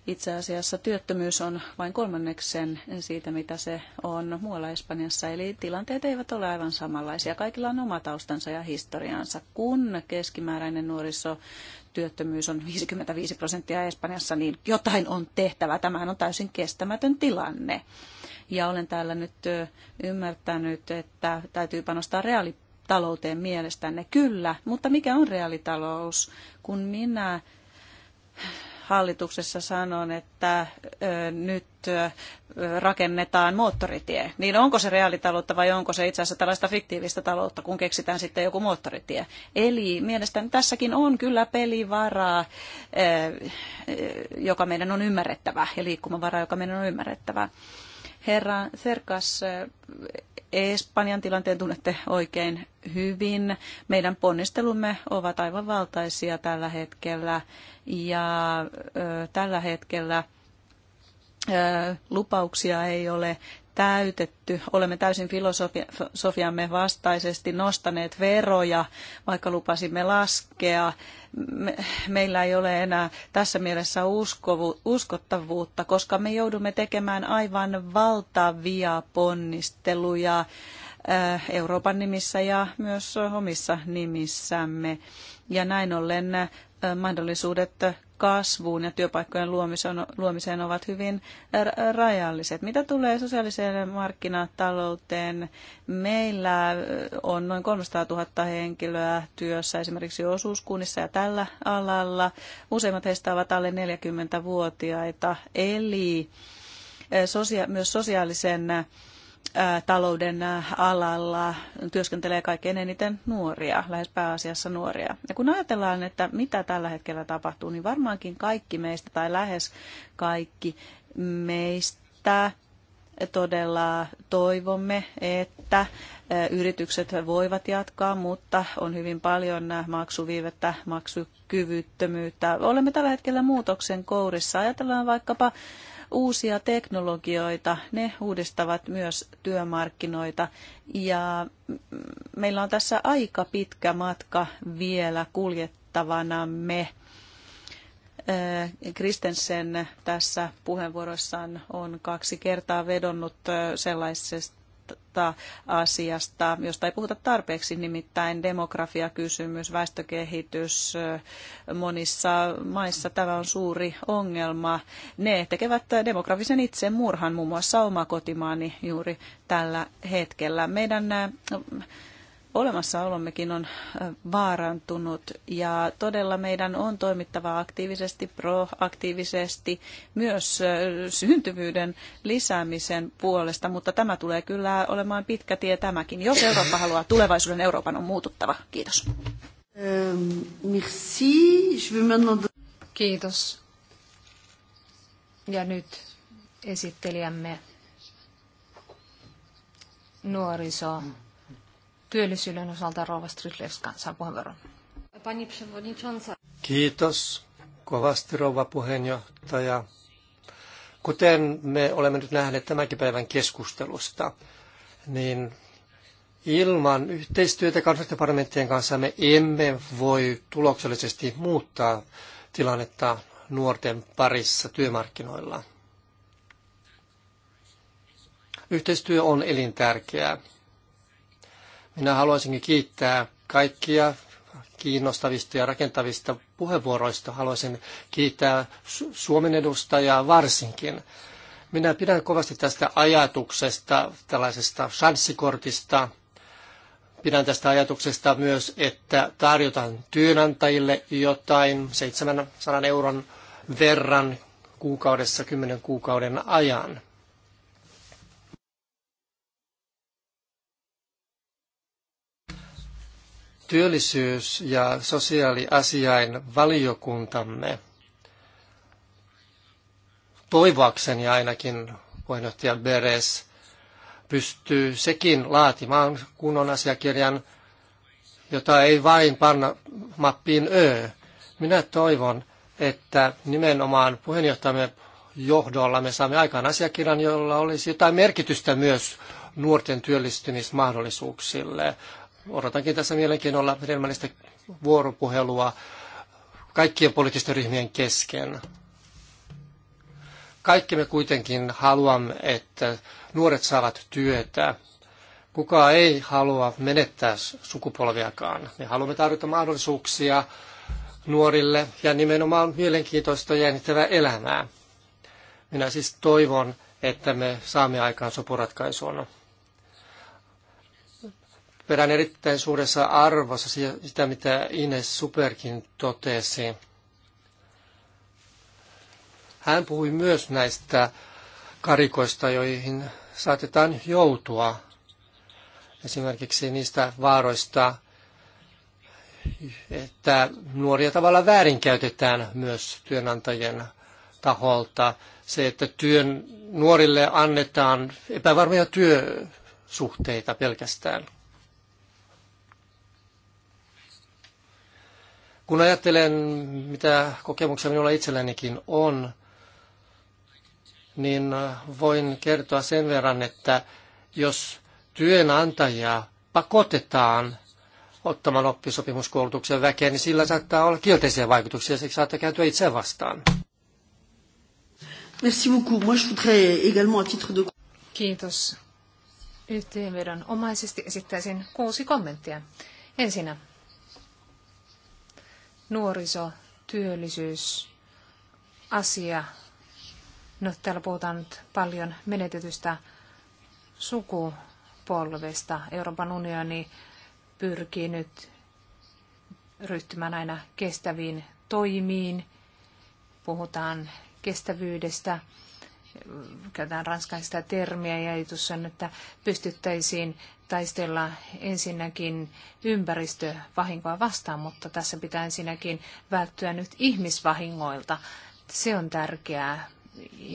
itse asiassa työttömyys on vain kolmanneksen siitä, mitä se on muualla Espanjassa, eli tilanteet eivät ole aivan samanlaisia. Kaikilla on oma taustansa ja historiansa. Kun keskimääräinen nuorisotyöttömyys on 55 prosenttia Espanjassa, niin jotain on tehtävä. Tämähän on täysin kestämätön tilanne. Ja olen täällä nyt ymmärtänyt, että täytyy panostaa reaalitalouteen mielestänne, kyllä, mutta mikä on reaalitalous? Kun minä hallituksessa sanon, että nyt rakennetaan moottoritie, niin onko se reaalitaloutta vai onko se itse asiassa tällaista fiktiivistä taloutta, kun keksitään sitten joku moottoritie. Eli mielestäni tässäkin on kyllä pelivaraa, joka meidän on ymmärrettävä ja liikkumavaraa, joka meidän on ymmärrettävä. Herra Serkas, Espanjan tilanteen tunnette oikein hyvin. Meidän ponnistelumme ovat aivan valtaisia tällä hetkellä ja ö, tällä hetkellä ö, lupauksia ei ole täytetty. Olemme täysin filosofiamme vastaisesti nostaneet veroja, vaikka lupasimme laskea. meillä ei ole enää tässä mielessä uskottavuutta, koska me joudumme tekemään aivan valtavia ponnisteluja äh, Euroopan nimissä ja myös omissa nimissämme. Ja näin ollen äh, mahdollisuudet kasvuun ja työpaikkojen luomiseen ovat hyvin rajalliset. Mitä tulee sosiaaliseen markkinatalouteen? Meillä on noin 300 000 henkilöä työssä esimerkiksi osuuskunnissa ja tällä alalla. Useimmat heistä ovat alle 40-vuotiaita, eli myös sosiaalisen talouden alalla työskentelee kaikkein eniten nuoria, lähes pääasiassa nuoria. Ja kun ajatellaan, että mitä tällä hetkellä tapahtuu, niin varmaankin kaikki meistä tai lähes kaikki meistä todella toivomme, että yritykset voivat jatkaa, mutta on hyvin paljon maksuviivettä, maksukyvyttömyyttä. Olemme tällä hetkellä muutoksen kourissa. Ajatellaan vaikkapa uusia teknologioita, ne uudistavat myös työmarkkinoita ja meillä on tässä aika pitkä matka vielä kuljettavanamme. Äh, Kristensen tässä puheenvuorossaan on kaksi kertaa vedonnut äh, sellaisesta asiasta, josta ei puhuta tarpeeksi, nimittäin demografiakysymys, väestökehitys. Monissa maissa tämä on suuri ongelma. Ne tekevät demografisen itsemurhan, muun muassa oma kotimaani juuri tällä hetkellä. Meidän olemassaolommekin on vaarantunut ja todella meidän on toimittava aktiivisesti, proaktiivisesti myös syntyvyyden lisäämisen puolesta, mutta tämä tulee kyllä olemaan pitkä tie tämäkin. Jos Eurooppa haluaa tulevaisuuden Euroopan on muututtava. Kiitos. Ähm, Kiitos. Ja nyt esittelijämme nuoriso työllisyyden osalta Rova Strydlevska saa puheenvuoron. Kiitos kovasti Rova puheenjohtaja. Kuten me olemme nyt nähneet tämänkin päivän keskustelusta, niin ilman yhteistyötä kansallisten parlamenttien kanssa me emme voi tuloksellisesti muuttaa tilannetta nuorten parissa työmarkkinoilla. Yhteistyö on elintärkeää. Minä haluaisinkin kiittää kaikkia kiinnostavista ja rakentavista puheenvuoroista. Haluaisin kiittää Suomen edustajaa varsinkin. Minä pidän kovasti tästä ajatuksesta, tällaisesta chanssikortista. Pidän tästä ajatuksesta myös, että tarjotaan työnantajille jotain 700 euron verran kuukaudessa 10 kuukauden ajan. Työllisyys- ja sosiaaliasiain valiokuntamme toivoakseni ainakin puheenjohtaja Beres pystyy sekin laatimaan kunnon asiakirjan, jota ei vain panna mappiin Ö. Minä toivon, että nimenomaan puheenjohtajamme johdolla me saamme aikaan asiakirjan, jolla olisi jotain merkitystä myös nuorten työllistymismahdollisuuksille odotankin tässä mielenkiinnolla hedelmällistä vuoropuhelua kaikkien poliittisten ryhmien kesken. Kaikki me kuitenkin haluamme, että nuoret saavat työtä. Kuka ei halua menettää sukupolviakaan. Me haluamme tarjota mahdollisuuksia nuorille ja nimenomaan mielenkiintoista jännittävää elämää. Minä siis toivon, että me saamme aikaan sopuratkaisun perään erittäin suuressa arvossa sitä, mitä Ines Superkin totesi. Hän puhui myös näistä karikoista, joihin saatetaan joutua. Esimerkiksi niistä vaaroista, että nuoria tavalla väärinkäytetään myös työnantajien taholta. Se, että työn nuorille annetaan epävarmoja työsuhteita pelkästään. Kun ajattelen, mitä kokemuksia minulla itsellänikin on, niin voin kertoa sen verran, että jos työnantaja pakotetaan ottamaan oppisopimuskoulutuksen väkeä, niin sillä saattaa olla kielteisiä vaikutuksia, siksi saattaa kääntyä itse vastaan. Merci beaucoup. Moi, je voudrais également à titre de... Kiitos. Yhteenvedon omaisesti esittäisin kuusi kommenttia. Ensinnä nuorisotyöllisyysasia. No, täällä puhutaan nyt paljon menetetystä sukupolvesta. Euroopan unioni pyrkii nyt ryhtymään aina kestäviin toimiin. Puhutaan kestävyydestä, käytetään ranskaista termiä ja ajatus on, että pystyttäisiin taistella ensinnäkin ympäristövahinkoa vastaan, mutta tässä pitää ensinnäkin välttyä nyt ihmisvahingoilta. Se on tärkeää.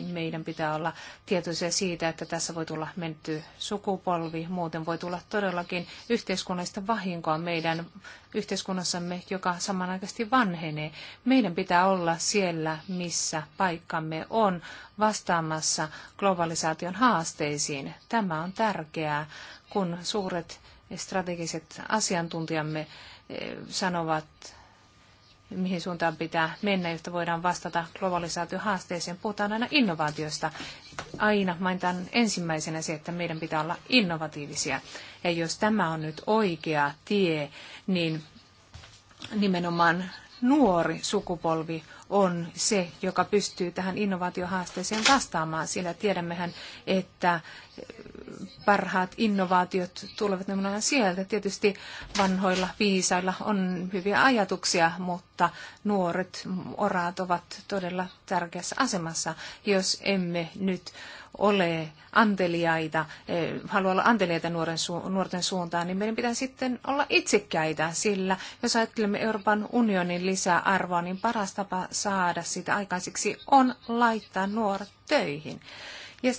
Meidän pitää olla tietoisia siitä, että tässä voi tulla menty sukupolvi, muuten voi tulla todellakin yhteiskunnallista vahinkoa meidän yhteiskunnassamme, joka samanaikaisesti vanhenee. Meidän pitää olla siellä, missä paikkamme on, vastaamassa globalisaation haasteisiin. Tämä on tärkeää kun suuret strategiset asiantuntijamme eh, sanovat, mihin suuntaan pitää mennä, jotta voidaan vastata globalisaatiohaasteeseen. Puhutaan aina innovaatiosta. Aina mainitaan ensimmäisenä se, että meidän pitää olla innovatiivisia. Ja jos tämä on nyt oikea tie, niin nimenomaan nuori sukupolvi on se, joka pystyy tähän innovaatiohaasteeseen vastaamaan, sillä tiedämmehän, että parhaat innovaatiot tulevat nimenomaan sieltä. Tietysti vanhoilla viisailla on hyviä ajatuksia, mutta nuoret oraat ovat todella tärkeässä asemassa, jos emme nyt ole anteliaita, e, haluaa olla anteliaita nuoren su- nuorten suuntaan, niin meidän pitää sitten olla itsekäitä, sillä jos ajattelemme Euroopan unionin lisäarvoa, niin paras tapa saada sitä aikaiseksi, on laittaa nuoret töihin. Ja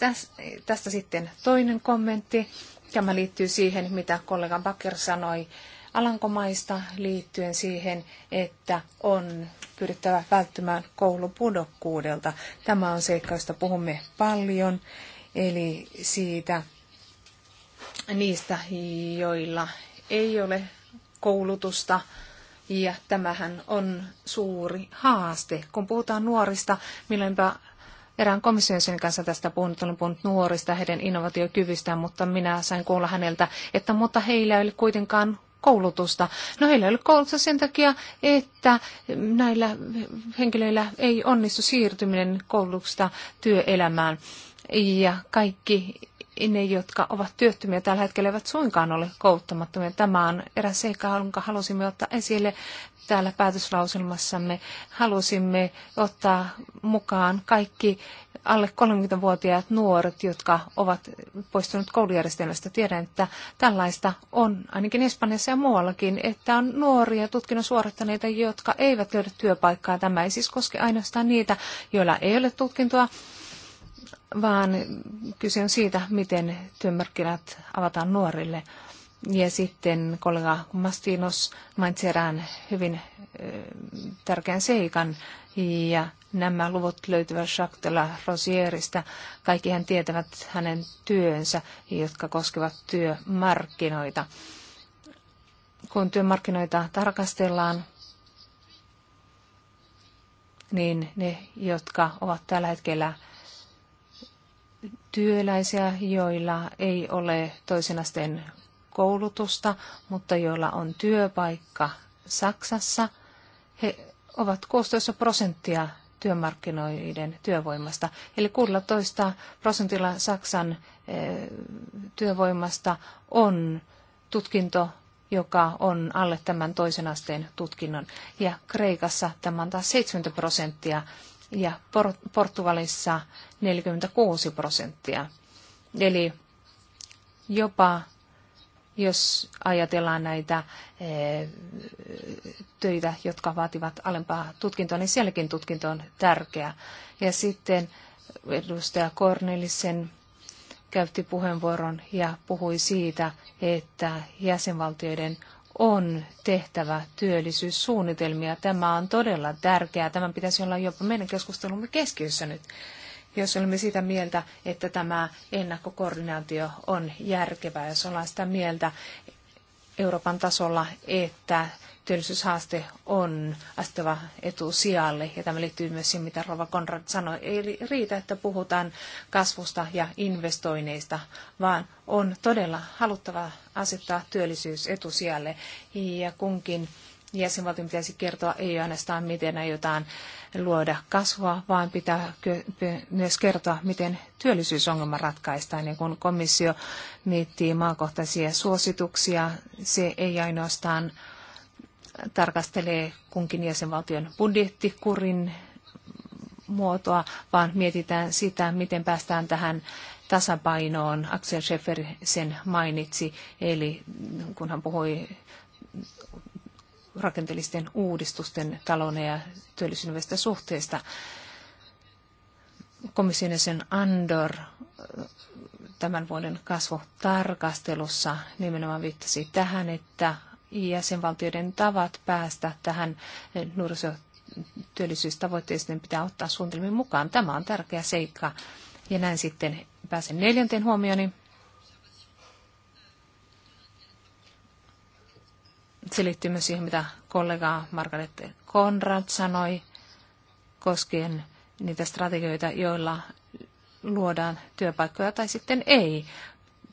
tästä sitten toinen kommentti. Tämä liittyy siihen, mitä kollega Bakker sanoi Alankomaista liittyen siihen, että on pyrittävä välttymään koulupudokkuudelta. Tämä on seikka, josta puhumme paljon, eli siitä niistä, joilla ei ole koulutusta ja tämähän on suuri haaste. Kun puhutaan nuorista, milloinpä erään komission kanssa tästä puhunut, olen puhunut nuorista, heidän innovaatiokyvystään, mutta minä sain kuulla häneltä, että mutta heillä ei ole kuitenkaan koulutusta. No heillä ei ole koulutusta sen takia, että näillä henkilöillä ei onnistu siirtyminen koulutuksesta työelämään. Ja kaikki ne, jotka ovat työttömiä tällä hetkellä, eivät suinkaan ole kouluttamattomia. Tämä on eräs seikka, jonka halusimme ottaa esille täällä päätöslauselmassamme. Halusimme ottaa mukaan kaikki alle 30-vuotiaat nuoret, jotka ovat poistuneet koulujärjestelmästä. Tiedän, että tällaista on ainakin Espanjassa ja muuallakin, että on nuoria tutkinnon suorittaneita, jotka eivät löydä työpaikkaa. Tämä ei siis koske ainoastaan niitä, joilla ei ole tutkintoa, vaan kyse on siitä, miten työmarkkinat avataan nuorille. Ja sitten kollega Mastinos mainitsi erään hyvin tärkeän seikan, ja nämä luvut löytyvät Jacques de la Rosierista. tietävät hänen työnsä, jotka koskevat työmarkkinoita. Kun työmarkkinoita tarkastellaan, niin ne, jotka ovat tällä hetkellä työläisiä, joilla ei ole toisen asteen koulutusta, mutta joilla on työpaikka Saksassa. He ovat 16 prosenttia työmarkkinoiden työvoimasta. Eli 16 prosentilla Saksan eh, työvoimasta on tutkinto, joka on alle tämän toisen asteen tutkinnon. Ja Kreikassa tämä on taas 70 prosenttia ja Portugalissa 46 prosenttia. Eli jopa jos ajatellaan näitä eh, töitä, jotka vaativat alempaa tutkintoa, niin sielläkin tutkinto on tärkeä. Ja sitten edustaja Kornelisen käytti puheenvuoron ja puhui siitä, että jäsenvaltioiden on tehtävä työllisyyssuunnitelmia. Tämä on todella tärkeää. Tämän pitäisi olla jopa meidän keskustelumme keskiössä nyt, jos olemme sitä mieltä, että tämä ennakkokoordinaatio on järkevää, jos ollaan sitä mieltä Euroopan tasolla, että työllisyyshaaste on astava etusijalle. Ja tämä liittyy myös siihen, mitä Rova Konrad sanoi. Ei riitä, että puhutaan kasvusta ja investoinneista, vaan on todella haluttava asettaa työllisyys etusijalle. Ja kunkin jäsenvaltio pitäisi kertoa ei ainoastaan, miten aiotaan luoda kasvua, vaan pitää myös kertoa, miten työllisyysongelma ratkaistaan. Ja kun komissio miettii maakohtaisia suosituksia, se ei ainoastaan tarkastelee kunkin jäsenvaltion budjettikurin muotoa, vaan mietitään sitä, miten päästään tähän tasapainoon. Axel Schäfer sen mainitsi, eli kun hän puhui rakenteellisten uudistusten talouden ja työllisyydestä suhteesta. Komission sen Andor tämän vuoden kasvutarkastelussa nimenomaan viittasi tähän, että jäsenvaltioiden tavat päästä tähän nuorisotyöllisyystavoitteeseen pitää ottaa suunnitelmien mukaan. Tämä on tärkeä seikka. Ja näin sitten pääsen neljänteen huomioni. Se liittyy myös siihen, mitä kollega Margaret Conrad sanoi koskien niitä strategioita, joilla luodaan työpaikkoja tai sitten ei.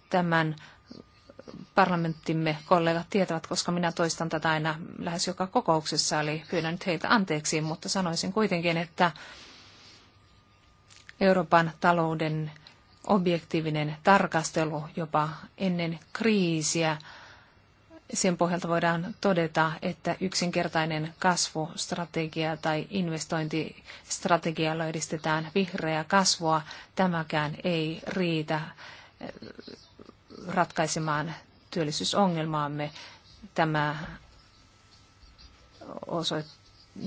Tämän parlamenttimme kollegat tietävät, koska minä toistan tätä aina lähes joka kokouksessa, eli pyydän nyt heitä anteeksi, mutta sanoisin kuitenkin, että Euroopan talouden objektiivinen tarkastelu jopa ennen kriisiä, sen pohjalta voidaan todeta, että yksinkertainen kasvustrategia tai investointistrategialla edistetään vihreää kasvua. Tämäkään ei riitä ratkaisemaan työllisyysongelmaamme. Tämä osoittaa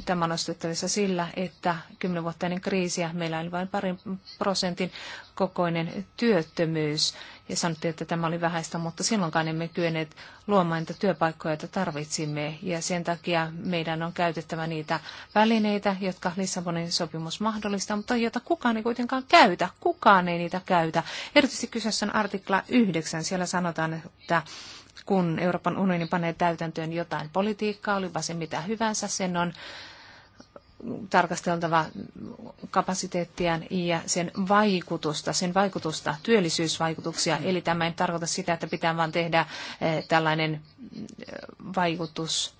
tämä on ostettavissa sillä, että kymmenen vuotta ennen kriisiä meillä oli vain parin prosentin kokoinen työttömyys. Ja sanottiin, että tämä oli vähäistä, mutta silloinkaan emme kyenneet luomaan niitä työpaikkoja, joita tarvitsimme. Ja sen takia meidän on käytettävä niitä välineitä, jotka Lissabonin sopimus mahdollistaa, mutta joita kukaan ei kuitenkaan käytä. Kukaan ei niitä käytä. Erityisesti kyseessä on artikla 9. Siellä sanotaan, että kun Euroopan unioni panee täytäntöön jotain politiikkaa, olipa se mitä hyvänsä, sen on tarkasteltava kapasiteettiaan ja sen vaikutusta, sen vaikutusta, työllisyysvaikutuksia. Eli tämä ei tarkoita sitä, että pitää vain tehdä eh, tällainen eh, vaikutus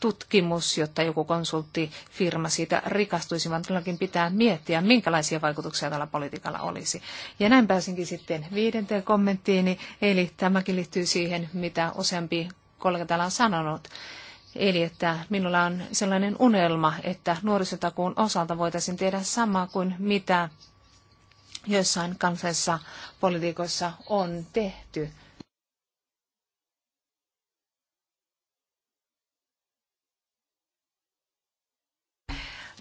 tutkimus, jotta joku konsulttifirma siitä rikastuisi, vaan todellakin pitää miettiä, minkälaisia vaikutuksia tällä politiikalla olisi. Ja näin pääsinkin sitten viidenteen kommenttiini, eli tämäkin liittyy siihen, mitä useampi kollega täällä on sanonut. Eli että minulla on sellainen unelma, että nuorisotakuun osalta voitaisiin tehdä samaa kuin mitä joissain kansallisissa politiikoissa on tehty.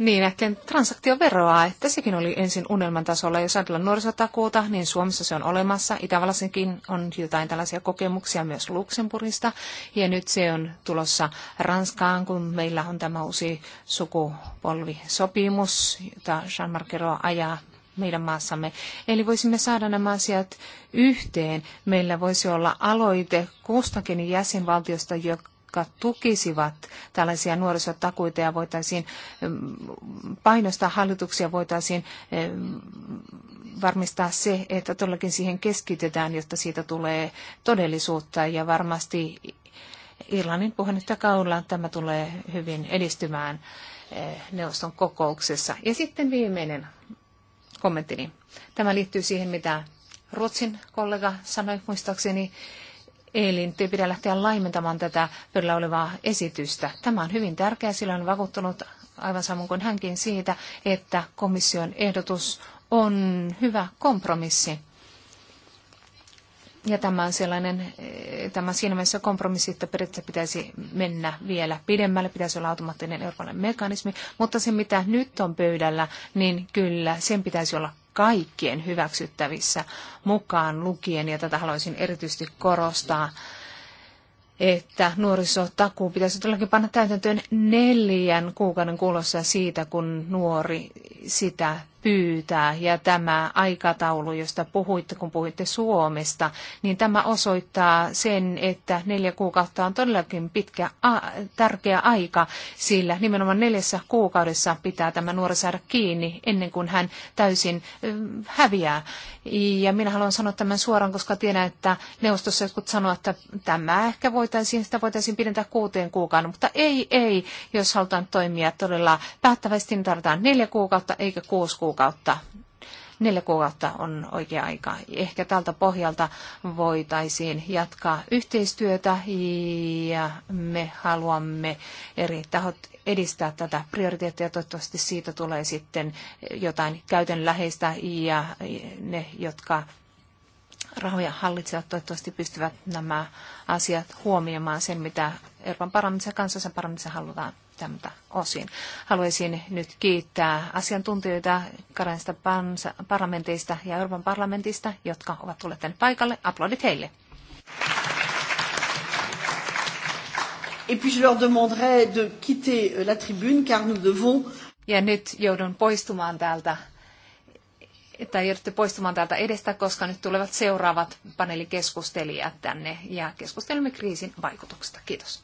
niin näiden transaktioveroa, että sekin oli ensin unelman tasolla. Jos ajatellaan nuorisotakuuta, niin Suomessa se on olemassa. Itävallassakin on jotain tällaisia kokemuksia myös Luxemburgista. Ja nyt se on tulossa Ranskaan, kun meillä on tämä uusi sukupolvisopimus, jota Jean-Marc ajaa meidän maassamme. Eli voisimme saada nämä asiat yhteen. Meillä voisi olla aloite kustakin jäsenvaltiosta, joka jotka tukisivat tällaisia nuorisotakuita ja voitaisiin mm, painostaa hallituksia, voitaisiin mm, varmistaa se, että todellakin siihen keskitytään, jotta siitä tulee todellisuutta ja varmasti Irlannin puheenjohtajakaudella tämä tulee hyvin edistymään eh, neuvoston kokouksessa. Ja sitten viimeinen kommenttini. Tämä liittyy siihen, mitä Ruotsin kollega sanoi muistaakseni. Eli te ei pidä lähteä laimentamaan tätä pöydällä olevaa esitystä. Tämä on hyvin tärkeää, sillä on vakuuttunut aivan samoin kuin hänkin siitä, että komission ehdotus on hyvä kompromissi. Ja tämä on sellainen, eh, tämä siinä mielessä kompromissi, että periaatteessa pitäisi mennä vielä pidemmälle, pitäisi olla automaattinen eurooppalainen mekanismi, mutta se mitä nyt on pöydällä, niin kyllä sen pitäisi olla kaikkien hyväksyttävissä mukaan lukien, ja tätä haluaisin erityisesti korostaa, että nuorisotakuu pitäisi todellakin panna täytäntöön neljän kuukauden kuulossa siitä, kun nuori sitä pyytää. Ja tämä aikataulu, josta puhuitte, kun puhuitte Suomesta, niin tämä osoittaa sen, että neljä kuukautta on todellakin pitkä, tärkeä aika, sillä nimenomaan neljässä kuukaudessa pitää tämä nuori saada kiinni ennen kuin hän täysin häviää. Ja minä haluan sanoa tämän suoraan, koska tiedän, että neuvostossa jotkut sanoo, että tämä ehkä voitaisiin, sitä voitaisiin pidentää kuuteen kuukauden, mutta ei, ei, jos halutaan toimia todella päättävästi, niin tarvitaan neljä kuukautta eikä kuusi kuukautta kuukautta. Neljä kuukautta on oikea aika. Ehkä tältä pohjalta voitaisiin jatkaa yhteistyötä ja me haluamme eri tahot edistää tätä prioriteettia. Toivottavasti siitä tulee sitten jotain käytönläheistä ja ne, jotka rahoja hallitsijat toivottavasti pystyvät nämä asiat huomioimaan sen, mitä Euroopan parlamentissa ja kansallisen parlamentissa halutaan tältä osin. Haluaisin nyt kiittää asiantuntijoita Karenista parlamentista ja Euroopan parlamentista, jotka ovat tulleet tänne paikalle. Aplodit heille. Et puis je leur demanderai de quitter euh, la tribune car nous devons... Ja nyt joudun poistumaan täältä että joudutte poistumaan täältä edestä, koska nyt tulevat seuraavat paneelikeskustelijat tänne ja keskustelemme kriisin vaikutuksista. Kiitos.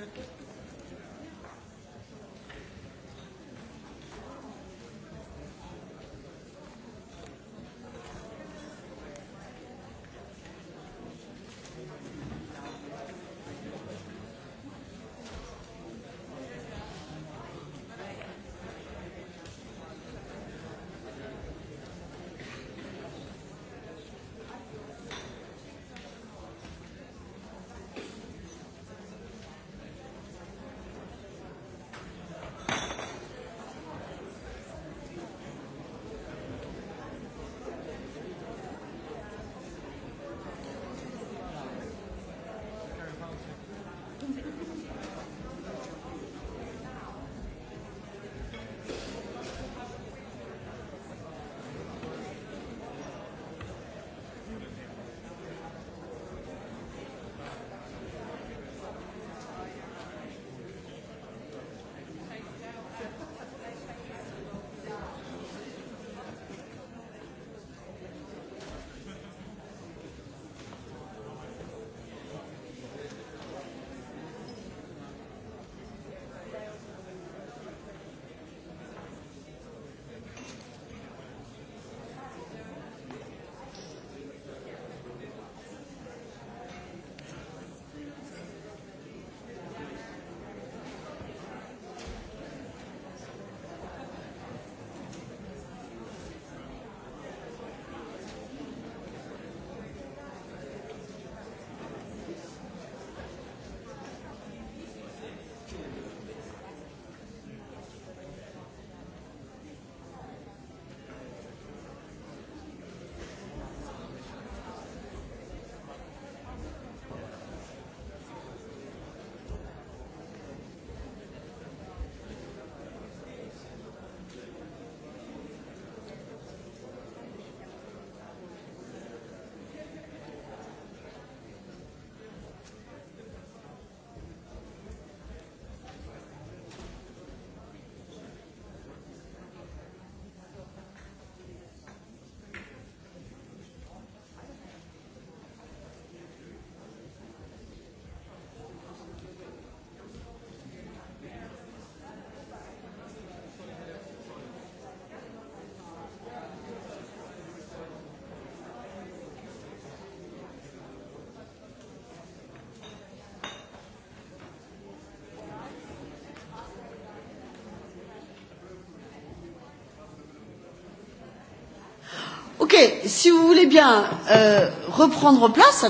Ok, si vous voulez bien euh, reprendre place.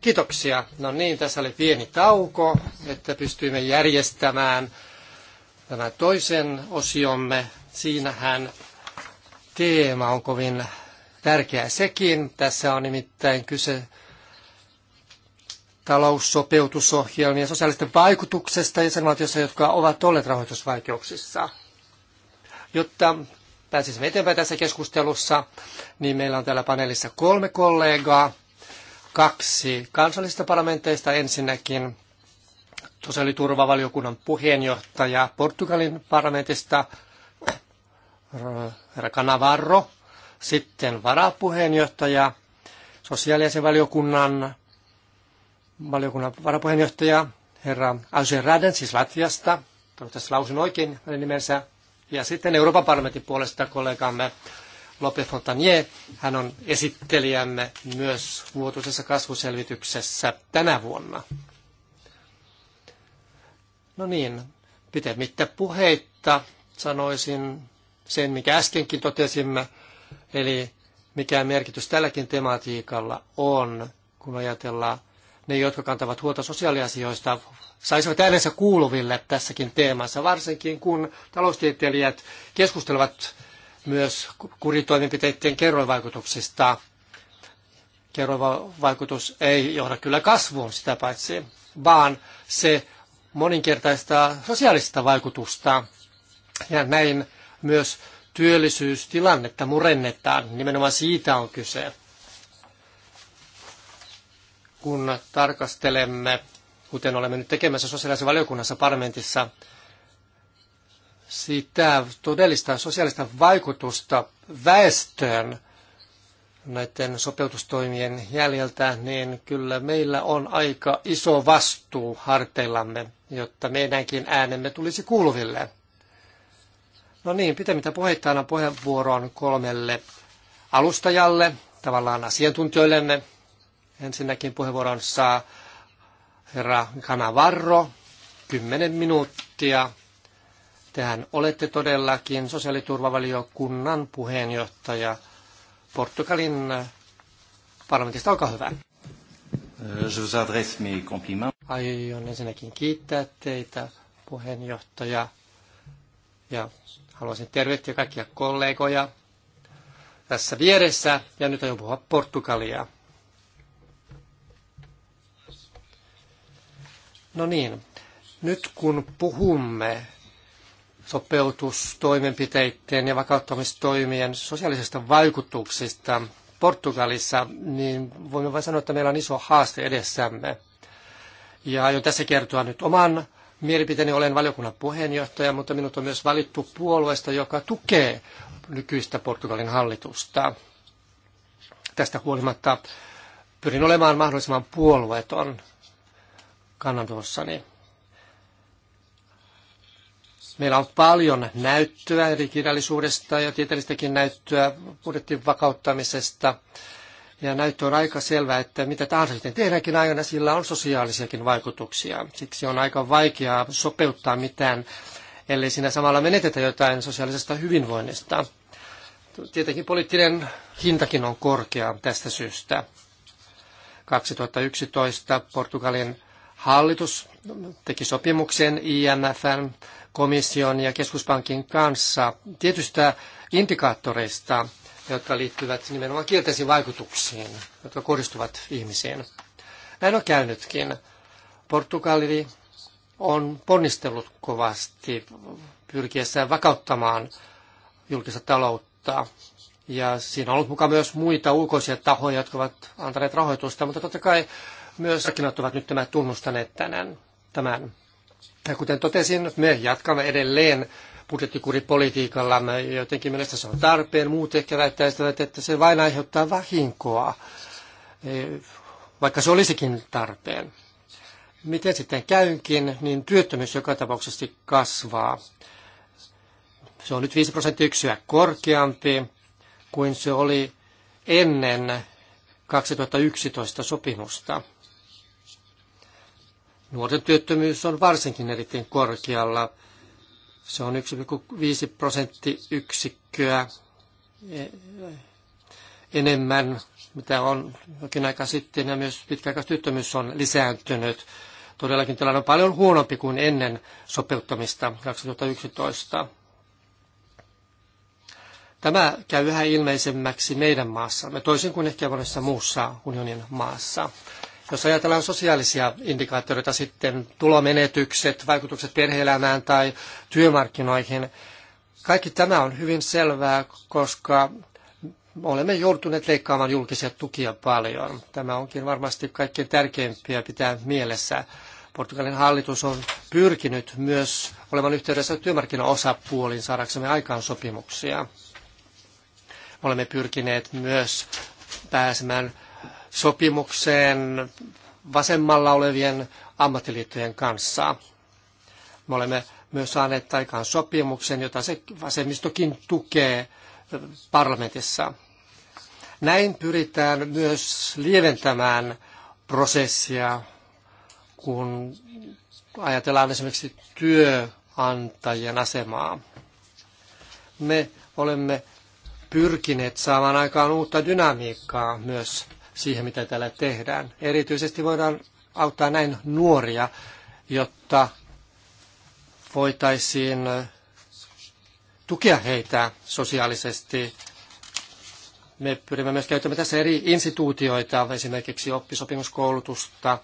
Kiitoksia. No niin, tässä oli pieni tauko, että pystyimme järjestämään tämän toisen osiomme. Siinähän teema on kovin tärkeä sekin. Tässä on nimittäin kyse taloussopeutusohjelmien sosiaalisten vaikutuksesta jäsenvaltioissa, jotka ovat olleet rahoitusvaikeuksissa. Jotta pääsisimme eteenpäin tässä keskustelussa, niin meillä on täällä paneelissa kolme kollegaa, kaksi kansallisista parlamenteista ensinnäkin, turvavaliokunnan puheenjohtaja Portugalin parlamentista, herra Canavarro, sitten varapuheenjohtaja, sosiaalisen valiokunnan valiokunnan varapuheenjohtaja, herra Ausen Raden, siis Latviasta, toivottavasti lausun oikein hänen nimensä, ja sitten Euroopan parlamentin puolesta kollegamme Lope Fontanier. Hän on esittelijämme myös vuotuisessa kasvuselvityksessä tänä vuonna. No niin, pitemmittä puheitta sanoisin sen, mikä äskenkin totesimme, eli mikä merkitys tälläkin tematiikalla on, kun ajatellaan ne, jotka kantavat huolta sosiaaliasioista, saisivat äänensä kuuluville tässäkin teemassa, varsinkin kun taloustieteilijät keskustelevat myös kuritoimenpiteiden kerroinvaikutuksista. Kerroinvaikutus ei johda kyllä kasvuun sitä paitsi, vaan se moninkertaista sosiaalista vaikutusta. Ja näin myös työllisyystilannetta murennetaan. Nimenomaan siitä on kyse, kun tarkastelemme, kuten olemme nyt tekemässä sosiaalisen valiokunnassa parlamentissa, sitä todellista sosiaalista vaikutusta väestöön näiden sopeutustoimien jäljeltä, niin kyllä meillä on aika iso vastuu harteillamme, jotta meidänkin äänemme tulisi kuuluville. No niin, pitemmittä puheita annan puheenvuoron kolmelle alustajalle, tavallaan asiantuntijoillemme. Ensinnäkin puheenvuoron saa herra Kanavarro, 10 minuuttia Tehän olette todellakin sosiaaliturvavaliokunnan puheenjohtaja Portugalin parlamentista. Olkaa hyvä. Je vous adresse mes compliments. Aion ensinnäkin kiittää teitä, puheenjohtaja, ja haluaisin tervehtiä kaikkia kollegoja tässä vieressä, ja nyt aion puhua Portugalia. No niin, nyt kun puhumme sopeutustoimenpiteiden ja vakauttamistoimien sosiaalisista vaikutuksista Portugalissa, niin voimme vain sanoa, että meillä on iso haaste edessämme. Ja aion tässä kertoa nyt oman mielipiteeni. Olen valiokunnan puheenjohtaja, mutta minut on myös valittu puolueesta, joka tukee nykyistä Portugalin hallitusta. Tästä huolimatta pyrin olemaan mahdollisimman puolueeton kannanotossani. Meillä on paljon näyttöä eri kirjallisuudesta ja tieteellistäkin näyttöä budjetin vakauttamisesta. Ja näyttö on aika selvää, että mitä tahansa sitten tehdäänkin aina, sillä on sosiaalisiakin vaikutuksia. Siksi on aika vaikeaa sopeuttaa mitään, ellei siinä samalla menetetä jotain sosiaalisesta hyvinvoinnista. Tietenkin poliittinen hintakin on korkea tästä syystä. 2011 Portugalin hallitus teki sopimuksen IMFn komission ja keskuspankin kanssa tietystä indikaattoreista, jotka liittyvät nimenomaan kielteisiin vaikutuksiin, jotka kohdistuvat ihmisiin. Näin on käynytkin. Portugali on ponnistellut kovasti pyrkiessään vakauttamaan julkista taloutta. Ja siinä on ollut mukaan myös muita ulkoisia tahoja, jotka ovat antaneet rahoitusta, mutta totta kai myös markkinat ovat nyt tämä tunnustaneet tänään, tämän ja kuten totesin, me jatkamme edelleen budjettikuripolitiikallamme. Jotenkin mielestä se on tarpeen. Muut ehkä väittäisivät, että se vain aiheuttaa vahinkoa, e, vaikka se olisikin tarpeen. Miten sitten käynkin, niin työttömyys joka tapauksessa kasvaa. Se on nyt 5 prosenttiyksyä korkeampi kuin se oli ennen 2011 sopimusta. Nuorten työttömyys on varsinkin erittäin korkealla. Se on 1,5 prosenttiyksikköä e, enemmän, mitä on jokin aika sitten, ja myös pitkäaikaistyöttömyys on lisääntynyt. Todellakin tilanne on paljon huonompi kuin ennen sopeuttamista 2011. Tämä käy yhä ilmeisemmäksi meidän maassamme, toisin kuin ehkä monessa muussa unionin maassa. Jos ajatellaan sosiaalisia indikaattoreita sitten, tulomenetykset, vaikutukset perhe-elämään tai työmarkkinoihin, kaikki tämä on hyvin selvää, koska olemme joutuneet leikkaamaan julkisia tukia paljon. Tämä onkin varmasti kaikkein tärkeimpiä pitää mielessä. Portugalin hallitus on pyrkinyt myös olemaan yhteydessä työmarkkinaosapuoliin saadaksemme aikaan sopimuksia. Olemme pyrkineet myös pääsemään sopimukseen vasemmalla olevien ammattiliittojen kanssa. Me olemme myös saaneet aikaan sopimuksen, jota se vasemmistokin tukee parlamentissa. Näin pyritään myös lieventämään prosessia, kun ajatellaan esimerkiksi työantajien asemaa. Me olemme pyrkineet saamaan aikaan uutta dynamiikkaa myös siihen, mitä täällä tehdään. Erityisesti voidaan auttaa näin nuoria, jotta voitaisiin tukea heitä sosiaalisesti. Me pyrimme myös käyttämään tässä eri instituutioita, esimerkiksi oppisopimuskoulutusta.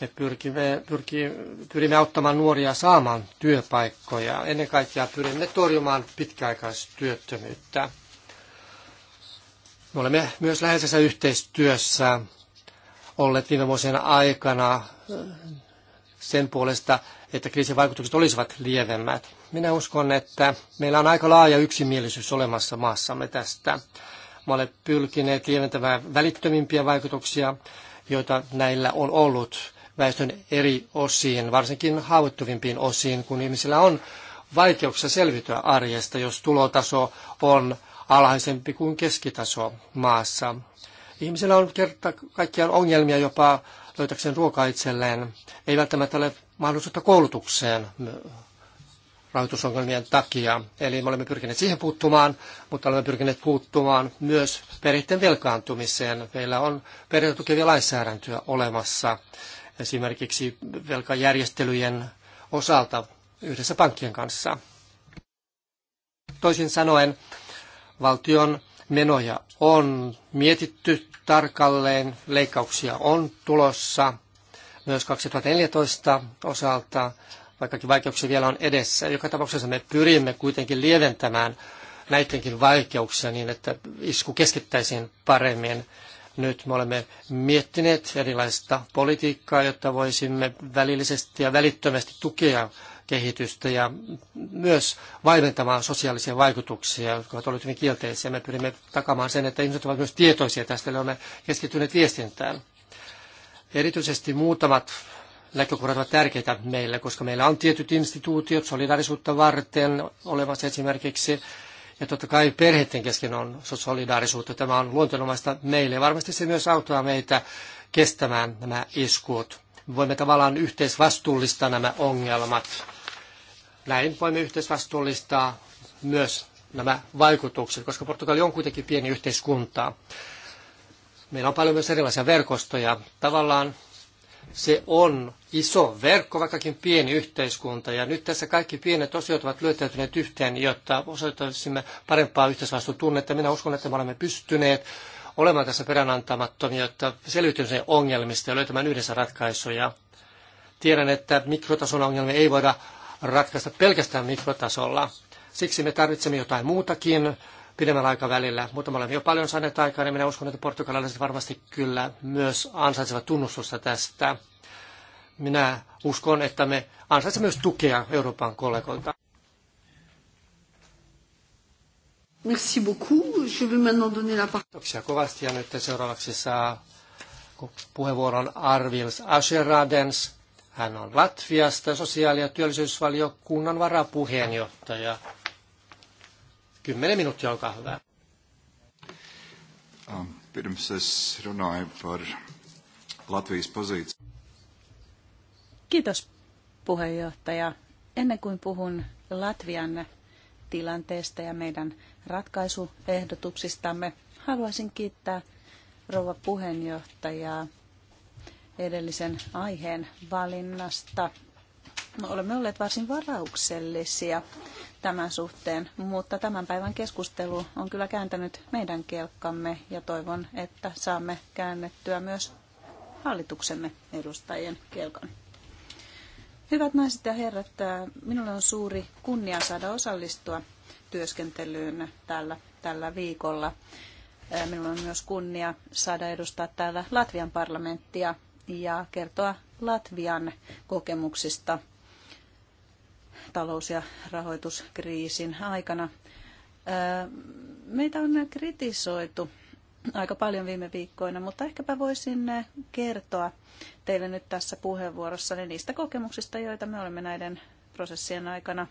Me pyrkimme, pyrkimme, pyrimme auttamaan nuoria saamaan työpaikkoja. Ennen kaikkea pyrimme torjumaan pitkäaikaistyöttömyyttä. Me olemme myös läheisessä yhteistyössä olleet viime vuosien aikana äh, sen puolesta, että kriisin vaikutukset olisivat lievemmät. Minä uskon, että meillä on aika laaja yksimielisyys olemassa maassamme tästä. Me olemme pyrkineet lieventämään välittömimpiä vaikutuksia, joita näillä on ollut väestön eri osiin, varsinkin haavoittuvimpiin osiin, kun ihmisillä on vaikeuksia selvityä arjesta, jos tulotaso on alhaisempi kuin keskitaso maassa. Ihmisillä on kerta kaikkiaan ongelmia jopa löytäkseen ruokaa itselleen. Ei välttämättä ole mahdollisuutta koulutukseen rahoitusongelmien takia. Eli me olemme pyrkineet siihen puuttumaan, mutta olemme pyrkineet puuttumaan myös perheiden velkaantumiseen. Meillä on perheitä tukevia lainsäädäntöä olemassa esimerkiksi velkajärjestelyjen osalta yhdessä pankkien kanssa. Toisin sanoen, valtion menoja on mietitty tarkalleen, leikkauksia on tulossa myös 2014 osalta, vaikkakin vaikeuksia vielä on edessä. Joka tapauksessa me pyrimme kuitenkin lieventämään näidenkin vaikeuksia niin, että isku keskittäisiin paremmin. Nyt me olemme miettineet erilaista politiikkaa, jotta voisimme välillisesti ja välittömästi tukea kehitystä ja myös vaimentamaan sosiaalisia vaikutuksia, jotka ovat olleet hyvin kielteisiä. Me pyrimme takamaan sen, että ihmiset ovat myös tietoisia tästä, eli olemme keskittyneet viestintään. Erityisesti muutamat näkökulmat ovat tärkeitä meille, koska meillä on tietyt instituutiot solidaarisuutta varten olemassa esimerkiksi. Ja totta kai perheiden kesken on solidaarisuutta. Tämä on luontonomaista meille. Varmasti se myös auttaa meitä kestämään nämä iskut. Voimme tavallaan yhteisvastuullistaa nämä ongelmat näin voimme yhteisvastuullistaa myös nämä vaikutukset, koska Portugali on kuitenkin pieni yhteiskunta. Meillä on paljon myös erilaisia verkostoja. Tavallaan se on iso verkko, vaikkakin pieni yhteiskunta. Ja nyt tässä kaikki pienet osiot ovat lyöttäytyneet yhteen, jotta osoittaisimme parempaa yhteisvastuutunnetta. Minä uskon, että me olemme pystyneet olemaan tässä peränantamattomia, jotta selviytyisimme ongelmista ja löytämään yhdessä ratkaisuja. Tiedän, että mikrotason ongelmia ei voida ratkaista pelkästään mikrotasolla. Siksi me tarvitsemme jotain muutakin pidemmällä aikavälillä, mutta me olemme jo paljon saaneet aikaa, niin minä uskon, että portugalilaiset varmasti kyllä myös ansaitsevat tunnustusta tästä. Minä uskon, että me ansaitsemme myös tukea Euroopan kollegoilta. Merci beaucoup. Je vais maintenant donner la parole. Kiitoksia kovasti ja nyt seuraavaksi saa puheenvuoron Arvils Asheradens hän on Latviasta sosiaali- ja työllisyysvaliokunnan varapuheenjohtaja. Kymmenen minuuttia, olkaa hyvä. Um, Kiitos puheenjohtaja. Ennen kuin puhun Latvian tilanteesta ja meidän ratkaisuehdotuksistamme, haluaisin kiittää rouva puheenjohtajaa edellisen aiheen valinnasta. Me olemme olleet varsin varauksellisia tämän suhteen, mutta tämän päivän keskustelu on kyllä kääntänyt meidän kelkkamme ja toivon, että saamme käännettyä myös hallituksemme edustajien kelkan. Hyvät naiset ja herrat, minulle on suuri kunnia saada osallistua työskentelyyn tällä, tällä viikolla. Minulla on myös kunnia saada edustaa täällä Latvian parlamenttia ja kertoa Latvian kokemuksista talous- ja rahoituskriisin aikana. Meitä on kritisoitu aika paljon viime viikkoina, mutta ehkäpä voisin kertoa teille nyt tässä puheenvuorossa niistä kokemuksista, joita me olemme näiden prosessien aikana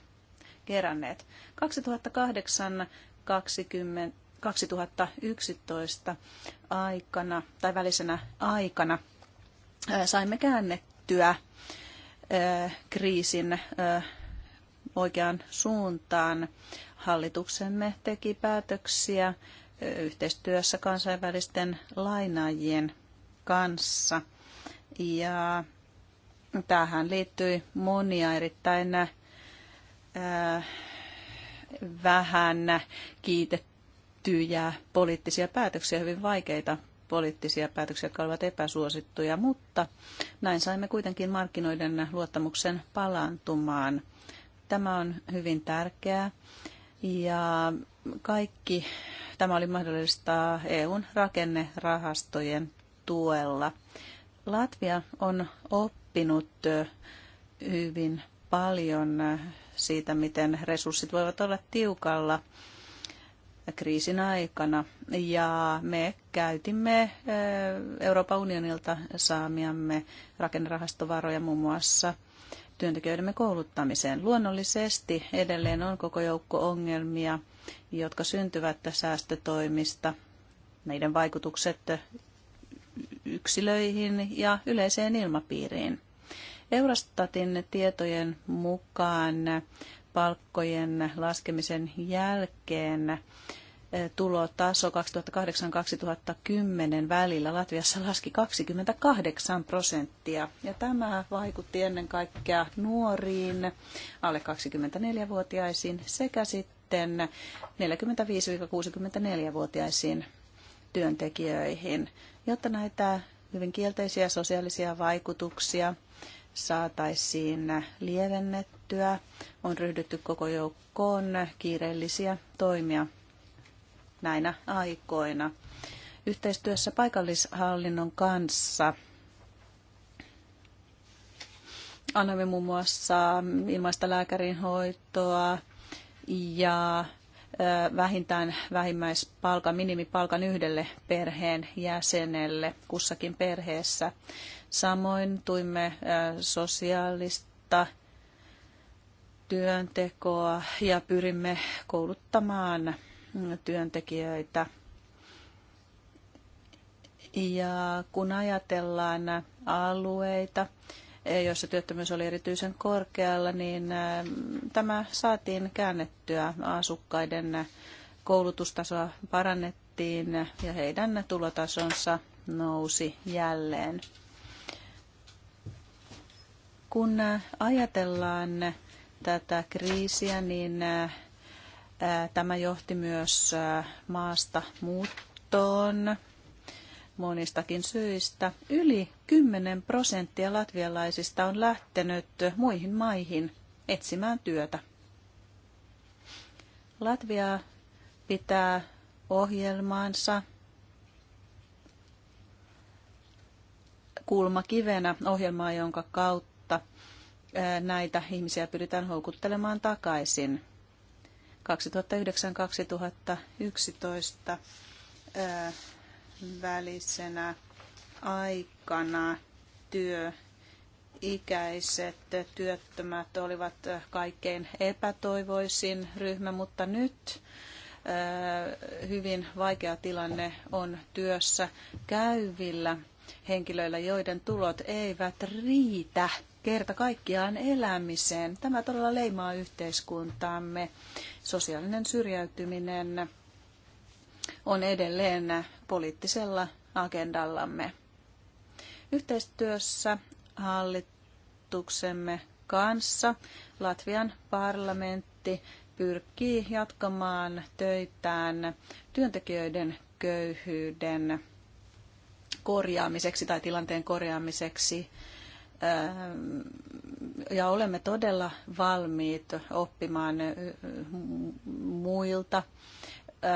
keränneet. 2008 20, 2011 aikana tai välisenä aikana saimme käännettyä kriisin oikeaan suuntaan. Hallituksemme teki päätöksiä yhteistyössä kansainvälisten lainaajien kanssa. Ja tähän liittyi monia erittäin vähän kiitettyjä poliittisia päätöksiä, hyvin vaikeita poliittisia päätöksiä, jotka olivat epäsuosittuja, mutta näin saimme kuitenkin markkinoiden luottamuksen palantumaan. Tämä on hyvin tärkeää ja kaikki tämä oli mahdollista EUn rakennerahastojen tuella. Latvia on oppinut hyvin paljon siitä, miten resurssit voivat olla tiukalla kriisin aikana. Ja me käytimme Euroopan unionilta saamiamme rakennerahastovaroja muun muassa työntekijöidemme kouluttamiseen. Luonnollisesti edelleen on koko joukko ongelmia, jotka syntyvät säästötoimista. Meidän vaikutukset yksilöihin ja yleiseen ilmapiiriin. Eurostatin tietojen mukaan palkkojen laskemisen jälkeen eh, tulotaso 2008-2010 välillä Latviassa laski 28 prosenttia. Ja tämä vaikutti ennen kaikkea nuoriin, alle 24-vuotiaisiin sekä sitten 45-64-vuotiaisiin työntekijöihin, jotta näitä hyvin kielteisiä sosiaalisia vaikutuksia – saataisiin lievennettyä. On ryhdytty koko joukkoon kiireellisiä toimia näinä aikoina. Yhteistyössä paikallishallinnon kanssa annamme muun muassa ilmaista lääkärinhoitoa ja vähintään vähimmäispalkan, minimipalkan yhdelle perheen jäsenelle kussakin perheessä. Samoin tuimme äh, sosiaalista työntekoa ja pyrimme kouluttamaan mm, työntekijöitä. Ja kun ajatellaan alueita, e, joissa työttömyys oli erityisen korkealla, niin äh, tämä saatiin käännettyä. Asukkaiden koulutustasoa parannettiin ja heidän tulotasonsa nousi jälleen. Kun äh, ajatellaan tätä kriisiä, niin äh, äh, tämä johti myös maasta muuttoon monistakin syistä. Yli 10 prosenttia latvialaisista on lähtenyt muihin maihin etsimään työtä. Latvia pitää ohjelmaansa kulmakivenä ohjelmaa, jonka kautta näitä ihmisiä pyritään houkuttelemaan takaisin. 2009-2011 välisenä aikana työ ikäiset työttömät olivat kaikkein epätoivoisin ryhmä, mutta nyt hyvin vaikea tilanne on työssä käyvillä henkilöillä, joiden tulot eivät riitä kerta kaikkiaan elämiseen. Tämä todella leimaa yhteiskuntaamme. Sosiaalinen syrjäytyminen on edelleen poliittisella agendallamme. Yhteistyössä hallituksemme kanssa Latvian parlamentti pyrkii jatkamaan töitään työntekijöiden köyhyyden korjaamiseksi tai tilanteen korjaamiseksi Öö, ja olemme todella valmiit oppimaan muilta öö,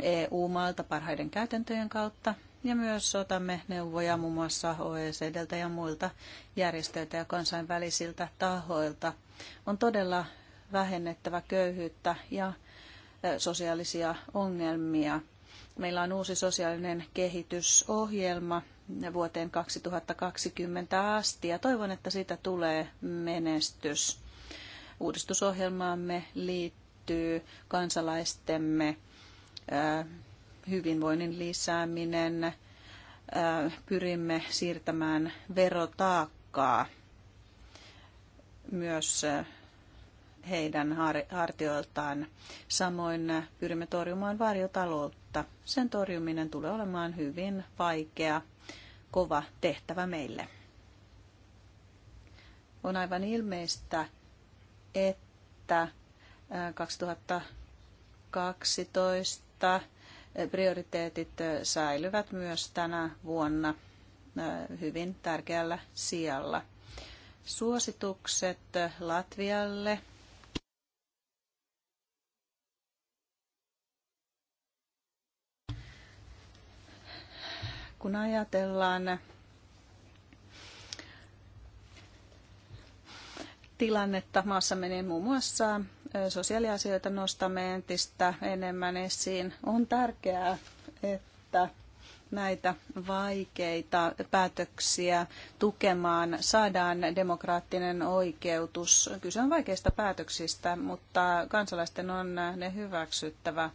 EU-maalta parhaiden käytäntöjen kautta. Ja myös otamme neuvoja muun muassa OECDltä ja muilta järjestöiltä ja kansainvälisiltä tahoilta. On todella vähennettävä köyhyyttä ja sosiaalisia ongelmia – Meillä on uusi sosiaalinen kehitysohjelma vuoteen 2020 asti ja toivon, että siitä tulee menestys. Uudistusohjelmaamme liittyy kansalaistemme hyvinvoinnin lisääminen. Pyrimme siirtämään verotaakkaa myös heidän hartioiltaan. Samoin pyrimme torjumaan varjotaloutta. Sen torjuminen tulee olemaan hyvin vaikea, kova tehtävä meille. On aivan ilmeistä, että 2012 prioriteetit säilyvät myös tänä vuonna hyvin tärkeällä sijalla. Suositukset Latvialle kun ajatellaan tilannetta maassa menee muun muassa sosiaaliasioita nostamme entistä enemmän esiin. On tärkeää, että näitä vaikeita päätöksiä tukemaan saadaan demokraattinen oikeutus. Kyse on vaikeista päätöksistä, mutta kansalaisten on ne hyväksyttävä.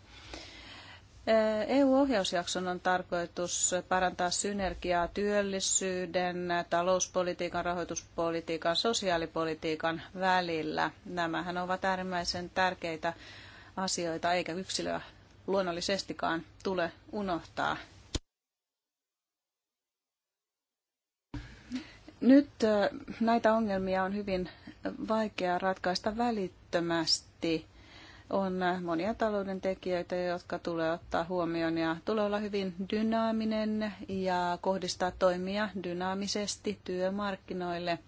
EU-ohjausjakson on tarkoitus parantaa synergiaa työllisyyden, talouspolitiikan, rahoituspolitiikan, sosiaalipolitiikan välillä. Nämähän ovat äärimmäisen tärkeitä asioita, eikä yksilöä luonnollisestikaan tule unohtaa. Nyt näitä ongelmia on hyvin vaikea ratkaista välittömästi on monia talouden tekijöitä, jotka tulee ottaa huomioon ja tulee olla hyvin dynaaminen ja kohdistaa toimia dynaamisesti työmarkkinoille.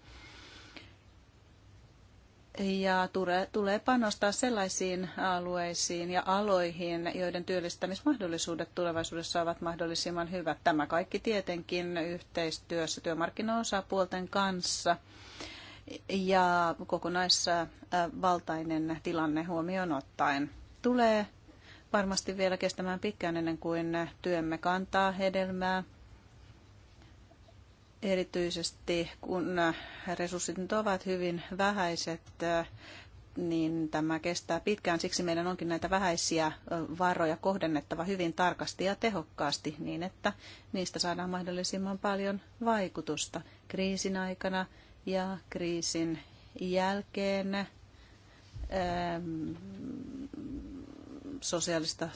Ja tulee panostaa sellaisiin alueisiin ja aloihin, joiden työllistämismahdollisuudet tulevaisuudessa ovat mahdollisimman hyvät. Tämä kaikki tietenkin yhteistyössä työmarkkinaosapuolten kanssa ja kokonaisvaltainen tilanne huomioon ottaen. Tulee varmasti vielä kestämään pitkään ennen kuin työmme kantaa hedelmää. Erityisesti kun resurssit nyt ovat hyvin vähäiset, niin tämä kestää pitkään. Siksi meidän onkin näitä vähäisiä varoja kohdennettava hyvin tarkasti ja tehokkaasti niin, että niistä saadaan mahdollisimman paljon vaikutusta kriisin aikana – ja kriisin jälkeen ähm, sosiaalista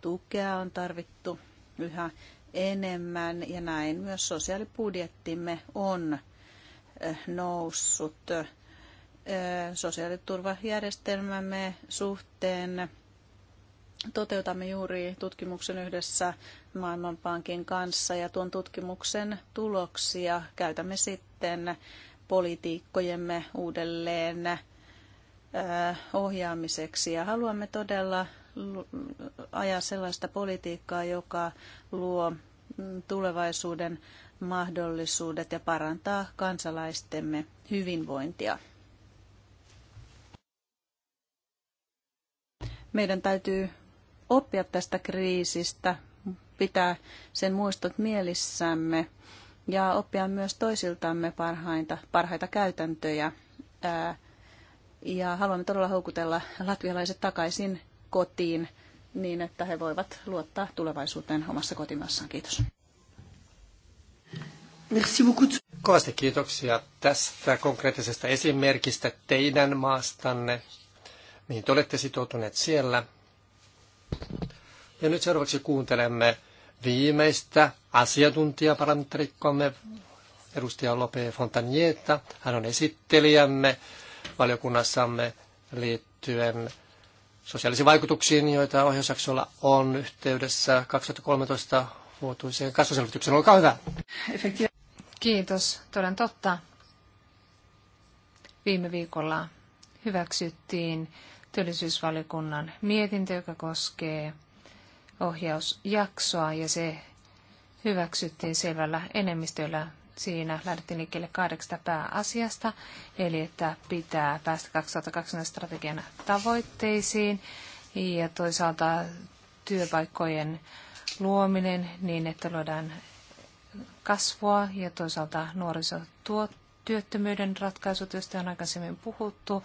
tukea on tarvittu yhä enemmän ja näin myös sosiaalibudjettimme on äh, noussut äh, sosiaaliturvajärjestelmämme suhteen. Toteutamme juuri tutkimuksen yhdessä Maailmanpankin kanssa ja tuon tutkimuksen tuloksia käytämme sitten politiikkojemme uudelleen ohjaamiseksi ja haluamme todella ajaa sellaista politiikkaa, joka luo mm, tulevaisuuden mahdollisuudet ja parantaa kansalaistemme hyvinvointia. Meidän täytyy oppia tästä kriisistä, pitää sen muistot mielissämme ja oppia myös toisiltamme parhaita, parhaita käytäntöjä. Ja haluamme todella houkutella latvialaiset takaisin kotiin niin, että he voivat luottaa tulevaisuuteen omassa kotimaassaan. Kiitos. Merci beaucoup. Kovasti kiitoksia tästä konkreettisesta esimerkistä teidän maastanne, mihin te olette sitoutuneet siellä. Ja nyt seuraavaksi kuuntelemme viimeistä asiantuntijaparantrikkomme edustaja Lope Fontanieta. Hän on esittelijämme valiokunnassamme liittyen sosiaalisiin vaikutuksiin, joita ohjausjaksolla on yhteydessä 2013 vuotuiseen kasvuselvitykseen. Olkaa hyvä. Kiitos. Toden totta. Viime viikolla hyväksyttiin työllisyysvaliokunnan mietintö, joka koskee ohjausjaksoa ja se hyväksyttiin selvällä enemmistöllä. Siinä lähdettiin liikkeelle kahdeksasta pääasiasta, eli että pitää päästä 2020 strategian tavoitteisiin ja toisaalta työpaikkojen luominen niin, että luodaan kasvua ja toisaalta nuorisotyöttömyyden ratkaisut, joista on aikaisemmin puhuttu,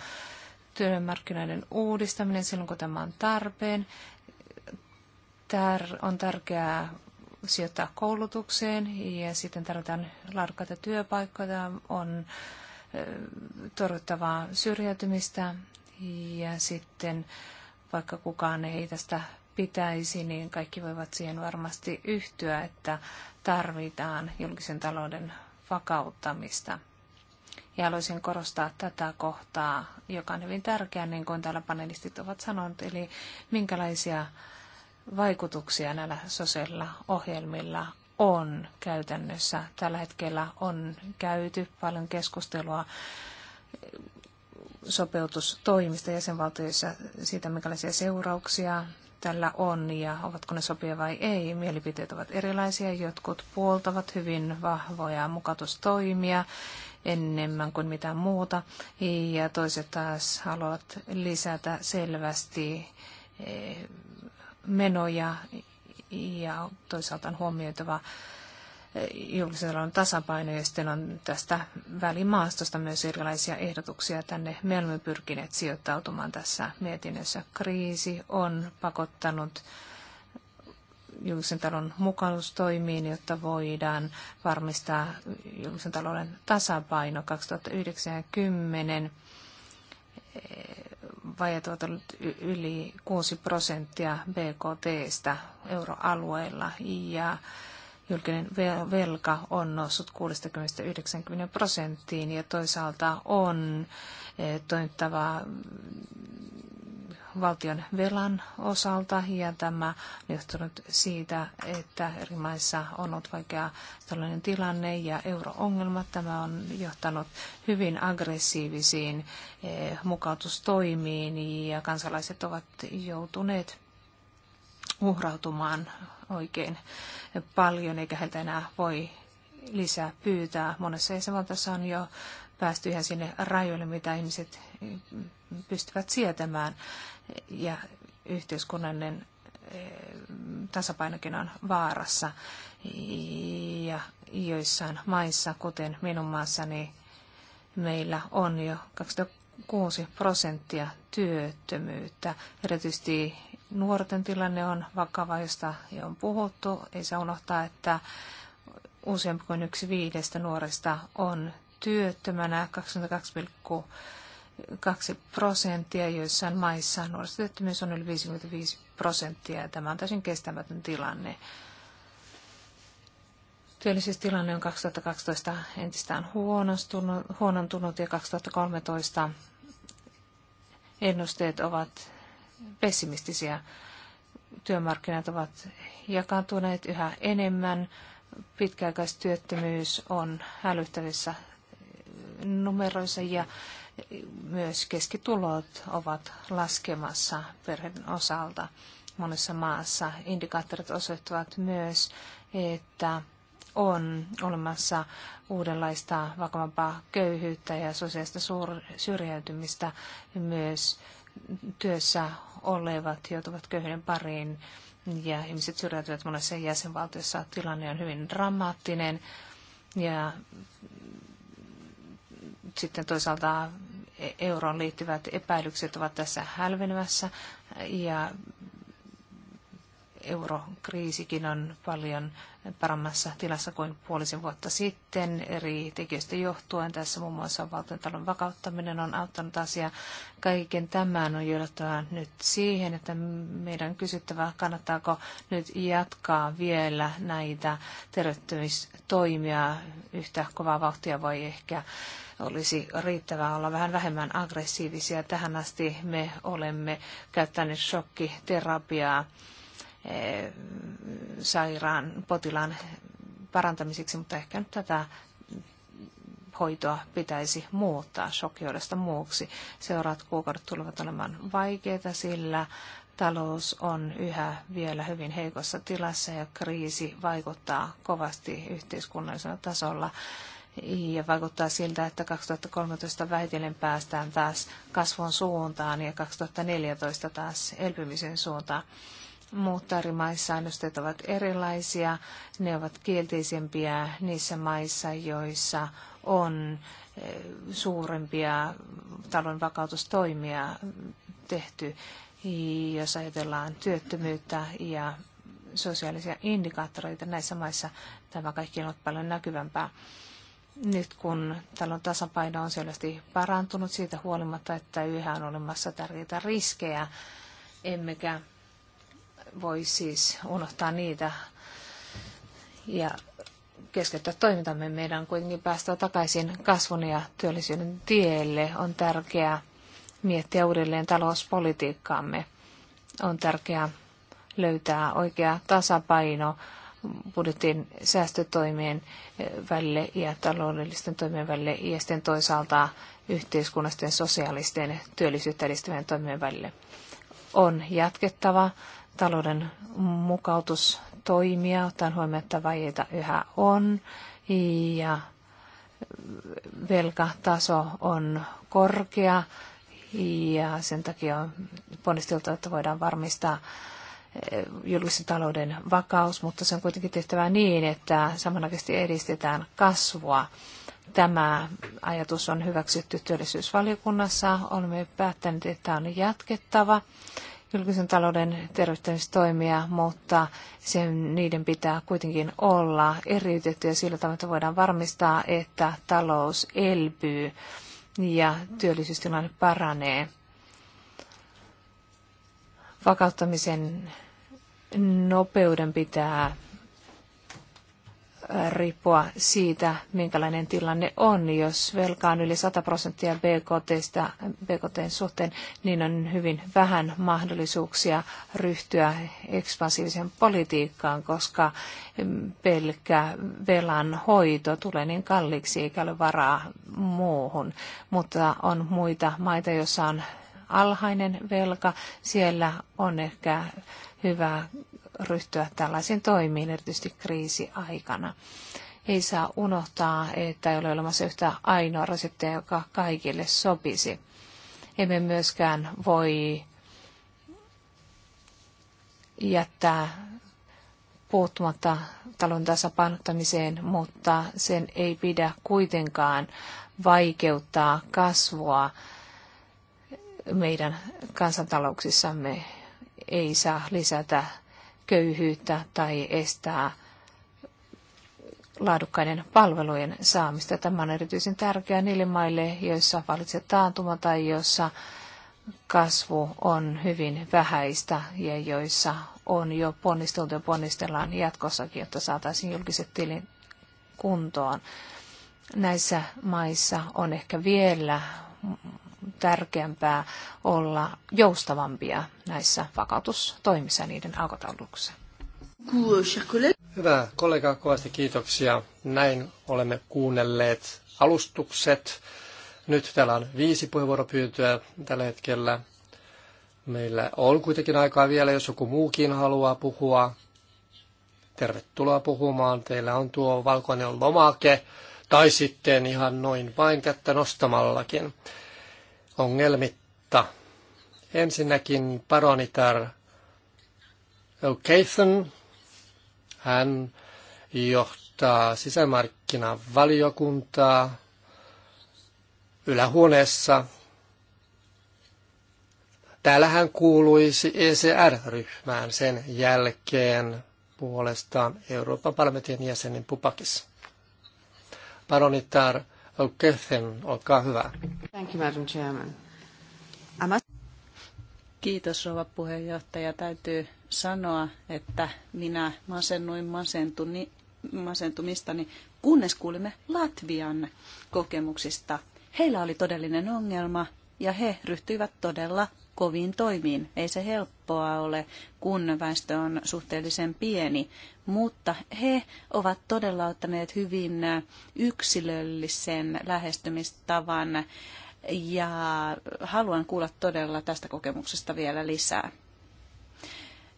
työmarkkinoiden uudistaminen silloin, kun tämä on tarpeen tär- on tärkeää sijoittaa koulutukseen ja sitten tarvitaan laadukkaita työpaikkoja, on torjuttavaa syrjäytymistä ja sitten vaikka kukaan ei tästä pitäisi, niin kaikki voivat siihen varmasti yhtyä, että tarvitaan julkisen talouden vakauttamista. Ja haluaisin korostaa tätä kohtaa, joka on hyvin tärkeää, niin kuin täällä panelistit ovat sanoneet, eli minkälaisia vaikutuksia näillä sosiaalilla ohjelmilla on käytännössä. Tällä hetkellä on käyty paljon keskustelua sopeutustoimista jäsenvaltioissa siitä, minkälaisia seurauksia tällä on ja ovatko ne sopia vai ei. Mielipiteet ovat erilaisia. Jotkut puoltavat hyvin vahvoja mukautustoimia enemmän kuin mitään muuta. Ja toiset taas haluavat lisätä selvästi eh, menoja ja toisaalta on huomioitava eh, julkisen talouden tasapaino ja sitten on tästä välimaastosta myös erilaisia ehdotuksia tänne. Me olemme pyrkineet sijoittautumaan tässä mietinnössä. Kriisi on pakottanut julkisen talouden mukaustoimiin, jotta voidaan varmistaa julkisen talouden tasapaino 2019 vajat ovat olleet yli 6 prosenttia BKTstä euroalueella ja julkinen velka on noussut 60-90 prosenttiin ja toisaalta on eh, toimittava valtion velan osalta ja tämä on johtunut siitä, että eri maissa on ollut vaikea tällainen tilanne ja euroongelma. Tämä on johtanut hyvin aggressiivisiin eh, mukautustoimiin ja kansalaiset ovat joutuneet uhrautumaan oikein paljon, eikä heiltä enää voi lisää pyytää. Monessa jäsenvaltiossa on jo päästy ihan sinne rajoille, mitä ihmiset eh, pystyvät sietämään ja yhteiskunnallinen eh, tasapainokin on vaarassa. Ja joissain maissa, kuten minun maassani, meillä on jo 26 prosenttia työttömyyttä. Erityisesti nuorten tilanne on vakava, josta jo on puhuttu. Ei saa unohtaa, että useampi kuin yksi viidestä nuoresta on työttömänä 22%. 2 prosenttia, joissain maissa nuorisotyöttömyys on yli 55 prosenttia ja tämä on täysin kestämätön tilanne. Työllisyystilanne on 2012 entistään huonontunut ja 2013 ennusteet ovat pessimistisiä. Työmarkkinat ovat jakaantuneet yhä enemmän. Pitkäaikaistyöttömyys on hälyttävissä numeroissa ja myös keskitulot ovat laskemassa perheen osalta monessa maassa. Indikaattorit osoittavat myös, että on olemassa uudenlaista vakavampaa köyhyyttä ja sosiaalista syrjäytymistä. Myös työssä olevat joutuvat köyhyyden pariin ja ihmiset syrjäytyvät monessa jäsenvaltiossa. Tilanne on hyvin dramaattinen ja sitten toisaalta e- euroon liittyvät epäilykset ovat tässä hälvenemässä ja eurokriisikin on paljon paremmassa tilassa kuin puolisen vuotta sitten eri tekijöistä johtuen. Tässä muun muassa valtiontalon vakauttaminen on auttanut asiaa. Kaiken tämän on johdettava nyt siihen, että meidän kysyttävä, kannattaako nyt jatkaa vielä näitä tervehtymistoimia yhtä kovaa vauhtia vai ehkä olisi riittävää olla vähän vähemmän aggressiivisia. Tähän asti me olemme käyttäneet shokkiterapiaa eh, sairaan potilaan parantamiseksi, mutta ehkä nyt tätä hoitoa pitäisi muuttaa shokioidosta muuksi. Seuraavat kuukaudet tulevat olemaan vaikeita, sillä talous on yhä vielä hyvin heikossa tilassa ja kriisi vaikuttaa kovasti yhteiskunnallisella tasolla ja vaikuttaa siltä, että 2013 vähitellen päästään taas kasvun suuntaan ja 2014 taas elpymisen suuntaan. Muut tarimaissäännöstöt ovat erilaisia. Ne ovat kielteisempiä niissä maissa, joissa on eh, suurempia talon vakautustoimia tehty, jos ajatellaan työttömyyttä ja sosiaalisia indikaattoreita näissä maissa. Tämä kaikki on ollut paljon näkyvämpää nyt kun talon tasapaino on selvästi parantunut siitä huolimatta, että yhä on olemassa tärkeitä riskejä, emmekä voi siis unohtaa niitä ja keskeyttää toimintamme. Meidän on kuitenkin päästä takaisin kasvun ja työllisyyden tielle. On tärkeää miettiä uudelleen talouspolitiikkaamme. On tärkeää löytää oikea tasapaino budjetin säästötoimien välille ja taloudellisten toimien välille ja sitten toisaalta yhteiskunnallisten sosiaalisten työllisyyttä edistävien toimien välille. On jatkettava talouden mukautustoimia, ottaen huomioon, että vajeita yhä on ja velkataso on korkea ja sen takia on ponnisteltu, että voidaan varmistaa julkisen talouden vakaus, mutta se on kuitenkin tehtävä niin, että samanaikaisesti edistetään kasvua. Tämä ajatus on hyväksytty työllisyysvaliokunnassa. Olemme päättäneet, että on jatkettava julkisen talouden tervehtämistoimia, mutta sen, niiden pitää kuitenkin olla eriytettyjä sillä tavalla, että voidaan varmistaa, että talous elpyy ja työllisyystilanne paranee vakauttamisen nopeuden pitää riippua siitä, minkälainen tilanne on. Jos velka on yli 100 prosenttia BKTstä, suhteen, niin on hyvin vähän mahdollisuuksia ryhtyä ekspansiiviseen politiikkaan, koska pelkkä velan hoito tulee niin kalliiksi eikä ole varaa muuhun. Mutta on muita maita, joissa on alhainen velka, siellä on ehkä hyvä ryhtyä tällaisiin toimiin, erityisesti kriisiaikana. Ei saa unohtaa, että ei ole olemassa yhtä ainoa reseptiä, joka kaikille sopisi. Emme myöskään voi jättää puuttumatta talon tasapainottamiseen, mutta sen ei pidä kuitenkaan vaikeuttaa kasvua meidän kansantalouksissamme ei saa lisätä köyhyyttä tai estää laadukkaiden palvelujen saamista. Tämä on erityisen tärkeää niille maille, joissa valitsee taantuma tai joissa kasvu on hyvin vähäistä ja joissa on jo ponnisteltu ja ponnistellaan jatkossakin, jotta saataisiin julkiset tilin kuntoon. Näissä maissa on ehkä vielä tärkeämpää olla joustavampia näissä vakautustoimissa ja niiden aikatauluksissa. Hyvä kollega, kovasti kiitoksia. Näin olemme kuunnelleet alustukset. Nyt täällä on viisi puheenvuoropyyntöä tällä hetkellä. Meillä on kuitenkin aikaa vielä, jos joku muukin haluaa puhua. Tervetuloa puhumaan. Teillä on tuo valkoinen lomake tai sitten ihan noin vain kättä nostamallakin ongelmitta. Ensinnäkin paronitar Keithen, hän johtaa sisämarkkinavaliokuntaa ylähuoneessa. Täällä hän kuuluisi ECR-ryhmään sen jälkeen puolestaan Euroopan parlamentin jäsenen pupakissa. Paronitar Köthen, olkaa hyvä. Thank you, Madam Chairman. Kiitos rouva puheenjohtaja. Täytyy sanoa, että minä masennuin masentuni, masentumistani, kunnes kuulimme Latvian kokemuksista. Heillä oli todellinen ongelma ja he ryhtyivät todella koviin toimiin. Ei se helppoa ole, kun väestö on suhteellisen pieni, mutta he ovat todella ottaneet hyvin yksilöllisen lähestymistavan ja haluan kuulla todella tästä kokemuksesta vielä lisää.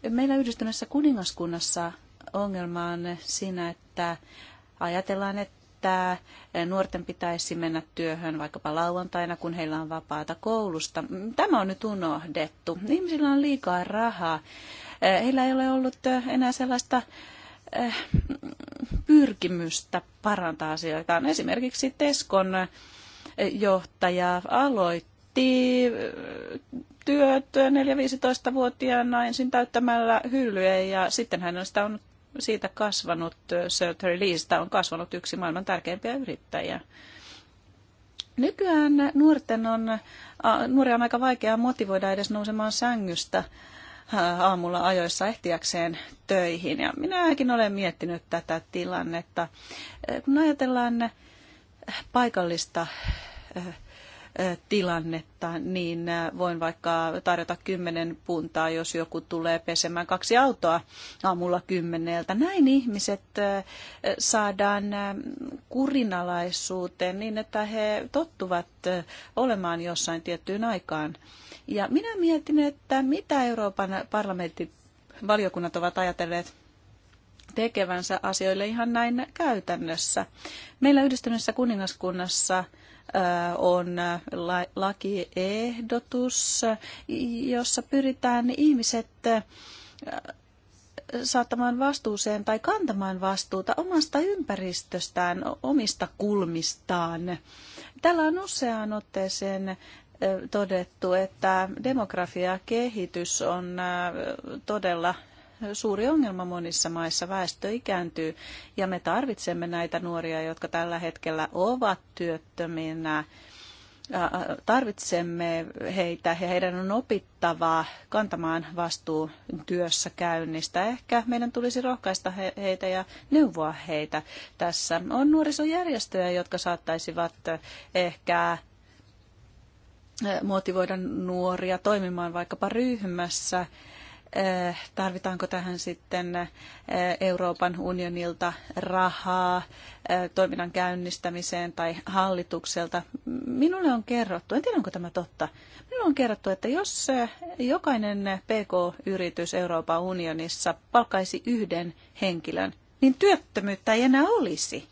Meillä yhdistyneessä kuningaskunnassa ongelma on siinä, että ajatellaan, että riittää, nuorten pitäisi mennä työhön vaikkapa lauantaina, kun heillä on vapaata koulusta. Tämä on nyt unohdettu. Ihmisillä on liikaa rahaa. Eh, heillä ei ole ollut eh, enää sellaista eh, pyrkimystä parantaa asioitaan. Esimerkiksi Teskon johtaja aloitti työt 4-15-vuotiaana ensin täyttämällä hyllyä ja sitten hän on sitä on siitä kasvanut, Sir Terry Leesta on kasvanut yksi maailman tärkeimpiä yrittäjiä. Nykyään nuorten on, nuoria on aika vaikeaa motivoida edes nousemaan sängystä aamulla ajoissa ehtiäkseen töihin. Ja minäkin olen miettinyt tätä tilannetta. Kun ajatellaan paikallista tilannetta, niin voin vaikka tarjota kymmenen puntaa, jos joku tulee pesemään kaksi autoa aamulla kymmeneltä. Näin ihmiset saadaan kurinalaisuuteen niin, että he tottuvat olemaan jossain tiettyyn aikaan. Ja minä mietin, että mitä Euroopan parlamentti valiokunnat ovat ajatelleet tekevänsä asioille ihan näin käytännössä. Meillä yhdistyneessä kuningaskunnassa on lakiehdotus, jossa pyritään ihmiset saattamaan vastuuseen tai kantamaan vastuuta omasta ympäristöstään, omista kulmistaan. Täällä on useaan otteeseen todettu, että demografiakehitys on todella suuri ongelma monissa maissa. Väestö ikääntyy ja me tarvitsemme näitä nuoria, jotka tällä hetkellä ovat työttöminä. Tarvitsemme heitä ja heidän on opittavaa kantamaan vastuu työssä käynnistä. Ehkä meidän tulisi rohkaista heitä ja neuvoa heitä tässä. On nuorisojärjestöjä, jotka saattaisivat ehkä motivoida nuoria toimimaan vaikkapa ryhmässä Eh, tarvitaanko tähän sitten eh, Euroopan unionilta rahaa eh, toiminnan käynnistämiseen tai hallitukselta. Minulle on kerrottu, en tiedä onko tämä totta, minulle on kerrottu, että jos jokainen PK-yritys Euroopan unionissa palkaisi yhden henkilön, niin työttömyyttä ei enää olisi.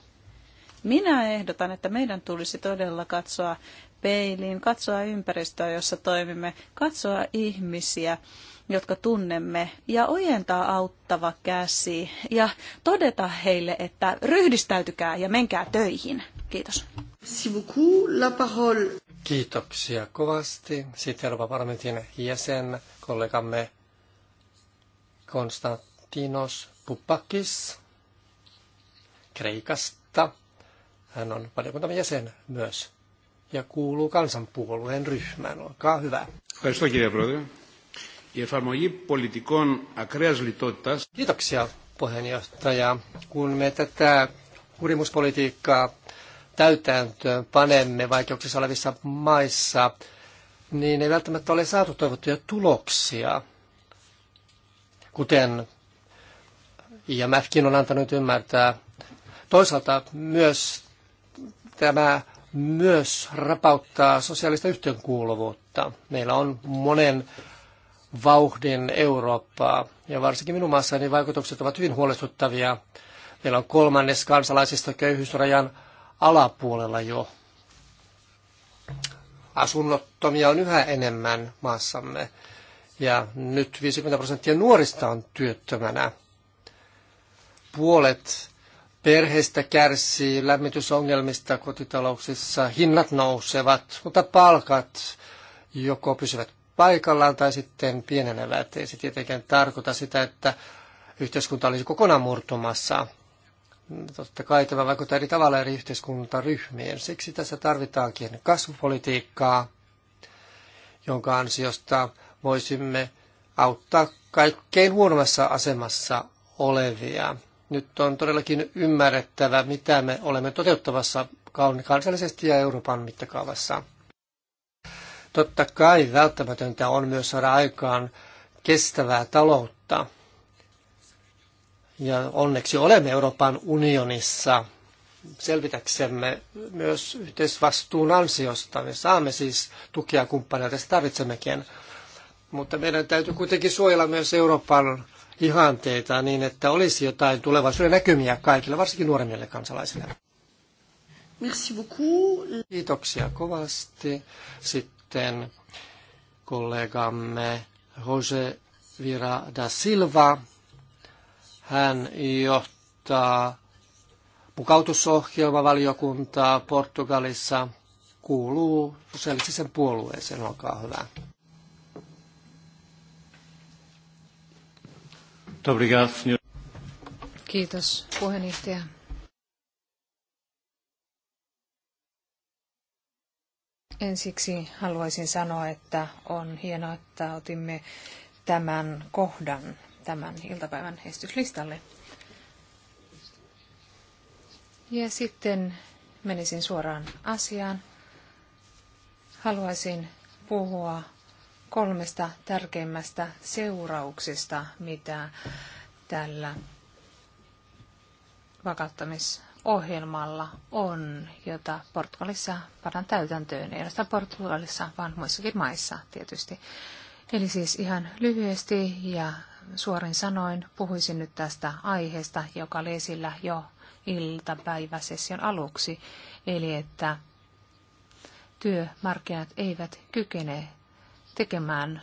Minä ehdotan, että meidän tulisi todella katsoa peiliin, katsoa ympäristöä, jossa toimimme, katsoa ihmisiä jotka tunnemme, ja ojentaa auttava käsi ja todeta heille, että ryhdistäytykää ja menkää töihin. Kiitos. Kiitoksia kovasti. Sitten Euroopan parlamentin jäsen, kollegamme Konstantinos Pupakis Kreikasta. Hän on valiokuntamme jäsen myös ja kuuluu kansanpuolueen ryhmään. Olkaa hyvä. Kiitos, η εφαρμογή πολιτικών ακραίας λιτότητας... Kiitoksia puheenjohtaja. Kun me tätä kurimuspolitiikkaa täytäntöön panemme vaikeuksissa olevissa maissa, niin ei välttämättä ole saatu toivottuja tuloksia, kuten IMFkin on antanut ymmärtää. Toisaalta myös tämä myös rapauttaa sosiaalista yhteenkuuluvuutta. Meillä on monen vauhdin Eurooppaa. Ja varsinkin minun maassani vaikutukset ovat hyvin huolestuttavia. Meillä on kolmannes kansalaisista köyhyysrajan alapuolella jo. Asunnottomia on yhä enemmän maassamme. Ja nyt 50 prosenttia nuorista on työttömänä. Puolet perheistä kärsii lämmitysongelmista kotitalouksissa. Hinnat nousevat, mutta palkat joko pysyvät paikallaan tai sitten pienenevät. Ei se tietenkään tarkoita sitä, että yhteiskunta olisi kokonaan murtumassa. Totta kai tämä vaikuttaa eri tavalla eri yhteiskuntaryhmiin. Siksi tässä tarvitaankin kasvupolitiikkaa, jonka ansiosta voisimme auttaa kaikkein huonommassa asemassa olevia. Nyt on todellakin ymmärrettävä, mitä me olemme toteuttavassa kansallisesti ja Euroopan mittakaavassa. Totta kai välttämätöntä on myös saada aikaan kestävää taloutta. Ja onneksi olemme Euroopan unionissa selvitäksemme myös yhteisvastuun ansiosta. Me saamme siis tukea kumppaneilta, sitä tarvitsemmekin. Mutta meidän täytyy kuitenkin suojella myös Euroopan ihanteita niin, että olisi jotain tulevaisuuden näkymiä kaikille, varsinkin nuoremmille kansalaisille. Merci beaucoup. Kiitoksia kovasti. Sitten sitten kollegamme Jose Vira da Silva. Hän johtaa mukautusohjelmavaliokuntaa Portugalissa, kuuluu sosiaalisen puolueeseen, olkaa hyvä. Kiitos puheenjohtaja. Ensiksi haluaisin sanoa, että on hienoa, että otimme tämän kohdan tämän iltapäivän esityslistalle. Ja sitten menisin suoraan asiaan. Haluaisin puhua kolmesta tärkeimmästä seurauksesta, mitä tällä vakauttamis- ohjelmalla on, jota Portugalissa paran täytäntöön, ei ainoastaan Portugalissa, vaan muissakin maissa tietysti. Eli siis ihan lyhyesti ja suorin sanoin puhuisin nyt tästä aiheesta, joka oli esillä jo iltapäiväsession aluksi, eli että työmarkkinat eivät kykene tekemään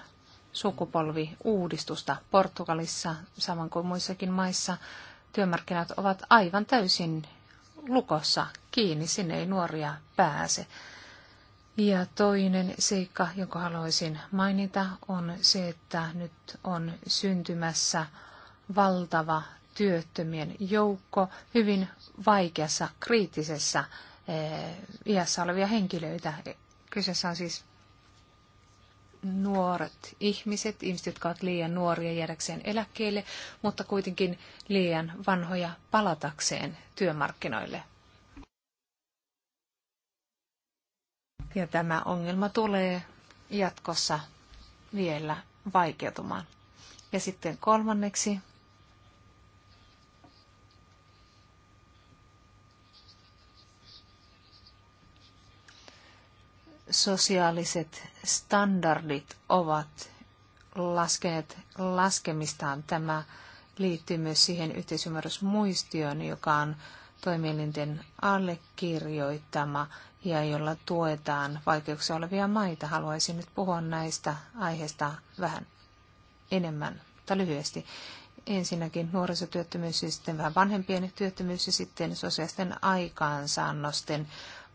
sukupolviuudistusta Portugalissa, saman kuin muissakin maissa. Työmarkkinat ovat aivan täysin lukossa kiinni, sinne ei nuoria pääse. Ja toinen seikka, jonka haluaisin mainita, on se, että nyt on syntymässä valtava työttömien joukko hyvin vaikeassa, kriittisessä eh, iässä olevia henkilöitä. Kyseessä on siis nuoret ihmiset, ihmiset, jotka ovat liian nuoria jäädäkseen eläkkeelle, mutta kuitenkin liian vanhoja palatakseen työmarkkinoille. Ja tämä ongelma tulee jatkossa vielä vaikeutumaan. Ja sitten kolmanneksi sosiaaliset standardit ovat laskeneet laskemistaan. Tämä liittyy myös siihen yhteisymmärrysmuistioon, joka on toimielinten allekirjoittama ja jolla tuetaan vaikeuksia olevia maita. Haluaisin nyt puhua näistä aiheista vähän enemmän tai lyhyesti. Ensinnäkin nuorisotyöttömyys ja sitten vähän vanhempien työttömyys ja sitten sosiaalisten aikaansaannosten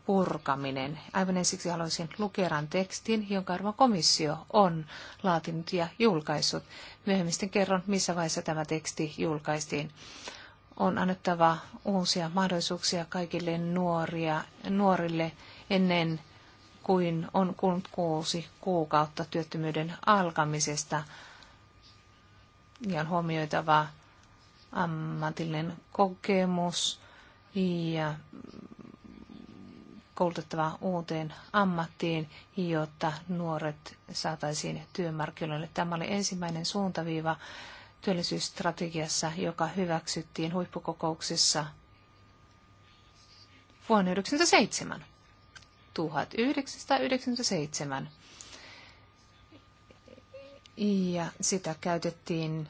purkaminen. Aivan ensiksi haluaisin lukeran tekstin, jonka arvon komissio on laatinut ja julkaissut. Myöhemmin sitten kerron, missä vaiheessa tämä teksti julkaistiin. On annettava uusia mahdollisuuksia kaikille nuoria, nuorille ennen kuin on kulunut kuusi kuukautta työttömyyden alkamisesta. Ja on huomioitava ammatillinen kokemus ja koulutettava uuteen ammattiin, jotta nuoret saataisiin työmarkkinoille. Tämä oli ensimmäinen suuntaviiva työllisyysstrategiassa, joka hyväksyttiin huippukokouksessa vuonna 1997. 1997. Ja sitä käytettiin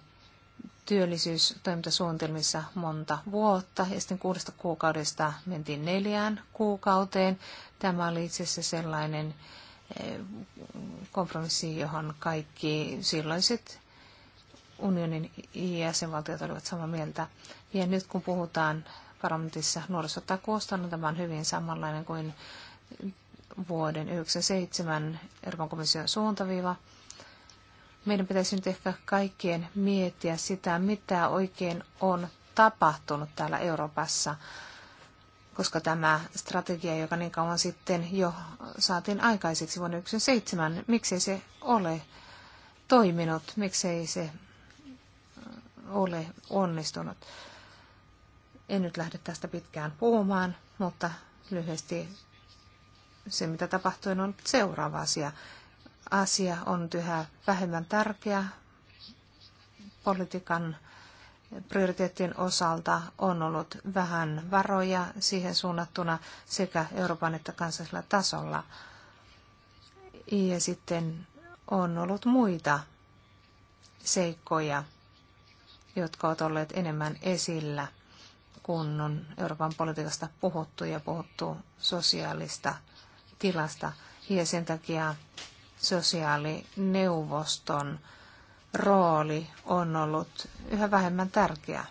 työllisyystoimintasuunnitelmissa monta vuotta ja sitten kuudesta kuukaudesta mentiin neljään kuukauteen. Tämä oli itse asiassa sellainen eh, kompromissi, johon kaikki silloiset unionin jäsenvaltiot olivat samaa mieltä. Ja nyt kun puhutaan parlamentissa nuorisotakuusta, niin tämä on hyvin samanlainen kuin vuoden 1997 Euroopan komission suuntaviiva – meidän pitäisi nyt ehkä kaikkien miettiä sitä, mitä oikein on tapahtunut täällä Euroopassa, koska tämä strategia, joka niin kauan sitten jo saatiin aikaiseksi vuonna 1997, miksei se ole toiminut, miksei se äh, ole onnistunut. En nyt lähde tästä pitkään puhumaan, mutta lyhyesti se, mitä tapahtui, on seuraava asia asia on yhä vähemmän tärkeä politiikan prioriteettien osalta on ollut vähän varoja siihen suunnattuna sekä Euroopan että kansallisella tasolla. Ja sitten on ollut muita seikkoja, jotka ovat olleet enemmän esillä, kun on Euroopan politiikasta puhuttu ja puhuttu sosiaalista tilasta. Ja sen takia sosiaalineuvoston rooli on ollut yhä vähemmän tärkeä.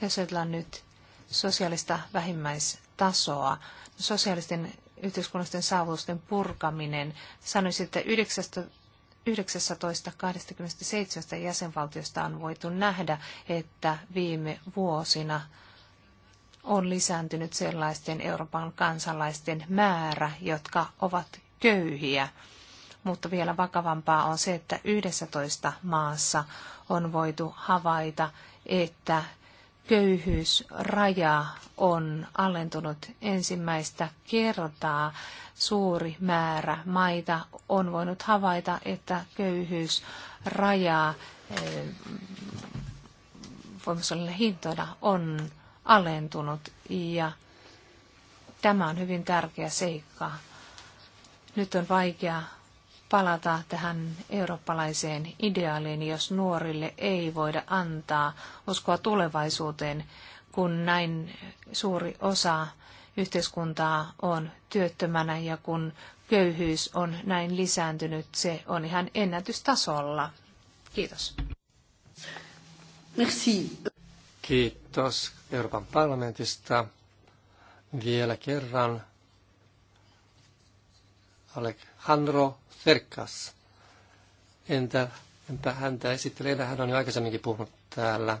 Jos ajatellaan nyt sosiaalista vähimmäistasoa, sosiaalisten yhteiskunnallisten saavutusten purkaminen, sanoisin, että 1927 jäsenvaltiosta on voitu nähdä, että viime vuosina on lisääntynyt sellaisten Euroopan kansalaisten määrä, jotka ovat köyhiä. Mutta vielä vakavampaa on se, että 11 maassa on voitu havaita, että köyhyysraja on alentunut ensimmäistä kertaa. Suuri määrä maita on voinut havaita, että köyhyysraja eh, voimassa olevilla hintoina on alentunut ja tämä on hyvin tärkeä seikka. Nyt on vaikea palata tähän eurooppalaiseen ideaaliin, jos nuorille ei voida antaa uskoa tulevaisuuteen, kun näin suuri osa yhteiskuntaa on työttömänä ja kun köyhyys on näin lisääntynyt, se on ihan ennätystasolla. Kiitos. Merci. Kiitos Euroopan parlamentista vielä kerran. Alejandro Ferkas. Entä, entä häntä esittelee? Hän on jo aikaisemminkin puhunut täällä.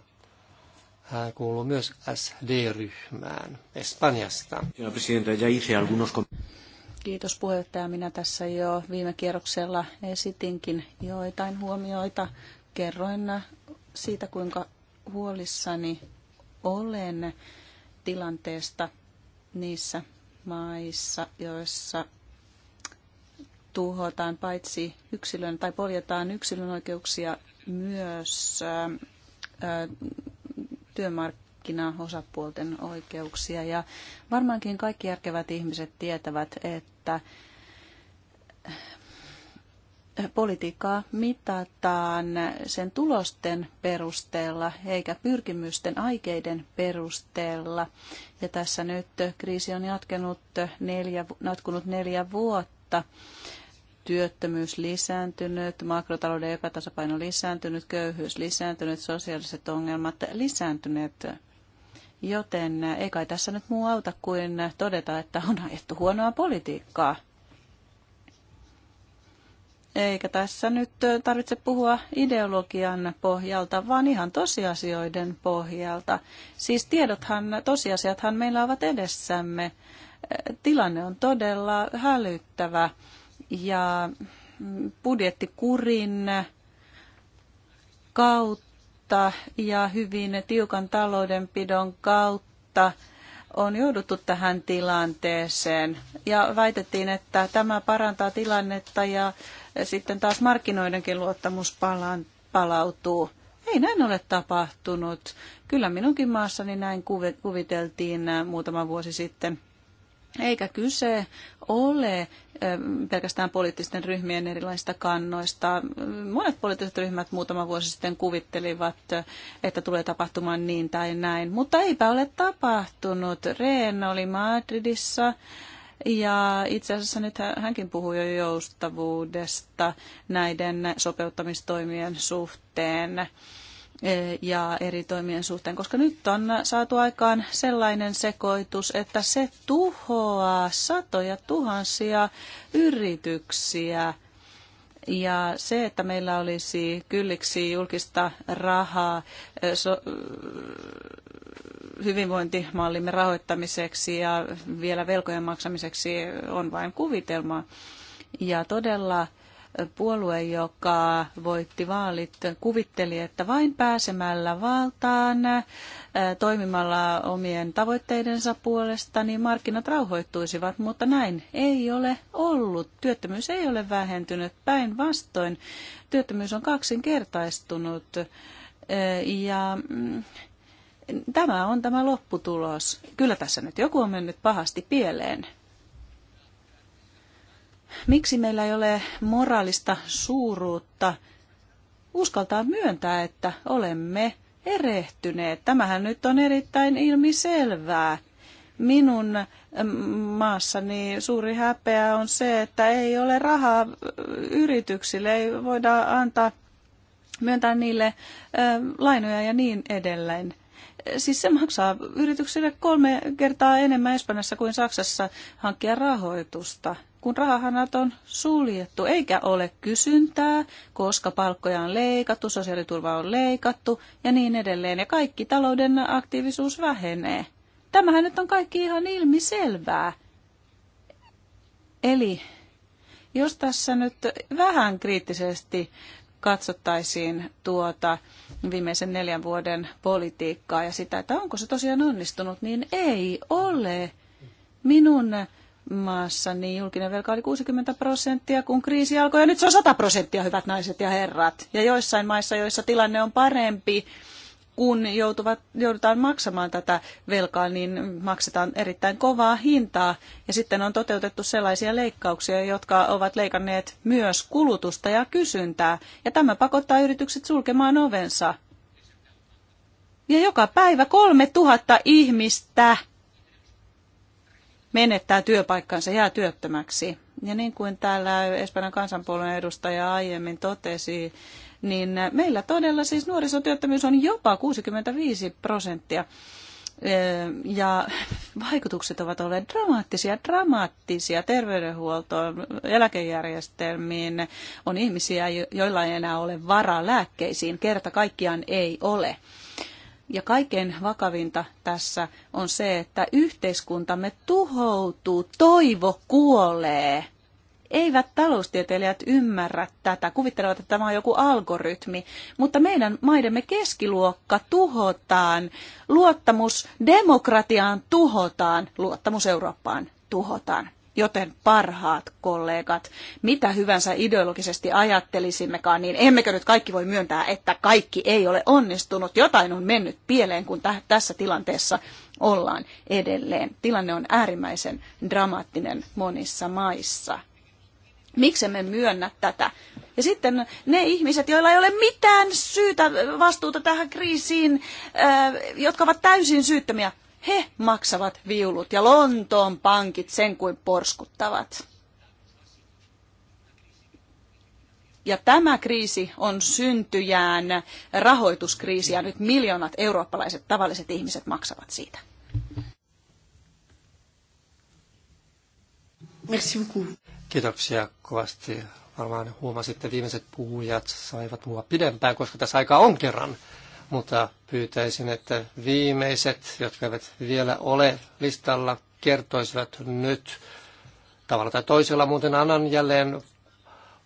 Hän kuuluu myös SD-ryhmään Espanjasta. Kiitos puheenjohtaja. Minä tässä jo viime kierroksella esitinkin joitain huomioita. Kerroin siitä, kuinka huolissani olen tilanteesta niissä maissa, joissa tuhotaan paitsi yksilön tai poljetaan yksilön oikeuksia myös työmarkkinaosapuolten oikeuksia. Ja varmaankin kaikki järkevät ihmiset tietävät, että politiikkaa mitataan sen tulosten perusteella eikä pyrkimysten aikeiden perusteella. Ja tässä nyt kriisi on jatkenut neljä, jatkunut neljä vuotta. Työttömyys lisääntynyt, makrotalouden epätasapaino lisääntynyt, köyhyys lisääntynyt, sosiaaliset ongelmat lisääntyneet. Joten ei kai tässä nyt muu auta kuin todeta, että on ajettu huonoa politiikkaa. Eikä tässä nyt tarvitse puhua ideologian pohjalta, vaan ihan tosiasioiden pohjalta. Siis tiedothan, tosiasiathan meillä ovat edessämme. Tilanne on todella hälyttävä ja budjettikurin kautta ja hyvin tiukan taloudenpidon kautta on jouduttu tähän tilanteeseen. Ja väitettiin, että tämä parantaa tilannetta ja sitten taas markkinoidenkin luottamus palautuu. Ei näin ole tapahtunut. Kyllä minunkin maassani näin kuviteltiin äh, muutama vuosi sitten. Eikä kyse ole äh, pelkästään poliittisten ryhmien erilaisista kannoista. Monet poliittiset ryhmät muutama vuosi sitten kuvittelivat, äh, että tulee tapahtumaan niin tai näin, mutta eipä ole tapahtunut. Reen oli Madridissa ja itse asiassa nyt hänkin puhui jo joustavuudesta näiden sopeuttamistoimien suhteen e, ja eri toimien suhteen, koska nyt on saatu aikaan sellainen sekoitus, että se tuhoaa satoja tuhansia yrityksiä. Ja se, että meillä olisi kylliksi julkista rahaa e, so- hyvinvointimallimme rahoittamiseksi ja vielä velkojen maksamiseksi on vain kuvitelma. Ja todella puolue, joka voitti vaalit, kuvitteli, että vain pääsemällä valtaan, toimimalla omien tavoitteidensa puolesta, niin markkinat rauhoittuisivat, mutta näin ei ole ollut. Työttömyys ei ole vähentynyt, päinvastoin työttömyys on kaksinkertaistunut. Ja mm, Tämä on tämä lopputulos. Kyllä tässä nyt joku on mennyt pahasti pieleen. Miksi meillä ei ole moraalista suuruutta uskaltaa myöntää, että olemme erehtyneet? Tämähän nyt on erittäin ilmiselvää minun mm, maassani suuri häpeä on se, että ei ole rahaa yrityksille, ei voida antaa, myöntää niille lainoja ja niin edelleen. Siis se maksaa yrityksille kolme kertaa enemmän Espanjassa kuin Saksassa hankkia rahoitusta, kun rahahanat on suljettu, eikä ole kysyntää, koska palkkoja on leikattu, sosiaaliturva on leikattu ja niin edelleen. Ja kaikki talouden aktiivisuus vähenee. Tämähän nyt on kaikki ihan ilmiselvää. Eli jos tässä nyt vähän kriittisesti katsottaisiin tuota viimeisen neljän vuoden politiikkaa ja sitä, että onko se tosiaan onnistunut, niin ei ole. Minun maassani julkinen velka oli 60 prosenttia, kun kriisi alkoi, ja nyt se on 100 prosenttia, hyvät naiset ja herrat. Ja joissain maissa, joissa tilanne on parempi, kun joutuvat, joudutaan maksamaan tätä velkaa, niin maksetaan erittäin kovaa hintaa. Ja sitten on toteutettu sellaisia leikkauksia, jotka ovat leikanneet myös kulutusta ja kysyntää. Ja tämä pakottaa yritykset sulkemaan ovensa. Ja joka päivä kolme tuhatta ihmistä menettää työpaikkansa, jää työttömäksi. Ja niin kuin täällä Espanjan kansanpuolueen edustaja aiemmin totesi, niin meillä todella siis nuorisotyöttömyys on jopa 65 prosenttia. Ja vaikutukset ovat olleet dramaattisia, dramaattisia terveydenhuoltoon, eläkejärjestelmiin. On ihmisiä, joilla ei enää ole varaa lääkkeisiin, kerta kaikkiaan ei ole. Ja kaiken vakavinta tässä on se, että yhteiskuntamme tuhoutuu, toivo kuolee eivät taloustieteilijät ymmärrä tätä, kuvittelevat, että tämä on joku algoritmi, mutta meidän maidemme keskiluokka tuhotaan, luottamus demokratiaan tuhotaan, luottamus Eurooppaan tuhotaan. Joten parhaat kollegat, mitä hyvänsä ideologisesti ajattelisimmekaan, niin emmekö nyt kaikki voi myöntää, että kaikki ei ole onnistunut. Jotain on mennyt pieleen, kun täh- tässä tilanteessa ollaan edelleen. Tilanne on äärimmäisen dramaattinen monissa maissa. Miksemme myönnä tätä? Ja sitten ne ihmiset, joilla ei ole mitään syytä vastuuta tähän kriisiin, äh, jotka ovat täysin syyttömiä, he maksavat viulut ja Lontoon pankit sen kuin porskuttavat. Ja tämä kriisi on syntyjään rahoituskriisi ja nyt miljoonat eurooppalaiset tavalliset ihmiset maksavat siitä. Merci beaucoup. Kiitoksia kovasti. Varmaan huomasitte, että viimeiset puhujat saivat puhua pidempään, koska tässä aika on kerran. Mutta pyytäisin, että viimeiset, jotka eivät vielä ole listalla, kertoisivat nyt tavalla tai toisella. Muuten annan jälleen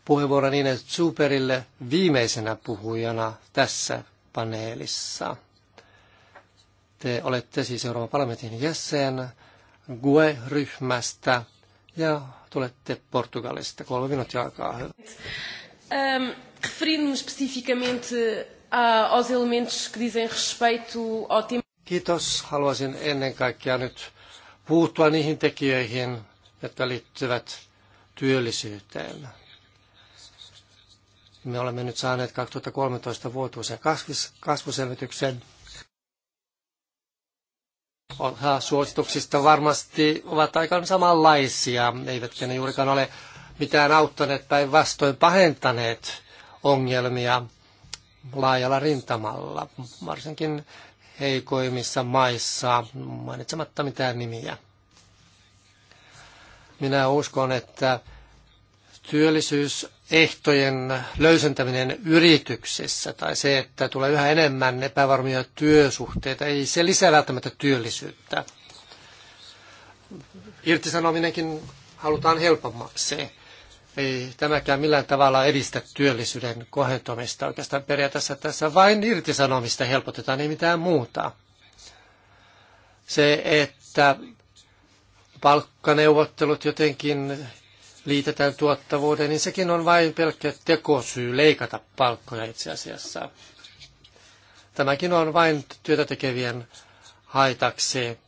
puheenvuoron Ines Superille viimeisenä puhujana tässä paneelissa. Te olette siis Euroopan parlamentin jäsen GUE-ryhmästä ja tulette Portugalista. Kolme minuuttia aikaa. Um, Referindo-me especificamente aos elementos que dizem respeito ao tema. Kiitos. Haluaisin ennen kaikkea nyt puuttua niihin tekijöihin, jotka liittyvät työllisyyteen. Me olemme nyt saaneet 2013 vuotuisen kasvuselvityksen suosituksista varmasti ovat aika samanlaisia, eivätkä ne juurikaan ole mitään auttaneet päinvastoin pahentaneet ongelmia laajalla rintamalla, varsinkin heikoimmissa maissa, mainitsematta mitään nimiä. Minä uskon, että työllisyys ehtojen löysentäminen yrityksissä tai se, että tulee yhä enemmän epävarmia työsuhteita, ei se lisää välttämättä työllisyyttä. Irtisanominenkin halutaan helpommaksi. Ei tämäkään millään tavalla edistä työllisyyden kohentumista. Oikeastaan periaatteessa tässä vain irtisanomista helpotetaan, ei mitään muuta. Se, että palkkaneuvottelut jotenkin liitetään tuottavuuteen, niin sekin on vain pelkkä tekosyy leikata palkkoja itse asiassa. Tämäkin on vain työtä tekevien haitaksi.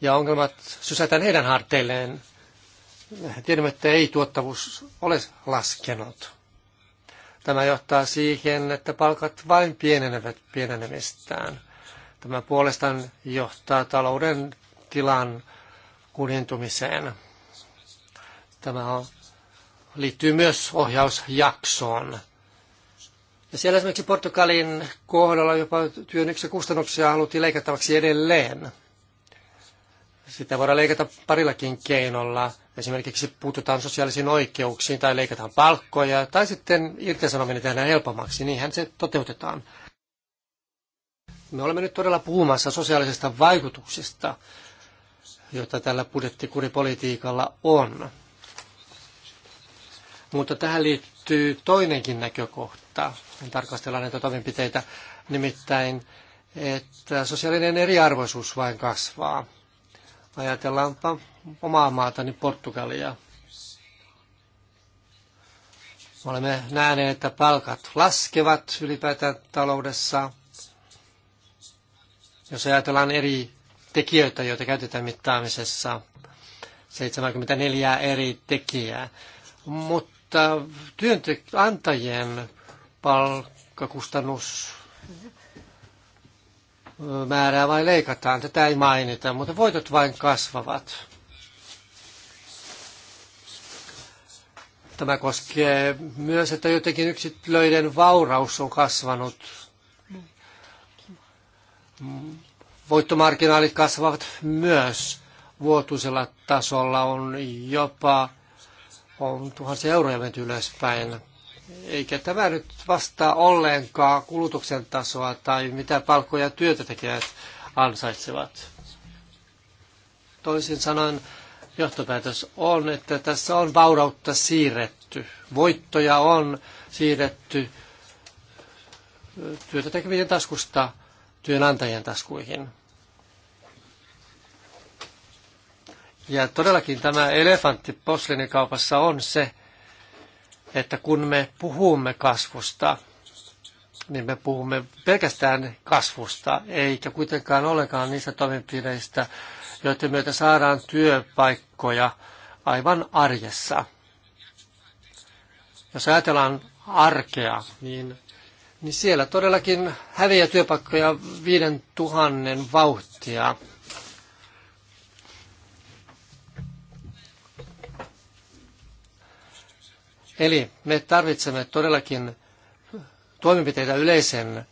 Ja ongelmat sysätään heidän harteilleen. Tiedämme, että ei tuottavuus ole laskenut. Tämä johtaa siihen, että palkat vain pienenevät pienenemistään. Tämä puolestaan johtaa talouden tilan kunintumiseen. Tämä on, liittyy myös ohjausjaksoon. Ja siellä esimerkiksi Portugalin kohdalla jopa työnnyksen kustannuksia haluttiin leikattavaksi edelleen. Sitä voidaan leikata parillakin keinolla. Esimerkiksi puututaan sosiaalisiin oikeuksiin tai leikataan palkkoja tai sitten irtisanominen tehdään helpommaksi. Niinhän se toteutetaan. Me olemme nyt todella puhumassa sosiaalisesta vaikutuksesta, jota tällä budjettikuripolitiikalla on. Mutta tähän liittyy toinenkin näkökohta, kun tarkastellaan näitä toimenpiteitä, nimittäin, että sosiaalinen eriarvoisuus vain kasvaa. Ajatellaanpa omaa maatani Portugalia. Me olemme nähneet, että palkat laskevat ylipäätään taloudessa. Jos ajatellaan eri tekijöitä, joita käytetään mittaamisessa, 74 eri tekijää. Mutta mutta työnantajien palkkakustannus määrää vain leikataan, tätä ei mainita, mutta voitot vain kasvavat. Tämä koskee myös, että jotenkin yksilöiden vauraus on kasvanut. Voittomarginaalit kasvavat myös vuotuisella tasolla on jopa on tuhansia euroja menty ylöspäin. Eikä tämä nyt vastaa ollenkaan kulutuksen tasoa tai mitä palkkoja työtä tekevät ansaitsevat. Toisin sanoen johtopäätös on, että tässä on vaurautta siirretty. Voittoja on siirretty työtä tekevien taskusta työnantajien taskuihin. Ja todellakin tämä elefantti poslinikaupassa on se, että kun me puhumme kasvusta, niin me puhumme pelkästään kasvusta, eikä kuitenkaan olekaan niistä toimenpideistä, joiden myötä saadaan työpaikkoja aivan arjessa. Jos ajatellaan arkea, niin, niin siellä todellakin häviää työpaikkoja viiden tuhannen vauhtia. Eli me tarvitsemme todellakin toimenpiteitä yleisen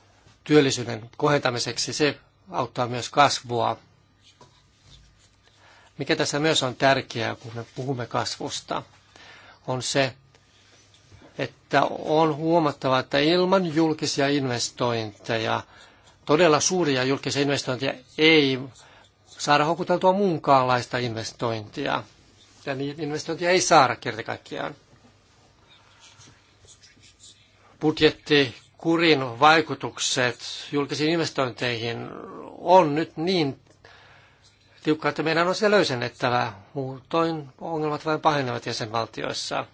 työllisyyden kohentamiseksi. Se auttaa myös kasvua. Mikä tässä myös on tärkeää, kun me puhumme kasvusta, on se, että on huomattava, että ilman julkisia investointeja, todella suuria julkisia investointeja, ei saada houkuteltua muunkaanlaista investointia. Ja niitä investointia ei saada kerta kaikkiaan budjettikurin vaikutukset julkisiin investointeihin on nyt niin tiukka, että meidän on sitä löysennettävä. Muutoin ongelmat vain pahenevat jäsenvaltioissa.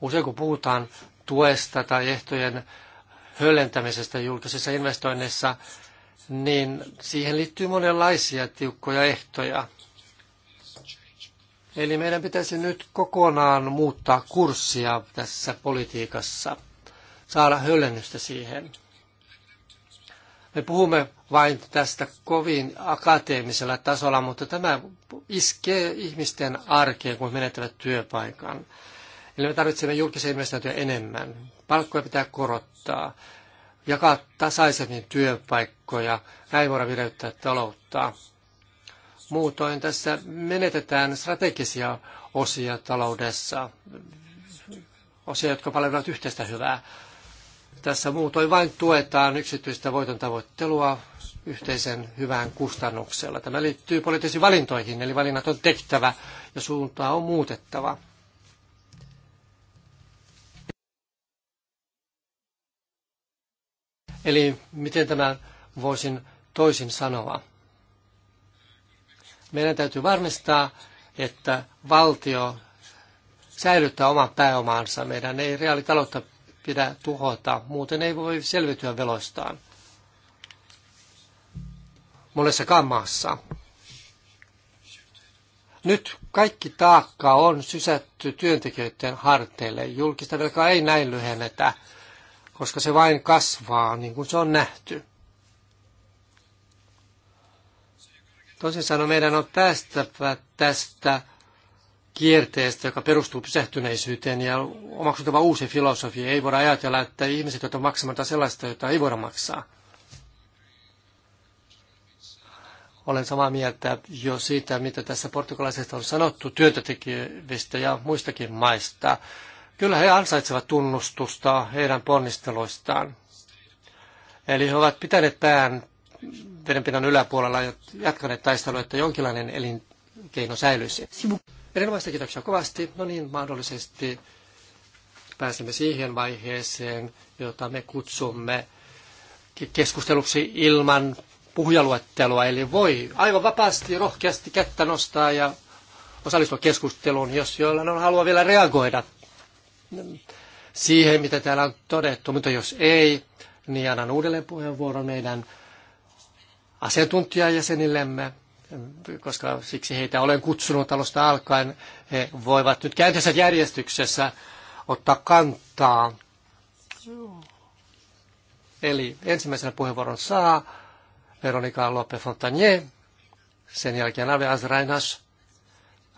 Usein kun puhutaan tuesta tai ehtojen höllentämisestä julkisissa investoinneissa, niin siihen liittyy monenlaisia tiukkoja ehtoja. Eli meidän pitäisi nyt kokonaan muuttaa kurssia tässä politiikassa, saada höllennystä siihen. Me puhumme vain tästä kovin akateemisella tasolla, mutta tämä iskee ihmisten arkeen, kun menettävät työpaikan. Eli me tarvitsemme julkisia investointeja enemmän. Palkkoja pitää korottaa, jakaa tasaisemmin työpaikkoja, näin voidaan vireyttää taloutta. Muutoin tässä menetetään strategisia osia taloudessa, osia, jotka palvelevat yhteistä hyvää. Tässä muutoin vain tuetaan yksityistä voiton tavoittelua yhteisen hyvän kustannuksella. Tämä liittyy poliittisiin valintoihin, eli valinnat on tehtävä ja suuntaa on muutettava. Eli miten tämä voisin toisin sanoa? Meidän täytyy varmistaa, että valtio säilyttää oman pääomaansa. Meidän ei reaalitaloutta pidä tuhota, muuten ei voi selviytyä veloistaan monessakaan maassa. Nyt kaikki taakka on sysätty työntekijöiden harteille. Julkista velkaa ei näin lyhennetä, koska se vain kasvaa, niin kuin se on nähty. Toisin sanoen meidän on päästävä tästä kierteestä, joka perustuu pysähtyneisyyteen ja omaksuttava uusi filosofia. Ei voida ajatella, että ihmiset ovat maksamatta sellaista, jota ei voida maksaa. Olen samaa mieltä jo siitä, mitä tässä portugalaisesta on sanottu työntötekijöistä ja muistakin maista. Kyllä he ansaitsevat tunnustusta heidän ponnisteluistaan. Eli he ovat pitäneet pään vedenpinnan yläpuolella jatkaneet taistelua, että jonkinlainen elinkeino säilyisi. Erinomaista kiitoksia kovasti. No niin, mahdollisesti pääsemme siihen vaiheeseen, jota me kutsumme keskusteluksi ilman puhujaluettelua. Eli voi aivan vapaasti ja rohkeasti kättä nostaa ja osallistua keskusteluun, jos joilla on halua vielä reagoida siihen, mitä täällä on todettu. Mutta jos ei, niin annan uudelleen puheenvuoron meidän asiantuntijajäsenillemme, koska siksi heitä olen kutsunut alusta alkaen. He voivat nyt kääntössä järjestyksessä ottaa kantaa. Eli ensimmäisenä puheenvuoron saa Veronika Lope Fontanier, sen jälkeen Ave Azrainas.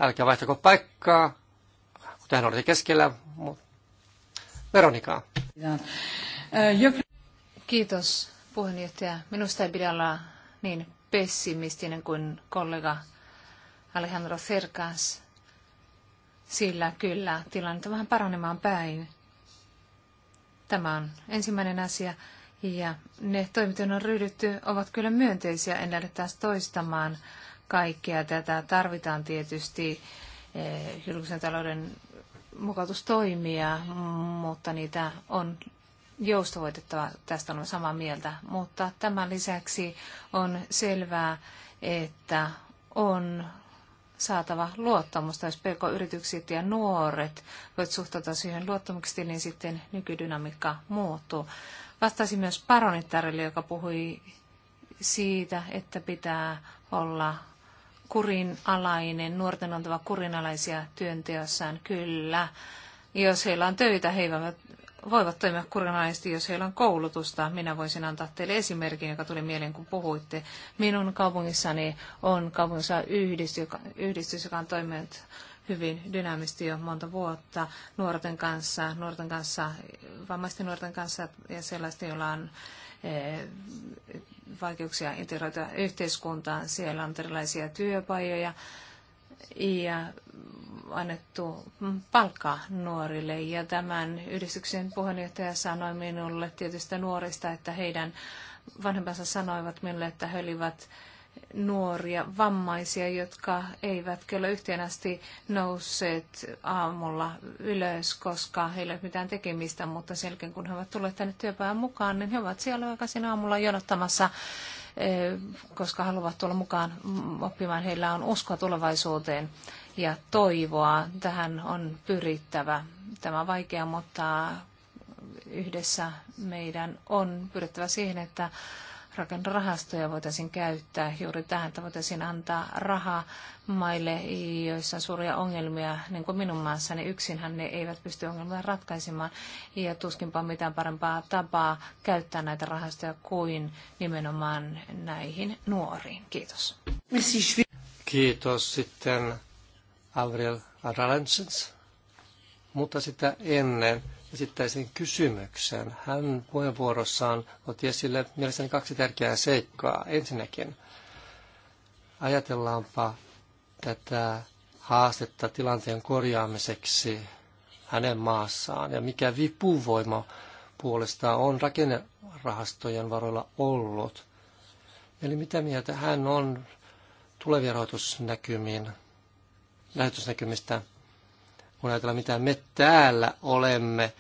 Älkää vaihtako paikkaa, kun tähän olette keskellä. Veronika. Kiitos puheenjohtaja. Minusta ei pidä olla niin pessimistinen kuin kollega Alejandro Cercas, sillä kyllä tilannetta vähän paranemaan päin. Tämä on ensimmäinen asia. Ja ne toimet, on ryhdytty, ovat kyllä myönteisiä. En lähde taas toistamaan kaikkea tätä. Tarvitaan tietysti eh, julkisen talouden mukautustoimia, mutta niitä on joustavoitettava, tästä olen samaa mieltä, mutta tämän lisäksi on selvää, että on saatava luottamusta, jos pk-yritykset ja nuoret voivat suhtautua siihen luottamuksesti, niin sitten nykydynamiikka muuttuu. Vastasi myös paronittarille, joka puhui siitä, että pitää olla kurinalainen, nuorten on oltava kurinalaisia työnteossaan, kyllä. Jos heillä on töitä, he eivät voivat toimia kurinalaisesti, jos heillä on koulutusta. Minä voisin antaa teille esimerkin, joka tuli mieleen, kun puhuitte. Minun kaupungissani on kaupungissa yhdistys, joka, yhdistys, joka on toiminut hyvin dynaamisesti jo monta vuotta nuorten kanssa, nuorten kanssa, vammaisten nuorten kanssa ja sellaisten, joilla on eh, vaikeuksia integroida yhteiskuntaan. Siellä on erilaisia työpajoja ja annettu palkka nuorille. Ja tämän yhdistyksen puheenjohtaja sanoi minulle tietystä nuorista, että heidän vanhempansa sanoivat minulle, että he olivat nuoria vammaisia, jotka eivät kyllä yhteen asti nousseet aamulla ylös, koska heillä ei ole mitään tekemistä, mutta sen jälkeen kun he ovat tulleet tänne työpäivän mukaan, niin he ovat siellä aikaisin aamulla jonottamassa Eh, koska haluavat tulla mukaan mm, oppimaan. Heillä on uskoa tulevaisuuteen ja toivoa. Tähän on pyrittävä. Tämä on vaikea, mutta yhdessä meidän on pyrittävä siihen, että rahastoja voitaisiin käyttää juuri tähän, että voitaisiin antaa rahaa maille, joissa on suuria ongelmia, niin kuin minun maassani. Yksinhän ne eivät pysty ongelmia ratkaisemaan ja tuskinpa mitään parempaa tapaa käyttää näitä rahastoja kuin nimenomaan näihin nuoriin. Kiitos. Kiitos sitten Avril Aralensens. Mutta sitä ennen esittäisin kysymyksen. Hän puheenvuorossaan otti esille mielestäni kaksi tärkeää seikkaa. Ensinnäkin ajatellaanpa tätä haastetta tilanteen korjaamiseksi hänen maassaan ja mikä vipuvoima puolestaan on rakennerahastojen varoilla ollut. Eli mitä mieltä hän on tulevien rahoitusnäkymiin, lähetysnäkymistä – kun ajatellaan mitä me täällä olemme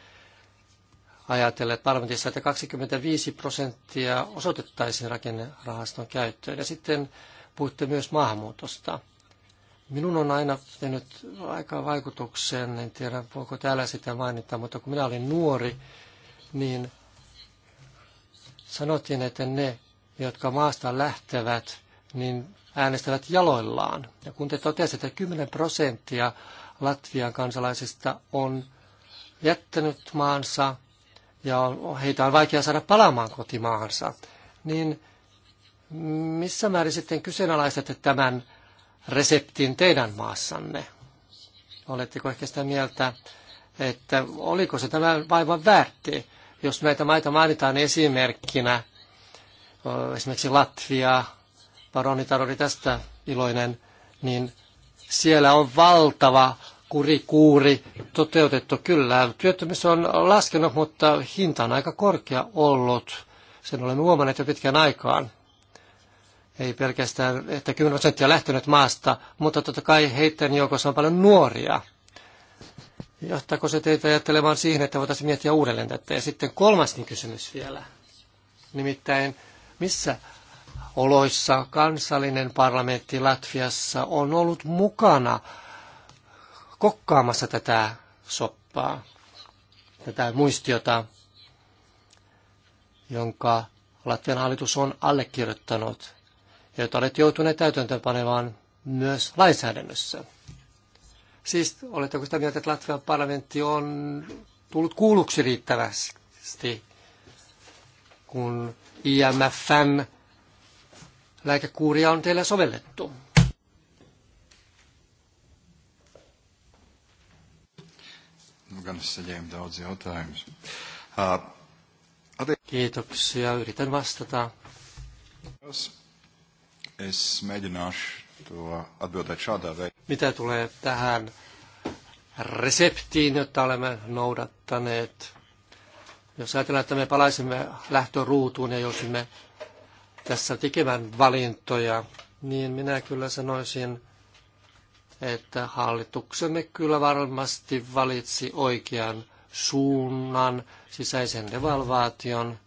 ajatelleet parlamentissa, että 25 prosenttia osoitettaisiin rakennerahaston käyttöön. Ja sitten puhutte myös maahanmuutosta. Minun on aina tehnyt aika vaikutuksen, en tiedä voiko täällä sitä mainita, mutta kun minä olin nuori, niin sanottiin, että ne, jotka maasta lähtevät, niin äänestävät jaloillaan. Ja kun te totesitte, että 10 prosenttia Latvian kansalaisista on jättänyt maansa ja heitä on vaikea saada palaamaan kotimaahansa, niin missä määrin sitten kyseenalaistatte tämän reseptin teidän maassanne? Oletteko ehkä sitä mieltä, että oliko se tämä vaivan väärti, jos näitä maita mainitaan esimerkkinä, esimerkiksi Latvia, baronitar oli tästä iloinen, niin siellä on valtava kurikuuri toteutettu. Kyllä, työttömyys on laskenut, mutta hinta on aika korkea ollut. Sen olemme huomanneet jo pitkän aikaan. Ei pelkästään, että 10 prosenttia on lähtenyt maasta, mutta totta kai heidän joukossa on paljon nuoria. Johtaako se teitä ajattelemaan siihen, että voitaisiin miettiä uudelleen tätä? Ja sitten kolmas kysymys vielä. Nimittäin, missä oloissa kansallinen parlamentti Latviassa on ollut mukana kokkaamassa tätä soppaa, tätä muistiota, jonka Latvian hallitus on allekirjoittanut, jota olet joutuneet täytäntöönpanemaan myös lainsäädännössä. Siis oletteko sitä mieltä, että Latvian parlamentti on tullut kuulluksi riittävästi, kun IMFn lääkekuuria on teillä sovellettu? Kiitoksia. Yritän vastata. Mitä tulee tähän reseptiin, jota olemme noudattaneet? Jos ajatellaan, että me palaisimme lähtöruutuun ja jousimme tässä tekevän valintoja, niin minä kyllä sanoisin, että hallituksemme kyllä varmasti valitsi oikean suunnan, sisäisen devalvaation.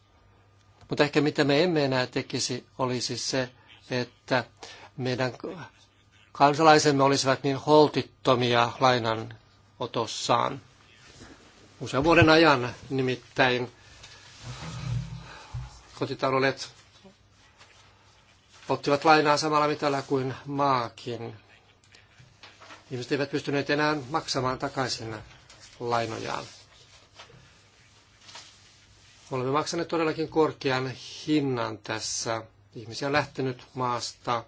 Mutta ehkä mitä me emme enää tekisi, olisi se, että meidän kansalaisemme olisivat niin holtittomia lainan otossaan. Usean vuoden ajan nimittäin kotitaloudet ottivat lainaa samalla mitalla kuin maakin. Ihmiset eivät pystyneet enää maksamaan takaisin lainojaan. Olemme maksaneet todellakin korkean hinnan tässä. Ihmisiä on lähtenyt maasta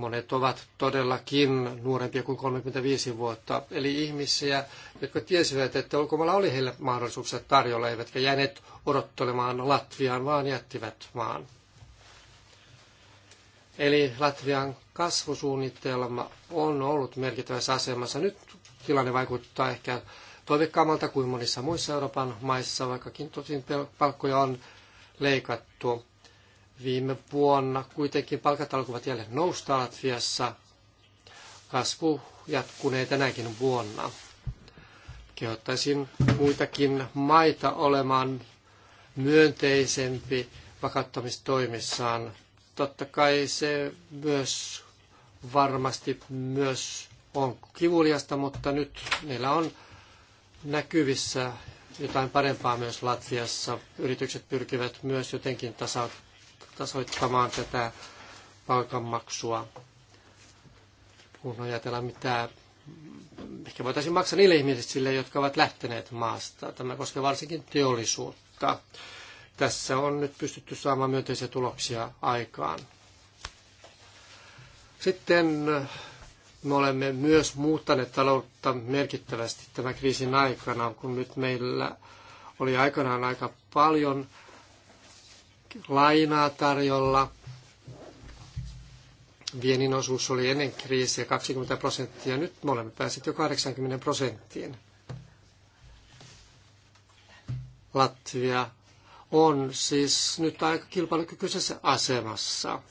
Monet ovat todellakin nuorempia kuin 35 vuotta, eli ihmisiä, jotka tiesivät, että ulkomailla oli heille mahdollisuuksia tarjolla, eivätkä jääneet odottelemaan Latviaan, vaan jättivät maan. Eli Latvian kasvusuunnitelma on ollut merkittävässä asemassa. Nyt tilanne vaikuttaa ehkä toiveikkaammalta kuin monissa muissa Euroopan maissa, vaikkakin tosin palkkoja on leikattu. Viime vuonna kuitenkin palkat alkoivat jälleen nousta Latviassa. Kasvu jatkunee tänäkin vuonna. Kehottaisin muitakin maita olemaan myönteisempi vakauttamistoimissaan. Totta kai se myös varmasti myös on kivuliasta, mutta nyt meillä on näkyvissä jotain parempaa myös Latviassa. Yritykset pyrkivät myös jotenkin tasa- tasoittamaan tätä palkanmaksua. Kun ajatellaan, mitä ehkä voitaisiin maksaa niille ihmisille, jotka ovat lähteneet maasta. Tämä koskee varsinkin teollisuutta. Tässä on nyt pystytty saamaan myönteisiä tuloksia aikaan. Sitten me olemme myös muuttaneet taloutta merkittävästi tämän kriisin aikana, kun nyt meillä oli aikanaan aika paljon lainaa tarjolla. Vienin osuus oli ennen kriisiä 20 prosenttia, nyt me olemme päässeet jo 80 prosenttiin. Latvia on siis nyt aika kilpailukykyisessä asemassa.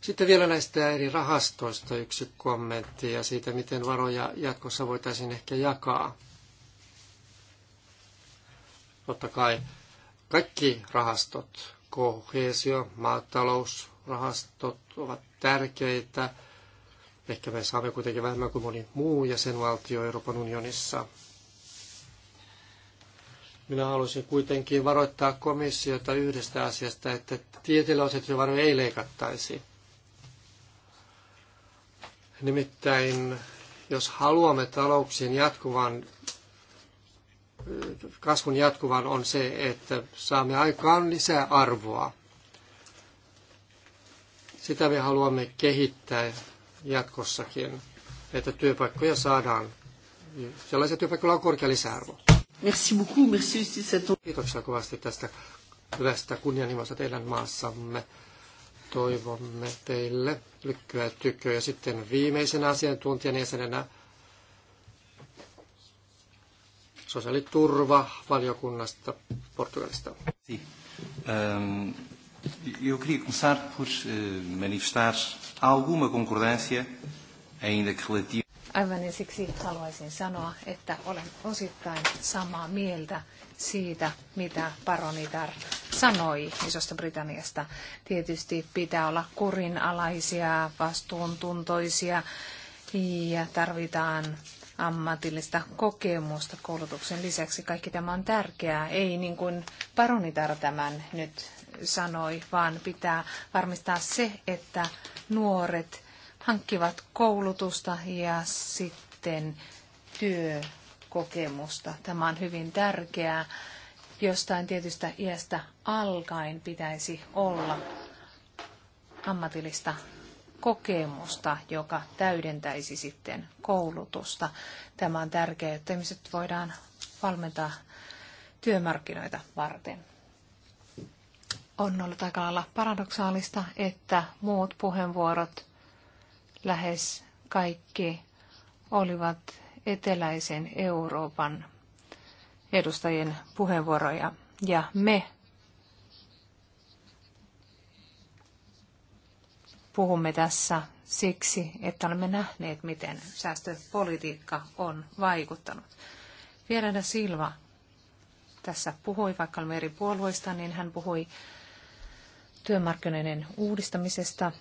Sitten vielä näistä eri rahastoista yksi kommentti ja siitä, miten varoja jatkossa voitaisiin ehkä jakaa. Totta kai kaikki rahastot, kohesio, maatalousrahastot ovat tärkeitä. Ehkä me saamme kuitenkin vähemmän kuin moni muu jäsenvaltio Euroopan unionissa. Minä haluaisin kuitenkin varoittaa komissiota yhdestä asiasta, että tietyillä osittain ei leikattaisi. Nimittäin, jos haluamme talouksien jatkuvan kasvun jatkuvan on se, että saamme aikaan lisää arvoa. Sitä me haluamme kehittää jatkossakin, että työpaikkoja saadaan. Sellaisia työpaikkoja on korkea lisäarvo. Merci beaucoup, merci Kiitoksia kovasti tästä hyvästä kunnianhimoista teidän maassamme. Toivomme teille lykkyä tykö. Ja sitten viimeisenä asiantuntijan jäsenenä sosiaaliturvavaliokunnasta valiokunnasta Portugalista. Um, eu queria começar por eh, manifestar alguma concordância, ainda que relativa... Aivan ensiksi haluaisin sanoa, että olen osittain samaa mieltä siitä, mitä Baronitar sanoi Isosta Britanniasta. Tietysti pitää olla kurinalaisia, vastuuntuntoisia ja tarvitaan ammatillista kokemusta koulutuksen lisäksi. Kaikki tämä on tärkeää. Ei niin kuin paronitar tämän nyt sanoi, vaan pitää varmistaa se, että nuoret hankkivat koulutusta ja sitten työkokemusta. Tämä on hyvin tärkeää. Jostain tietystä iästä alkaen pitäisi olla ammatillista kokemusta, joka täydentäisi sitten koulutusta. Tämä on tärkeää, että ihmiset voidaan valmentaa työmarkkinoita varten. On ollut aika lailla paradoksaalista, että muut puheenvuorot, lähes kaikki, olivat eteläisen Euroopan edustajien puheenvuoroja. Ja me puhumme tässä siksi, että olemme nähneet, miten säästöpolitiikka on vaikuttanut. Vierellä Silva tässä puhui, vaikka olemme eri puolueista, niin hän puhui työmarkkinoiden uudistamisesta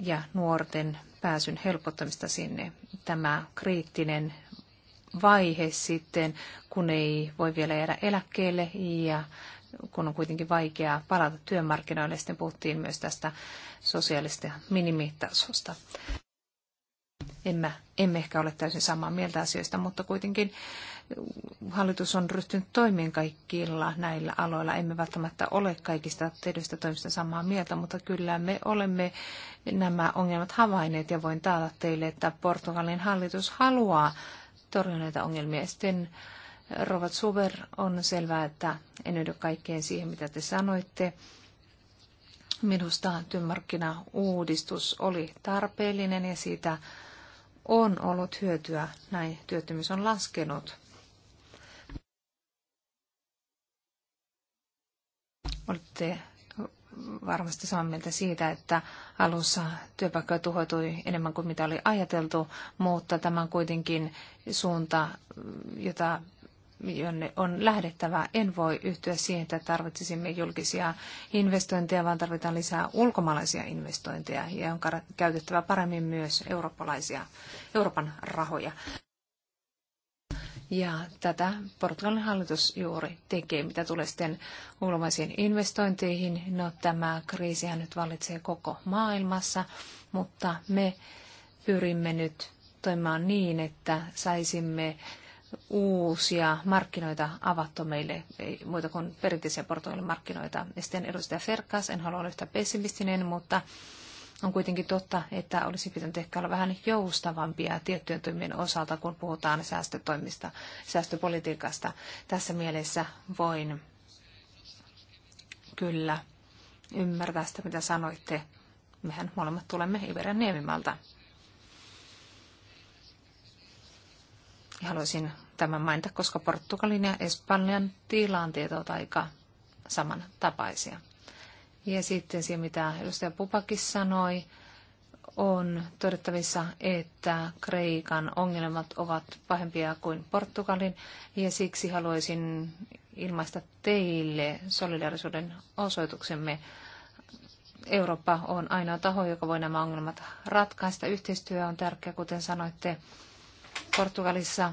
ja nuorten pääsyn helpottamista sinne. Tämä kriittinen vaihe sitten, kun ei voi vielä jäädä eläkkeelle ja kun on kuitenkin vaikeaa palata työmarkkinoille. Sitten puhuttiin myös tästä sosiaalista minimitasosta. Emme, emme ehkä ole täysin samaa mieltä asioista, mutta kuitenkin hallitus on ryhtynyt toimien kaikilla näillä aloilla. Emme välttämättä ole kaikista tehdyistä toimista samaa mieltä, mutta kyllä me olemme nämä ongelmat havainneet ja voin taata teille, että Portugalin hallitus haluaa torjua näitä ongelmia. Sitten Rovat Suber, on selvää, että en yhdy kaikkeen siihen, mitä te sanoitte. Minusta työmarkkinauudistus oli tarpeellinen ja siitä on ollut hyötyä, näin työttömyys on laskenut. Olette varmasti samaa mieltä siitä, että alussa työpaikkoja tuhoitui enemmän kuin mitä oli ajateltu, mutta tämä on kuitenkin suunta, jota jonne on lähdettävä. En voi yhtyä siihen, että tarvitsisimme julkisia investointeja, vaan tarvitaan lisää ulkomaalaisia investointeja ja on käytettävä paremmin myös eurooppalaisia, Euroopan rahoja. Ja tätä Portugalin hallitus juuri tekee, mitä tulee sitten ulkomaisiin investointeihin. No tämä kriisihän nyt vallitsee koko maailmassa, mutta me pyrimme nyt toimimaan niin, että saisimme uusia markkinoita avattu meille, ei muita kuin perinteisiä markkinoita. Ja sitten edustaja Ferkas, en halua olla yhtä pessimistinen, mutta on kuitenkin totta, että olisi pitänyt ehkä olla vähän joustavampia tiettyjen toimien osalta, kun puhutaan säästötoimista, säästöpolitiikasta. Tässä mielessä voin kyllä ymmärtää sitä, mitä sanoitte. Mehän molemmat tulemme Iberian Niemimalta. Ja haluaisin tämän mainita, koska Portugalin ja Espanjan tilanteet ovat aika samantapaisia. Ja sitten se, mitä edustaja Pupakis sanoi, on todettavissa, että Kreikan ongelmat ovat pahempia kuin Portugalin, ja siksi haluaisin ilmaista teille solidaarisuuden osoituksemme. Eurooppa on ainoa taho, joka voi nämä ongelmat ratkaista. Yhteistyö on tärkeä, kuten sanoitte, Portugalissa.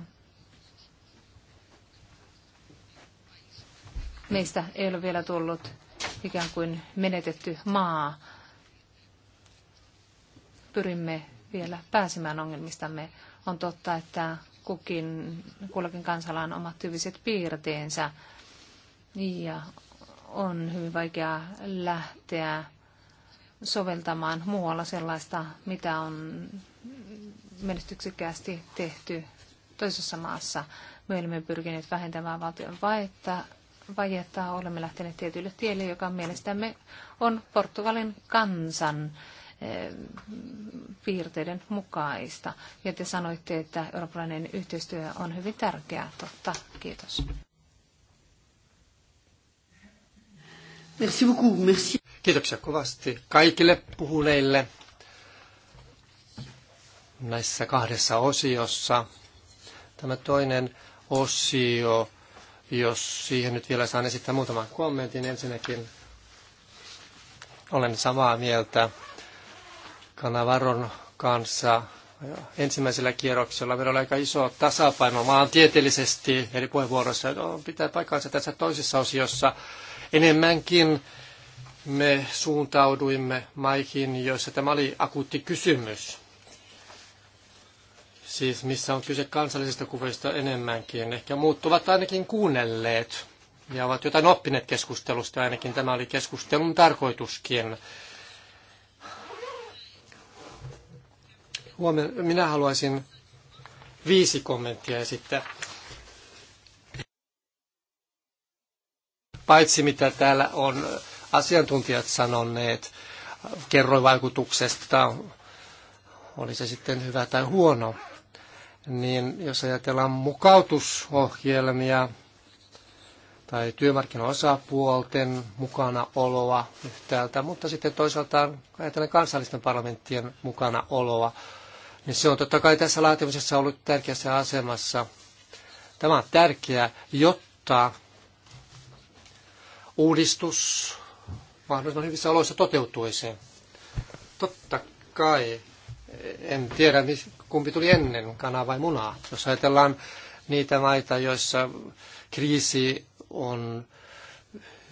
Meistä ei ole vielä tullut ikään kuin menetetty maa. Pyrimme vielä pääsemään ongelmistamme. On totta, että kukin, kullakin kansalla on omat tyyviset piirteensä ja on hyvin vaikea lähteä soveltamaan muualla sellaista, mitä on menestyksekkäästi tehty toisessa maassa. Me olemme pyrkineet vähentämään valtion vaihetta vajetta olemme lähteneet tietylle tielle, joka mielestämme on Portugalin kansan eh, piirteiden mukaista. Ja te sanoitte, että eurooppalainen yhteistyö on hyvin tärkeää. Totta. Kiitos. Merci beaucoup. Merci. Kiitoksia kovasti kaikille puhuleille näissä kahdessa osiossa. Tämä toinen osio, jos siihen nyt vielä saan esittää muutaman kommentin. Ensinnäkin olen samaa mieltä Kanavaron kanssa ensimmäisellä kierroksella. Meillä oli aika iso tasapaino maantieteellisesti eri puheenvuoroissa. pitää paikkaansa tässä toisessa osiossa. Enemmänkin me suuntauduimme maihin, joissa tämä oli akuutti kysymys siis missä on kyse kansallisista kuvista enemmänkin. Ehkä muuttuvat ainakin kuunnelleet ja ovat jotain oppineet keskustelusta, ainakin tämä oli keskustelun tarkoituskin. Huomen, minä haluaisin viisi kommenttia esittää. Paitsi mitä täällä on asiantuntijat sanoneet, kerroin vaikutuksesta, oli se sitten hyvä tai huono niin jos ajatellaan mukautusohjelmia tai työmarkkinaosapuolten mukanaoloa yhtäältä, mutta sitten toisaalta ajatellaan kansallisten parlamenttien mukanaoloa, niin se on totta kai tässä laatimisessa ollut tärkeässä asemassa. Tämä on tärkeää, jotta uudistus mahdollisimman hyvissä oloissa toteutuisi. Totta kai en tiedä, kumpi tuli ennen, kanaa vai munaa. Jos ajatellaan niitä maita, joissa kriisi on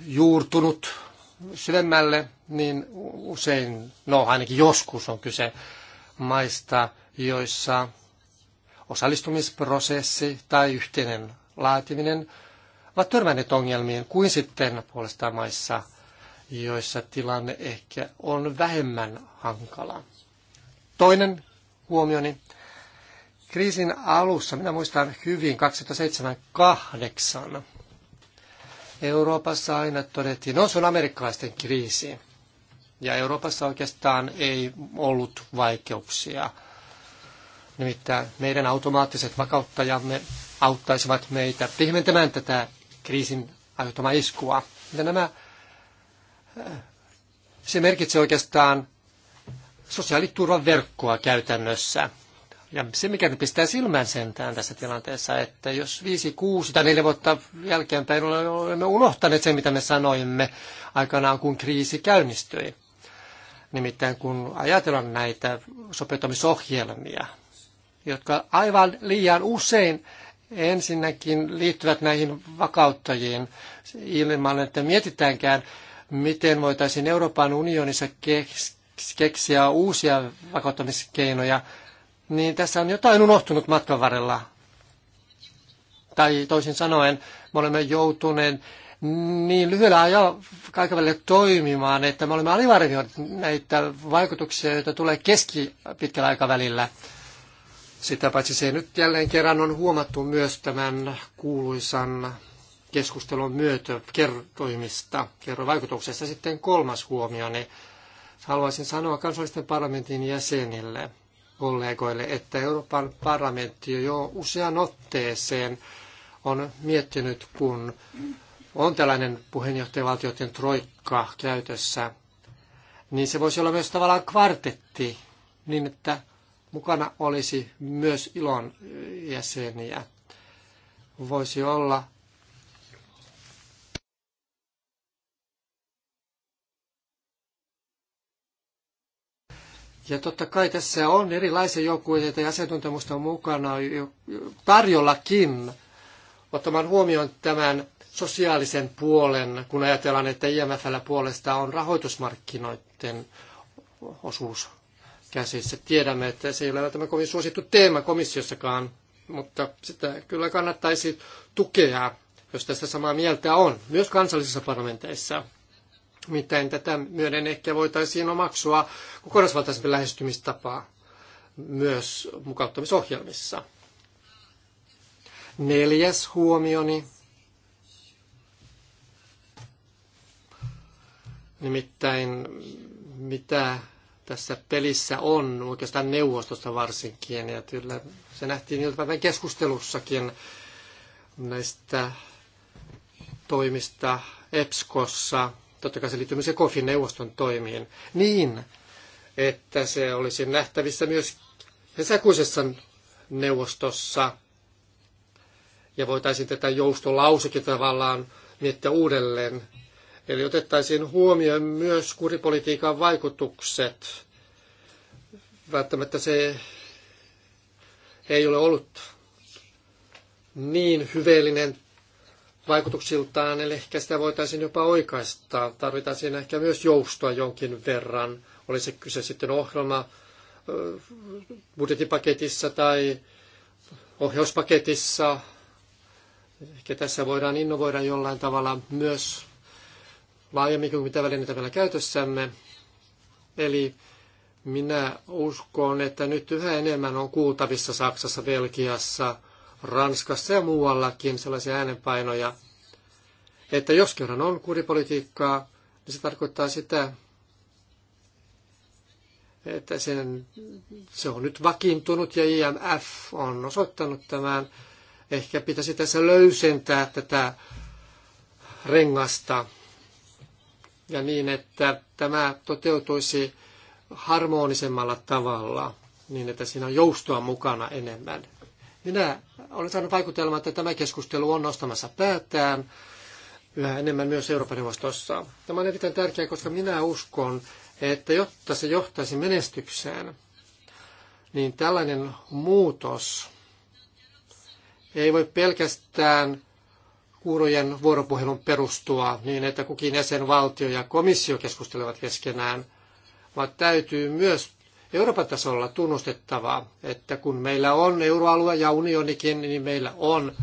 juurtunut syvemmälle, niin usein, no ainakin joskus on kyse maista, joissa osallistumisprosessi tai yhteinen laatiminen ovat törmänneet ongelmiin kuin sitten puolestaan maissa, joissa tilanne ehkä on vähemmän hankala. Toinen huomioni Kriisin alussa, minä muistan hyvin, 2007-2008, Euroopassa aina todettiin, no se on amerikkalaisten kriisi. Ja Euroopassa oikeastaan ei ollut vaikeuksia. Nimittäin meidän automaattiset vakauttajamme auttaisivat meitä pehmentämään tätä kriisin aiheuttamaa iskua. Ja nämä, se merkitsee oikeastaan sosiaaliturvan verkkoa käytännössä. Ja se, mikä pistää silmään sentään tässä tilanteessa, että jos viisi, kuusi tai neljä vuotta jälkeenpäin olemme unohtaneet sen, mitä me sanoimme aikanaan, kun kriisi käynnistyi. Nimittäin kun ajatellaan näitä sopeutumisohjelmia, jotka aivan liian usein ensinnäkin liittyvät näihin vakauttajiin ilman, että mietitäänkään, miten voitaisiin Euroopan unionissa keksiä uusia vakauttamiskeinoja, niin tässä on jotain unohtunut matkan varrella. Tai toisin sanoen, me olemme joutuneet niin lyhyellä ajalla kaiken välillä toimimaan, että me olemme alivarvioineet näitä vaikutuksia, joita tulee pitkällä aikavälillä. Sitä paitsi se nyt jälleen kerran on huomattu myös tämän kuuluisan keskustelun myötä kertoimista, vaikutuksesta. Sitten kolmas niin Haluaisin sanoa kansallisten parlamentin jäsenille – kollegoille, että Euroopan parlamentti jo usean otteeseen on miettinyt, kun on tällainen puheenjohtajavaltioiden troikka käytössä, niin se voisi olla myös tavallaan kvartetti, niin että mukana olisi myös ilon jäseniä. Voisi olla Ja totta kai tässä on erilaisia joukkueita ja asiantuntemusta mukana tarjollakin ottamaan huomioon tämän sosiaalisen puolen, kun ajatellaan, että IMFllä puolesta on rahoitusmarkkinoiden osuus käsissä. Tiedämme, että se ei ole välttämättä kovin suosittu teema komissiossakaan, mutta sitä kyllä kannattaisi tukea, jos tästä samaa mieltä on, myös kansallisissa parlamenteissa. Miten tätä myöden ehkä voitaisiin omaksua kokonaisvaltaisempi lähestymistapa myös mukauttamisohjelmissa. Neljäs huomioni. Nimittäin mitä tässä pelissä on, oikeastaan neuvostosta varsinkin, ja kyllä se nähtiin iltapäivän keskustelussakin näistä toimista EPSKossa totta kai se liittyy myös ECOFin neuvoston toimiin, niin että se olisi nähtävissä myös kesäkuisessa neuvostossa ja voitaisiin tätä joustolausekin tavallaan miettiä uudelleen. Eli otettaisiin huomioon myös kuripolitiikan vaikutukset. Välttämättä se ei ole ollut niin hyveellinen vaikutuksiltaan, eli ehkä sitä voitaisiin jopa oikaista. Tarvitaan siinä ehkä myös joustoa jonkin verran, oli se kyse sitten ohjelma budjettipaketissa tai ohjauspaketissa. Ehkä tässä voidaan innovoida jollain tavalla myös laajemmin kuin mitä välineitä meillä käytössämme. Eli minä uskon, että nyt yhä enemmän on kuultavissa Saksassa, Belgiassa – Ranskassa ja muuallakin sellaisia äänenpainoja, että jos kerran on kuripolitiikkaa, niin se tarkoittaa sitä, että sen, se on nyt vakiintunut ja IMF on osoittanut tämän. Ehkä pitäisi tässä löysentää tätä rengasta ja niin, että tämä toteutuisi harmonisemmalla tavalla, niin että siinä on joustoa mukana enemmän. Minä olen saanut vaikutelman, että tämä keskustelu on nostamassa päätään yhä enemmän myös Euroopan neuvostossa. Tämä on erittäin tärkeää, koska minä uskon, että jotta se johtaisi menestykseen, niin tällainen muutos ei voi pelkästään kuurojen vuoropuhelun perustua niin, että kukin jäsenvaltio ja komissio keskustelevat keskenään, vaan täytyy myös Euroopan tasolla tunnustettava, että kun meillä on euroalue ja unionikin, niin meillä on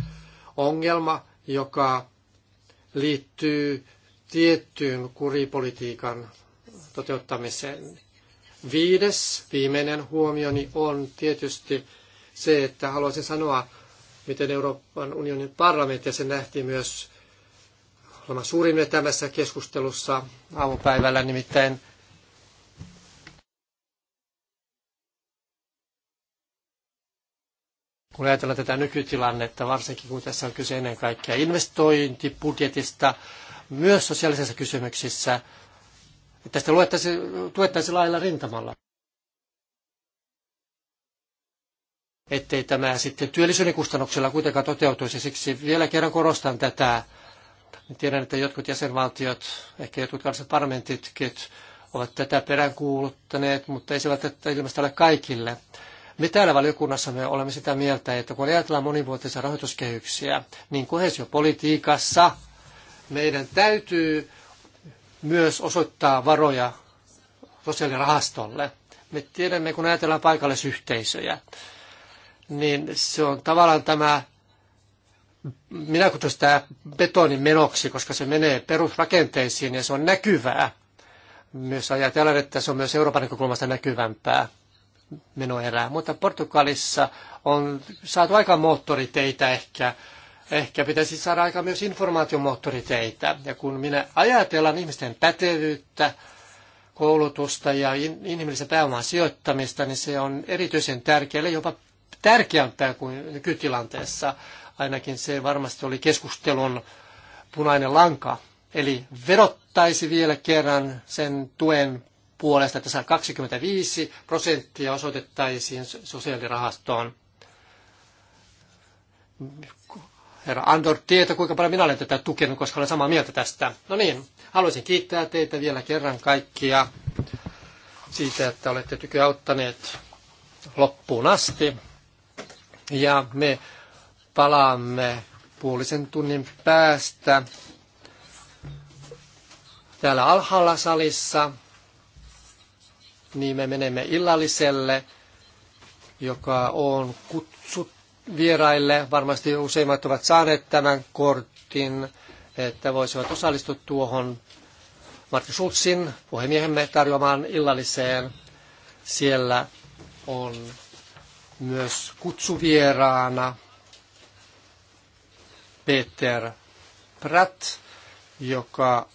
ongelma, joka liittyy tiettyyn kuripolitiikan toteuttamiseen. Viides, viimeinen huomioni on tietysti se, että haluaisin sanoa, miten Euroopan unionin parlamentti, ja se nähtiin myös olemaan suurin vetämässä keskustelussa aamupäivällä, nimittäin kun ajatellaan tätä nykytilannetta, varsinkin kun tässä on kyse ennen kaikkea investointibudjetista, myös sosiaalisissa kysymyksissä, että sitä tuettaisiin lailla rintamalla. ettei tämä sitten työllisyyden kustannuksella kuitenkaan toteutuisi. Siksi vielä kerran korostan tätä. Tiedän, että jotkut jäsenvaltiot, ehkä jotkut kansalliset parlamentitkin ovat tätä peräänkuuluttaneet, mutta ei se välttämättä ilmeisesti ole kaikille. Me täällä valiokunnassa me olemme sitä mieltä, että kun ajatellaan monivuotisia rahoituskehyksiä, niin kohesiopolitiikassa meidän täytyy myös osoittaa varoja sosiaalirahastolle. Me tiedämme, kun ajatellaan paikallisyhteisöjä, niin se on tavallaan tämä, minä kutsun sitä betonin menoksi, koska se menee perusrakenteisiin ja se on näkyvää. Myös ajatellaan, että se on myös Euroopan näkökulmasta näkyvämpää menoerää. Mutta Portugalissa on saatu aika moottoriteitä ehkä. Ehkä pitäisi saada aika myös informaatiomoottoriteitä. Ja kun minä ajatellaan ihmisten pätevyyttä, koulutusta ja inhimillisen pääoman sijoittamista, niin se on erityisen tärkeää, jopa tärkeämpää kuin nykytilanteessa. Ainakin se varmasti oli keskustelun punainen lanka. Eli verottaisi vielä kerran sen tuen puolesta, että 25 prosenttia osoitettaisiin sosiaalirahastoon. Herra Andor tietää, kuinka paljon minä olen tätä tukenut, koska olen samaa mieltä tästä. No niin, haluaisin kiittää teitä vielä kerran kaikkia siitä, että olette tykyä auttaneet loppuun asti. Ja me palaamme puolisen tunnin päästä täällä alhaalla salissa niin me menemme illalliselle, joka on kutsut vieraille. Varmasti useimmat ovat saaneet tämän kortin, että voisivat osallistua tuohon Martin Schulzin puhemiehemme tarjoamaan illalliseen. Siellä on myös kutsuvieraana Peter Pratt, joka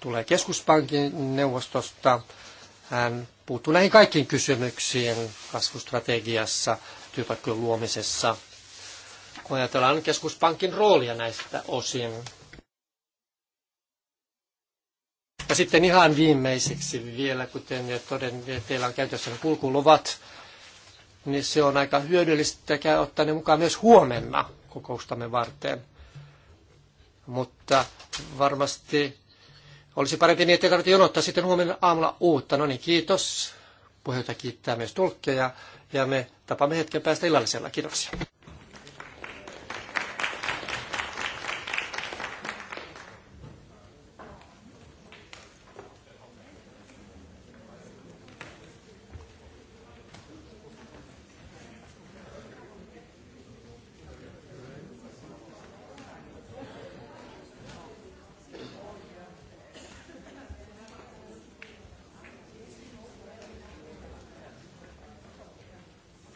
tulee keskuspankin neuvostosta. Hän puuttuu näihin kaikkiin kysymyksiin kasvustrategiassa, työpaikkojen luomisessa. Kun ajatellaan keskuspankin roolia näistä osin. Ja sitten ihan viimeiseksi vielä, kuten toden, teillä on käytössä kulkuluvat, niin se on aika hyödyllistä ottaa ne mukaan myös huomenna kokoustamme varten. Mutta varmasti olisi parempi niin, että tarvitse jonottaa sitten huomenna aamulla uutta. No niin, kiitos. Puheenjohtaja kiittää myös tulkkeja ja me tapaamme hetken päästä illallisella. Kiitoksia.